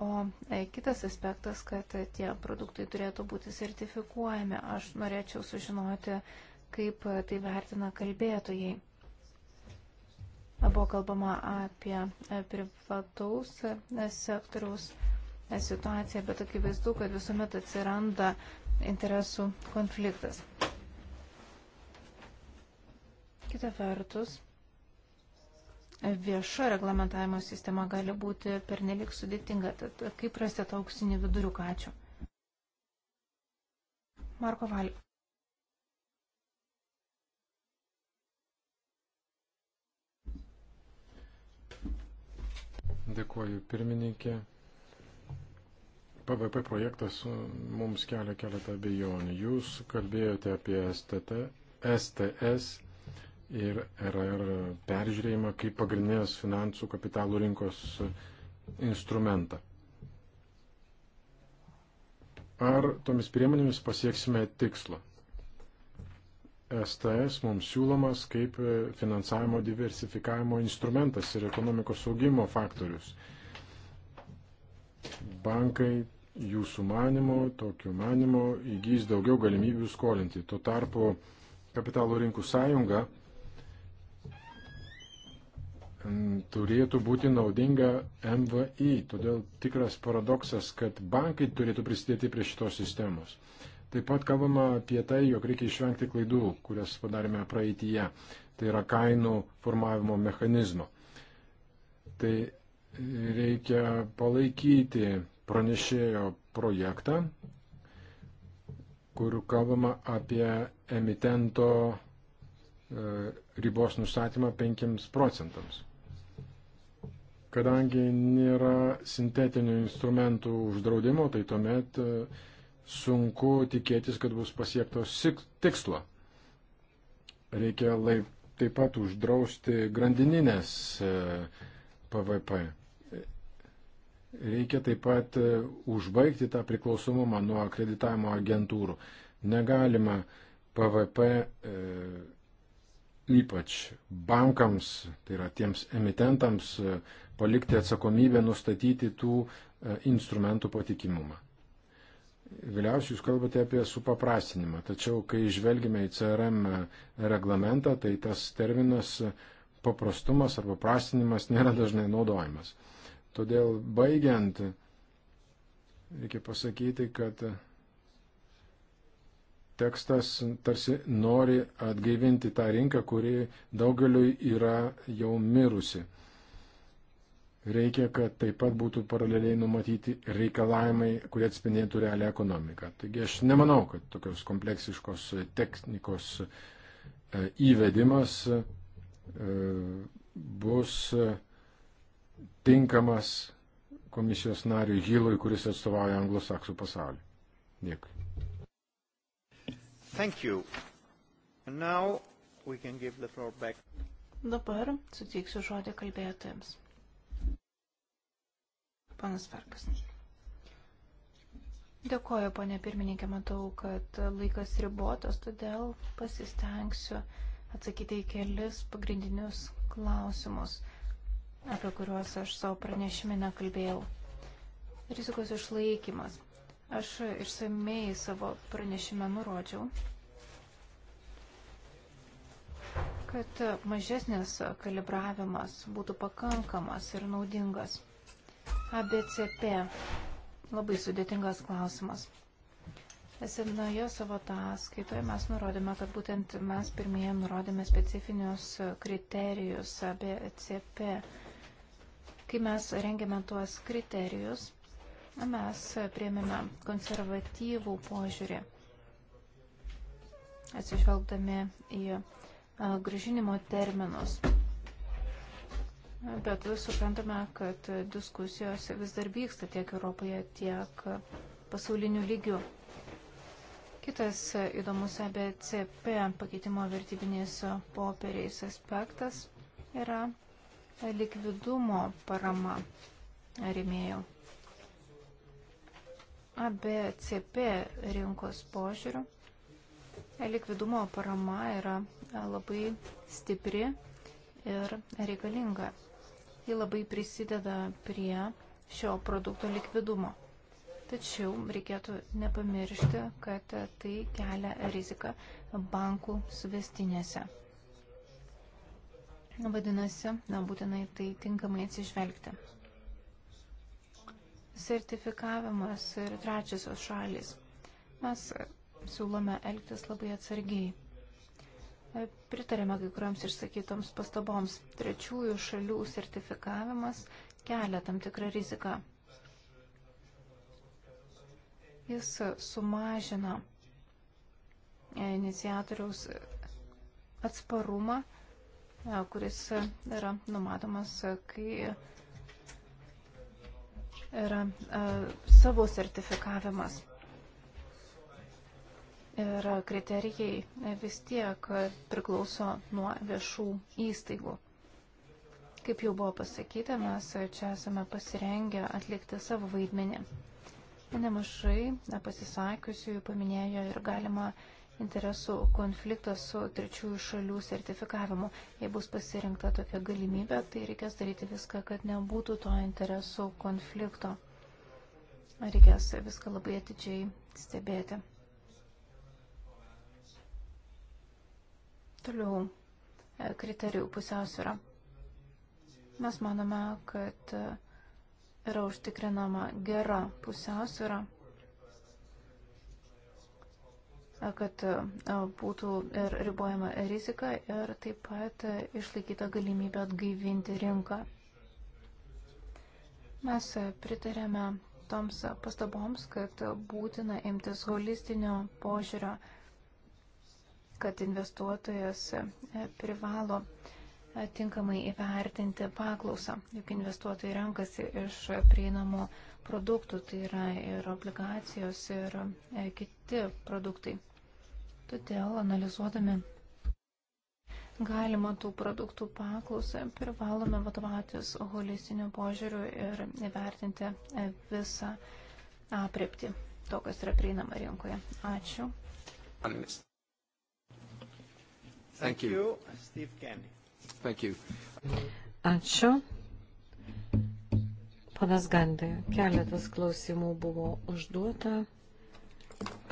O e, kitas aspektas, kad tie produktai turėtų būti sertifikuojami. Aš norėčiau sužinoti, kaip tai vertina kalbėtojai. Buvo kalbama apie e, privataus e, sektoriaus situaciją, bet akivaizdu, kad visuomet atsiranda interesų konfliktas. Kita vertus, vieša reglamentavimo sistema gali būti pernelik sudėtinga, tad kaip rasti tą auksinį viduriuką? Ačiū. Marko Valį. Dėkuoju pirmininkė. PVP projektas mums kelia keletą abejonių. Jūs kalbėjote apie STT, STS ir RR peržiūrėjimą kaip pagrindinės finansų kapitalų rinkos instrumentą. Ar tomis priemonėmis pasieksime tikslo? STS mums siūlomas kaip finansavimo diversifikavimo instrumentas ir ekonomikos saugimo faktorius. Bankai jūsų manimo, tokiu manimo, įgys daugiau galimybių skolinti. Tuo tarpu kapitalo rinkų sąjunga turėtų būti naudinga MVI. Todėl tikras paradoksas, kad bankai turėtų prisidėti prie šitos sistemos. Taip pat kalbama apie tai, jog reikia išvengti klaidų, kurias padarėme praeitįje. Tai yra kainų formavimo mechanizmo. Tai reikia palaikyti pranešėjo projektą, kur kalbama apie emitento e, ribos nustatymą 5 procentams. Kadangi nėra sintetinių instrumentų uždraudimo, tai tuomet e, sunku tikėtis, kad bus pasiektos tikslo. Reikia laip, taip pat uždrausti grandininės PVP. E, Reikia taip pat e, užbaigti tą priklausomumą nuo akreditavimo agentūrų. Negalima PVP e, ypač bankams, tai yra tiems emitentams, e, palikti atsakomybę nustatyti tų e, instrumentų patikimumą. Galiausiai jūs kalbate apie supaprastinimą, tačiau kai žvelgime į CRM e, reglamentą, tai tas terminas e, paprastumas arba prastinimas nėra dažnai naudojamas. Todėl baigiant, reikia pasakyti, kad tekstas tarsi nori atgaivinti tą rinką, kuri daugeliu yra jau mirusi reikia, kad taip pat būtų paraleliai numatyti reikalavimai, kurie atspindėtų realią ekonomiką. Taigi aš nemanau, kad tokios kompleksiškos technikos e, įvedimas e, bus e, tinkamas komisijos nariui Hilui, kuris atstovauja anglosaksų pasaulį. Dėkui. Thank you. And now we can give the floor back. Dabar suteiksiu žodį kalbėtojams. Panas Verkas. Dėkoju, ponė pirmininkė, matau, kad laikas ribotas, todėl pasistengsiu atsakyti į kelis pagrindinius klausimus, apie kuriuos aš savo pranešime nekalbėjau. Rizikos išlaikymas. Aš išsamei savo pranešime nurodžiau, kad mažesnis kalibravimas būtų pakankamas ir naudingas. ABCP. Labai sudėtingas klausimas. Senoje savo ataskaitoje mes nurodėme, kad būtent mes pirmieji nurodėme specifinius kriterijus ABCP. Kai mes rengėme tuos kriterijus, mes priemėme konservatyvų požiūrį, atsižvelgdami į gražinimo terminus bet suprantame, kad diskusijos vis dar vyksta tiek Europoje, tiek pasauliniu lygiu. Kitas įdomus ABCP pakeitimo vertybinės popieriais aspektas yra likvidumo parama rėmėjų. ABCP rinkos požiūrių. Likvidumo parama yra labai stipri ir reikalinga ji labai prisideda prie šio produkto likvidumo. Tačiau reikėtų nepamiršti, kad tai kelia riziką bankų suvestinėse. Vadinasi, na, būtinai tai tinkamai atsižvelgti. Sertifikavimas ir trečiosios šalis. Mes siūlome elgtis labai atsargiai. Pritarėme kai kuriams išsakytoms pastaboms. Trečiųjų šalių sertifikavimas kelia tam tikrą riziką. Jis sumažina e, iniciatoriaus atsparumą, e, kuris yra numatomas, e, kai yra savo sertifikavimas ir kriterijai vis tiek priklauso nuo viešų įstaigų. Kaip jau buvo pasakyta, mes čia esame pasirengę atlikti savo vaidmenį. Nemažai pasisakiusiųjų paminėjo ir galima interesų konfliktą su trečiųjų šalių sertifikavimu. Jei bus pasirinkta tokia galimybė, tai reikės daryti viską, kad nebūtų to interesų konflikto. Reikės viską labai atidžiai stebėti. Toliau e, kriterijų pusiausvyrą. Mes manome, kad e, yra užtikrinama gera pusiausvyrą, e, kad būtų ir ribojama rizika ir taip pat išlaikyta galimybė atgaivinti rinką. Mes pritarėme toms pastaboms, kad būtina imtis holistinio požiūrio kad investuotojas e, privalo e, tinkamai įvertinti paklausą, juk investuotojai renkasi iš prieinamų produktų, tai yra ir obligacijos, ir e, kiti produktai. Todėl analizuodami galima tų produktų paklausą, privalome vadovautis holistiniu požiūriu ir įvertinti visą aprepti to, kas yra prieinama rinkoje. Ačiū. Animis. Thank you. Steve Kenny. Thank you. Ačiū. Panas Gandai, keletas klausimų buvo užduota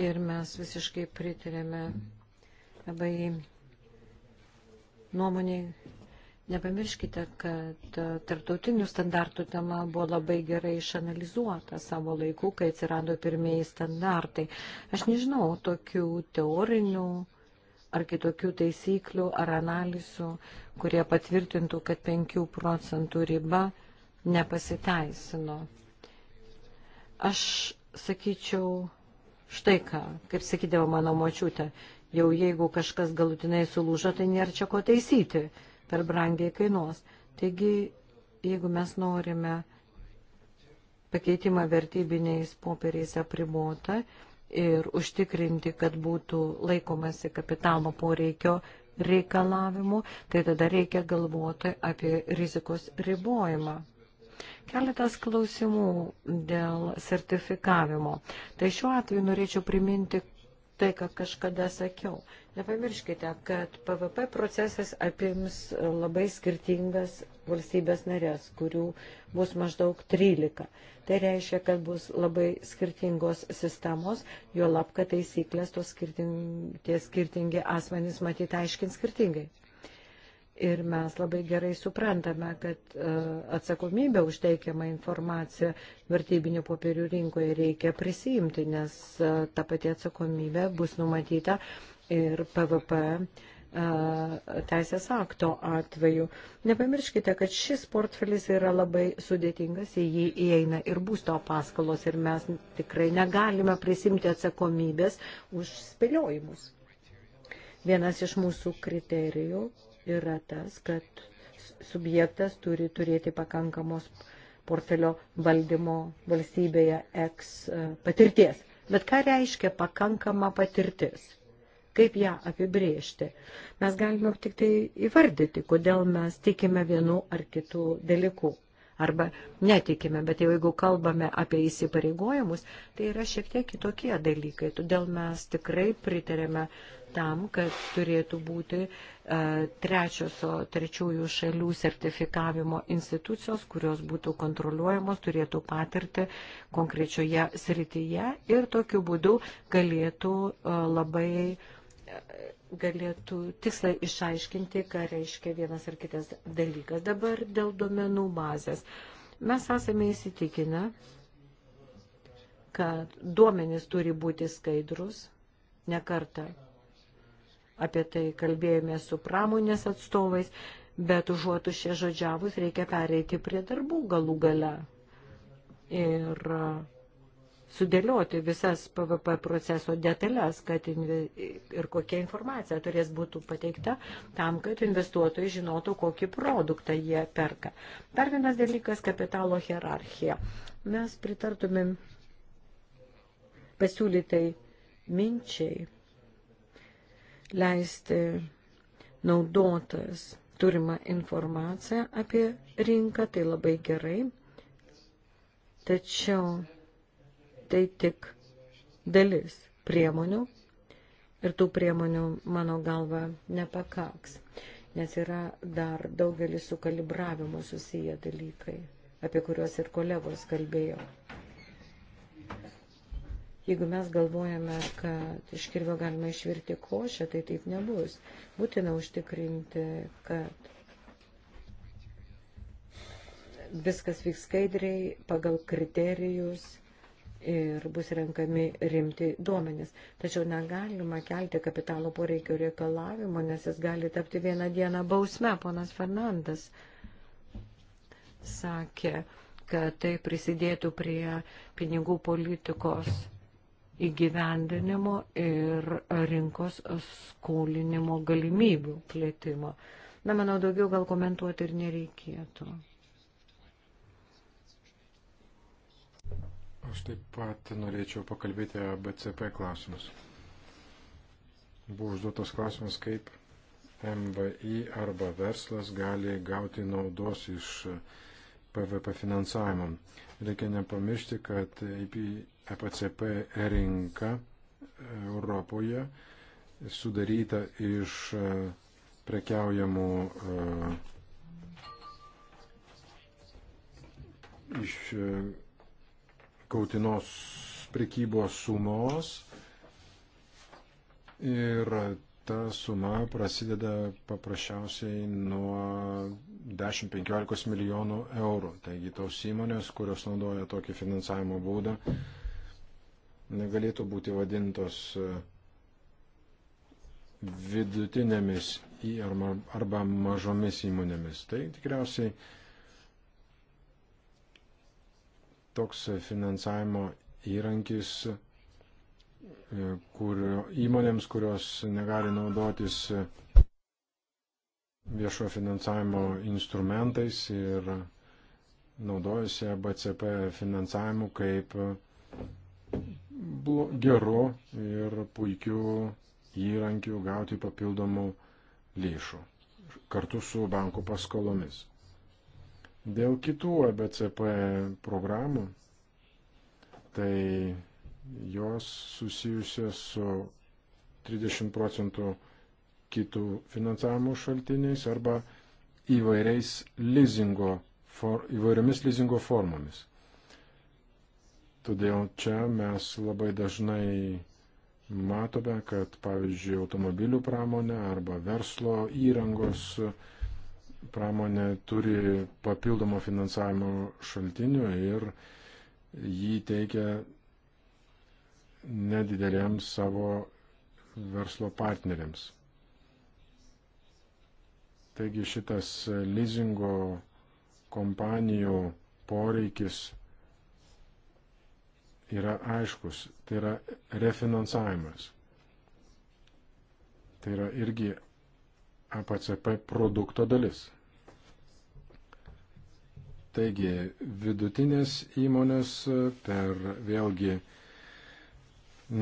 ir mes visiškai pritarėme labai nuomoniai. Nepamirškite, kad tarptautinių standartų tema buvo labai gerai išanalizuota savo laiku, kai atsirado pirmieji standartai. Aš nežinau tokių teorinių ar kitokių taisyklių ar analizų, kurie patvirtintų, kad 5 procentų riba nepasiteisino. Aš sakyčiau štai ką, kaip sakydavo mano močiutė, jau jeigu kažkas galutinai sulūžo, tai nėra čia ko taisyti, per brangiai kainuos. Taigi, jeigu mes norime pakeitimą vertybiniais popieriais apribuota, ir užtikrinti, kad būtų laikomasi kapitalo poreikio reikalavimų, tai tada reikia galvoti apie rizikos ribojimą. Keletas klausimų dėl sertifikavimo. Tai šiuo atveju norėčiau priminti, tai, ką kažkada sakiau. Nepamirškite, kad PVP procesas apims labai skirtingas valstybės narės, kurių bus maždaug 13. Tai reiškia, kad bus labai skirtingos sistemos, jo labka taisyklės, skirting, tie skirtingi asmenys matyti aiškint skirtingai. Ir mes labai gerai suprantame, kad e, atsakomybę užteikiamą informaciją vertybinių popierių rinkoje reikia prisijimti, nes e, ta pati atsakomybė bus numatyta ir PVP e, teisės akto atveju. Nepamirškite, kad šis portfelis yra labai sudėtingas, į jį įeina ir būsto paskalos ir mes tikrai negalime prisimti atsakomybės už spėliojimus. Vienas iš mūsų kriterijų yra tas, kad subjektas turi turėti pakankamos portfelio valdymo valstybėje eks patirties. Bet ką reiškia pakankama patirtis? Kaip ją apibrėžti? Mes galime tik tai įvardyti, kodėl mes tikime vienu ar kitu dalyku arba netikime, bet jau jeigu kalbame apie įsipareigojimus, tai yra šiek tiek kitokie dalykai. Todėl mes tikrai pritarėme tam, kad turėtų būti e, trečiosio, trečiųjų šalių sertifikavimo institucijos, kurios būtų kontroliuojamos, turėtų patirti konkrečioje srityje ir tokiu būdu galėtų e, labai e, galėtų tikslai išaiškinti, ką reiškia vienas ar kitas dalykas. Dabar dėl duomenų bazės. Mes esame įsitikinę, kad duomenys turi būti skaidrus, nekarta apie tai kalbėjome su pramonės atstovais, bet užuotų šie žodžiavus reikia pereiti prie darbų galų gale ir sudėlioti visas PVP proceso detalės kad ir kokia informacija turės būti pateikta tam, kad investuotojai žinotų, kokį produktą jie perka. Dar vienas dalykas - kapitalo hierarchija. Mes pritartumėm pasiūlytai minčiai leisti naudotojas turimą informaciją apie rinką, tai labai gerai. Tačiau tai tik dalis priemonių ir tų priemonių, mano galva, nepakaks, nes yra dar daugelis su kalibravimu susiję dalykai, apie kuriuos ir kolegos kalbėjo. Jeigu mes galvojame, kad iš kirvio galima išvirti košę, tai taip nebus. Būtina užtikrinti, kad viskas vyks skaidriai pagal kriterijus ir bus renkami rimti duomenys. Tačiau negalima kelti kapitalo poreikio reikalavimo, nes jis gali tapti vieną dieną bausme. Ponas Fernandas sakė, kad tai prisidėtų prie pinigų politikos įgyvendinimo ir rinkos skolinimo galimybių plėtimo. Na, manau, daugiau gal komentuoti ir nereikėtų. Aš taip pat norėčiau pakalbėti apie BCP klausimus. Buvo užduotas klausimas, kaip MVI arba verslas gali gauti naudos iš PVP finansavimo. Reikia nepamiršti, kad IP EPCP rinka Europoje sudaryta iš e, prekiaujamų e, iš kautinos e, prekybos sumos ir ta suma prasideda paprasčiausiai nuo 10-15 milijonų eurų. Taigi tos įmonės, kurios naudoja tokį finansavimo būdą, negalėtų būti vadintos e, vidutinėmis arba mažomis įmonėmis. Tai tikriausiai toks finansavimo įrankis e, kurio, įmonėms, kurios negali naudotis e, viešo finansavimo instrumentais ir naudojasi BCP finansavimu kaip geru ir puikiu įrankiu gauti papildomų lėšų kartu su bankų paskolomis. Dėl kitų ABCP programų, tai jos susijusios su 30 procentų kitų finansavimo šaltiniais arba įvairiais lizingo, for, įvairiomis lizingo formomis. Todėl čia mes labai dažnai matome, kad pavyzdžiui automobilių pramonė arba verslo įrangos pramonė turi papildomo finansavimo šaltinių ir jį teikia nedidelėms savo verslo partneriams. Taigi šitas leasingo kompanijų poreikis yra aiškus, tai yra refinansavimas. Tai yra irgi APCP produkto dalis. Taigi vidutinės įmonės e, per vėlgi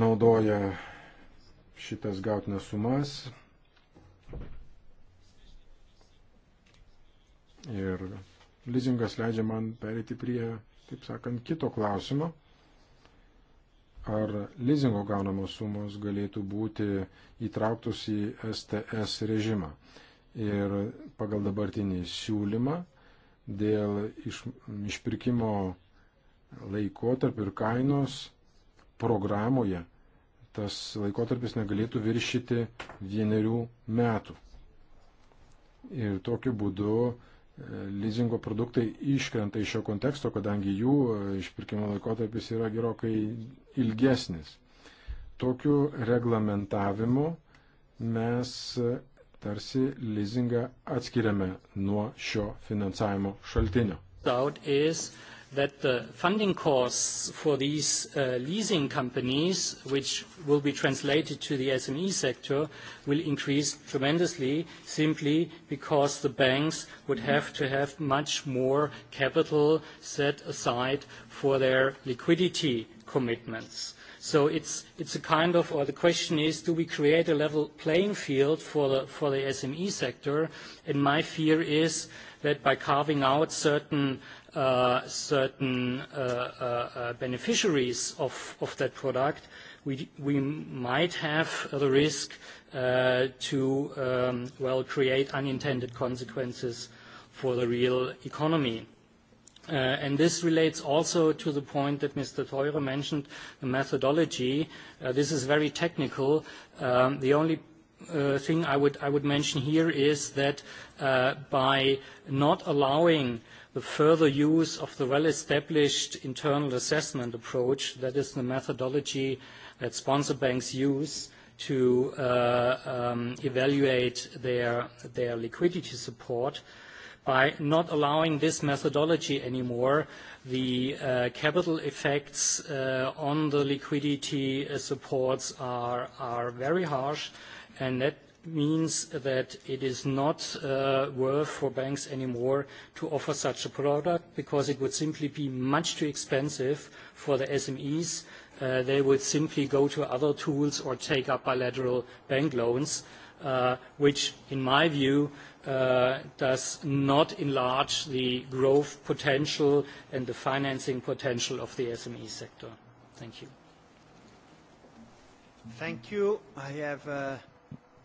naudoja šitas gautinas sumas ir lizingas leidžia man perėti prie, taip sakant, kito klausimo ar lizingo gaunamos sumos galėtų būti įtrauktos į STS režimą. Ir pagal dabartinį siūlymą dėl iš, išpirkimo laikotarpio ir kainos programoje tas laikotarpis negalėtų viršyti vienerių metų. Ir tokiu būdu lizingo produktai iškrenta iš šio konteksto, kadangi jų e, išpirkimo laikotarpis yra gerokai ilgesnis. Tokiu reglamentavimu mes e, tarsi lizingą atskiriame nuo šio finansavimo šaltinio. Is, that the funding costs for these uh, leasing companies, which will be translated to the SME sector, will increase tremendously simply because the banks would have to have much more capital set aside for their liquidity commitments. So it's, it's a kind of, or the question is, do we create a level playing field for the, for the SME sector? And my fear is that by carving out certain uh, uh, certain uh, uh, uh, beneficiaries of, of that product, we, we might have the risk uh, to, um, well, create unintended consequences for the real economy. Uh, and this relates also to the point that Mr. Theurer mentioned, the methodology. Uh, this is very technical. Um, the only uh, thing I would, I would mention here is that uh, by not allowing uh, the further use of the well-established internal assessment approach, that is the methodology that sponsor banks use to uh, um, evaluate their, their liquidity support. By not allowing this methodology anymore, the uh, capital effects uh, on the liquidity uh, supports are, are very harsh, and that means that it is not uh, worth for banks anymore to offer such a product because it would simply be much too expensive for the SMEs. Uh, they would simply go to other tools or take up bilateral bank loans, uh, which in my view uh, does not enlarge the growth potential and the financing potential of the SME sector. Thank you. Thank you. I have uh,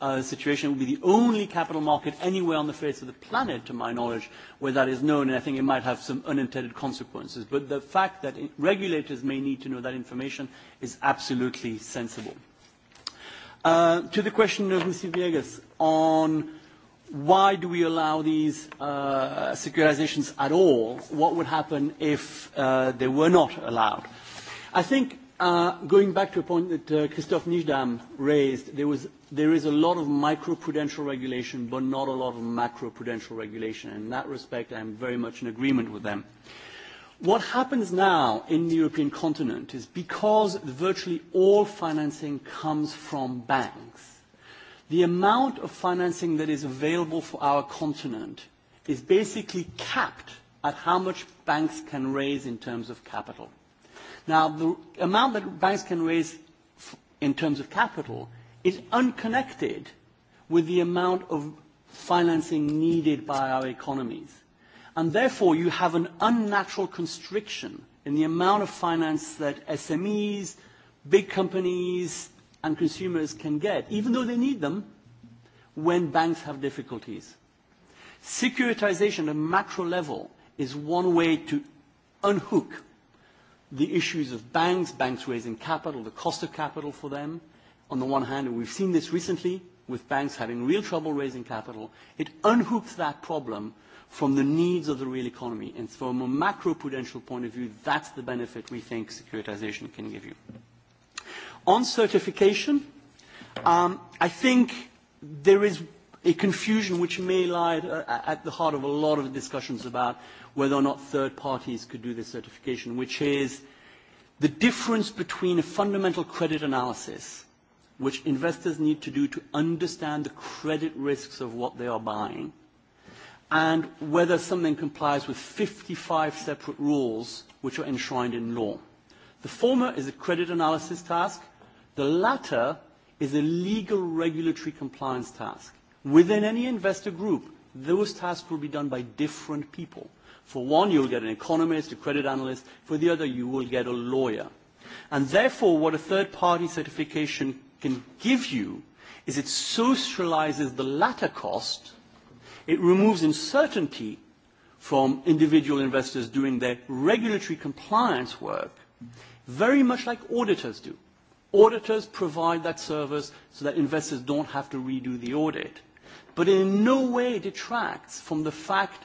uh, situation. It would be the only capital market anywhere on the face of the planet, to my knowledge, where that is known, and I think it might have some unintended consequences. But the fact that it, regulators may need to know that information is absolutely sensible. Uh, to the question of Mr. Viegas on why do we allow these uh, securitizations at all? What would happen if uh, they were not allowed? I think Uh, going back to a point that uh, Christophe Nijdam raised, there, was, there is a lot of microprudential regulation, but not a lot of macroprudential regulation. In that respect, I am very much in agreement with them. What happens now in the European continent is because virtually all financing comes from banks, the amount of financing that is available for our continent is basically capped at how much banks can raise in terms of capital. Now, the amount that banks can raise in terms of capital is unconnected with the amount of financing needed by our economies. And therefore, you have an unnatural constriction in the amount of finance that SMEs, big companies, and consumers can get, even though they need them, when banks have difficulties. Securitization at macro level is one way to unhook the issues of banks, banks raising capital, the cost of capital for them, on the one hand, and we've seen this recently with banks having real trouble raising capital, it unhooks that problem from the needs of the real economy. And from a macro-prudential point of view, that's the benefit we think securitization can give you. On certification, um, I think there is a confusion which may lie at, at the heart of a lot of discussions about whether or not third parties could do this certification, which is the difference between a fundamental credit analysis, which investors need to do to understand the credit risks of what they are buying, and whether something complies with 55 separate rules which are enshrined in law. The former is a credit analysis task. The latter is a legal regulatory compliance task. Within any investor group, those tasks will be done by different people. For one, you'll get an economist, a credit analyst. For the other, you will get a lawyer. And therefore, what a third-party certification can give you is it socializes the latter cost. It removes uncertainty from individual investors doing their regulatory compliance work, very much like auditors do. Auditors provide that service so that investors don't have to redo the audit. But in no way detracts from the fact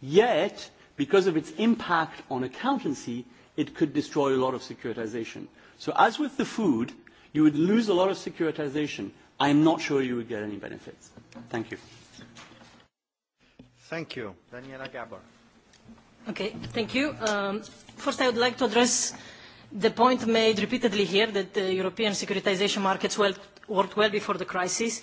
Yet, because of its impact on accountancy, it could destroy a lot of securitization. So as with the food, you would lose a lot of securitization. I'm not sure you would get any benefits. Thank you. Thank you. Daniela Gabor. Okay, thank you. Um, first, I would like to address the point made repeatedly here that the European securitization markets well, worked well before the crisis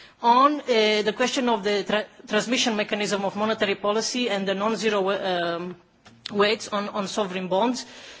On uh, the question of the tra transmission mechanism of monetary policy and the non-zero um, weights on, on sovereign bonds, uh,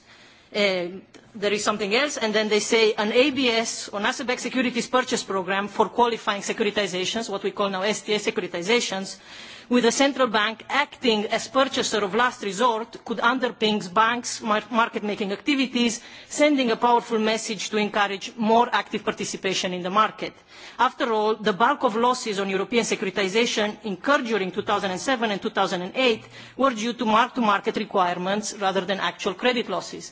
Uh, there is something else, and then they say an ABS or NASDAQ e securities purchase program for qualifying securitizations, what we call now STA securitizations, with a central bank acting as purchaser of last resort could underpin banks' mar market-making activities, sending a powerful message to encourage more active participation in the market. After all, the bulk of losses on European securitization incurred during 2007 and 2008 were due to mark-to-market requirements rather than actual credit losses.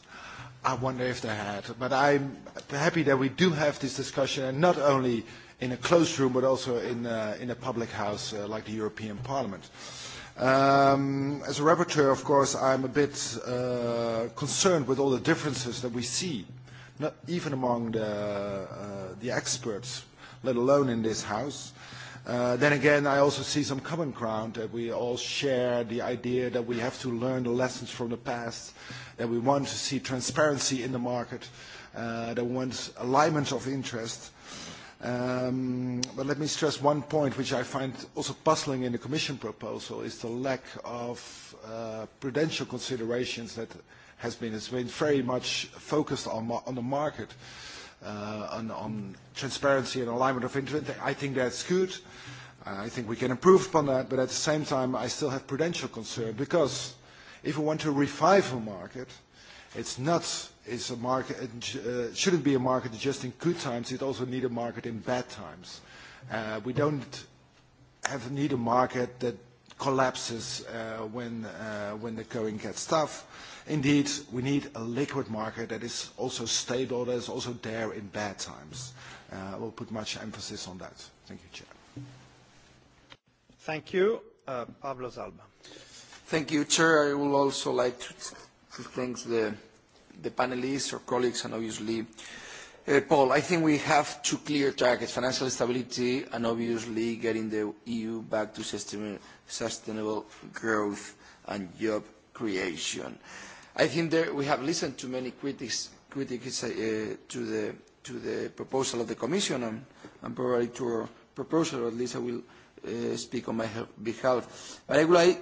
I wonder if they had. But I'm happy that we do have this discussion, and not only in a closed room, but also in, uh, in a public house uh, like the European Parliament. Um, as a rapporteur, of course, I'm a bit uh, concerned with all the differences that we see, not even among the, uh, the experts, let alone in this house. Uh, then again, I also see some common ground that we all share the idea that we have to learn the lessons from the past that we want to see transparency in the market, uh, that we want alignment of interest. Um, but let me stress one point which I find also puzzling in the Commission proposal is the lack of uh, prudential considerations that has been, has been very much focused on, on the market, uh, on, on transparency and alignment of interest. I think that's good. I think we can improve upon that, but at the same time, I still have prudential concern because If we want to revive a market, it's not is a market uh, shouldn't be a market just in good times. It also need a market in bad times. Uh, we don't have need a market that collapses uh, when uh, when the going gets tough. Indeed, we need a liquid market that is also stable, that is also there in bad times. Uh, we'll put much emphasis on that. Thank you, Chair. Thank you. Uh, Pablo Zalba. Thank you, Chair. I would also like to, to thank the, the panelists, our colleagues, and obviously uh, Paul. I think we have two clear targets, financial stability and obviously getting the EU back to system, sustainable growth and job creation. I think there we have listened to many critics, critics uh, to, the, to the proposal of the Commission and, and probably to our proposal, or at least I will uh, speak on my behalf. But I would like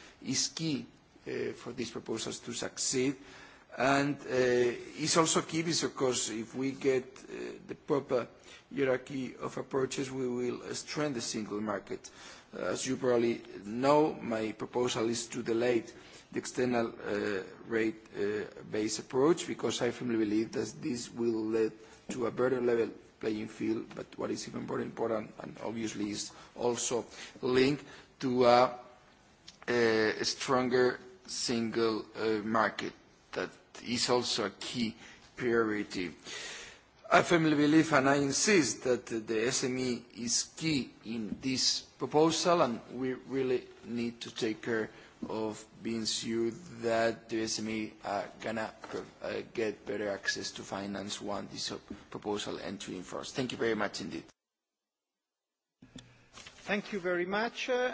is key uh, for these proposals to succeed. And uh, it's also key because if we get uh, the proper hierarchy of approaches, we will strengthen the single market. Uh, as you probably know, my proposal is to delay the external uh, rate-based uh, approach because I firmly believe that this will lead to a better level playing field, but what is even more important and obviously is also linked to a Uh, a stronger single uh, market. That is also a key priority. I firmly believe, and I insist, that the SME is key in this proposal, and we really need to take care of being sure that the SME are gonna uh, get better access to finance once this proposal entry in force. Thank you very much indeed. Thank you very much. Uh,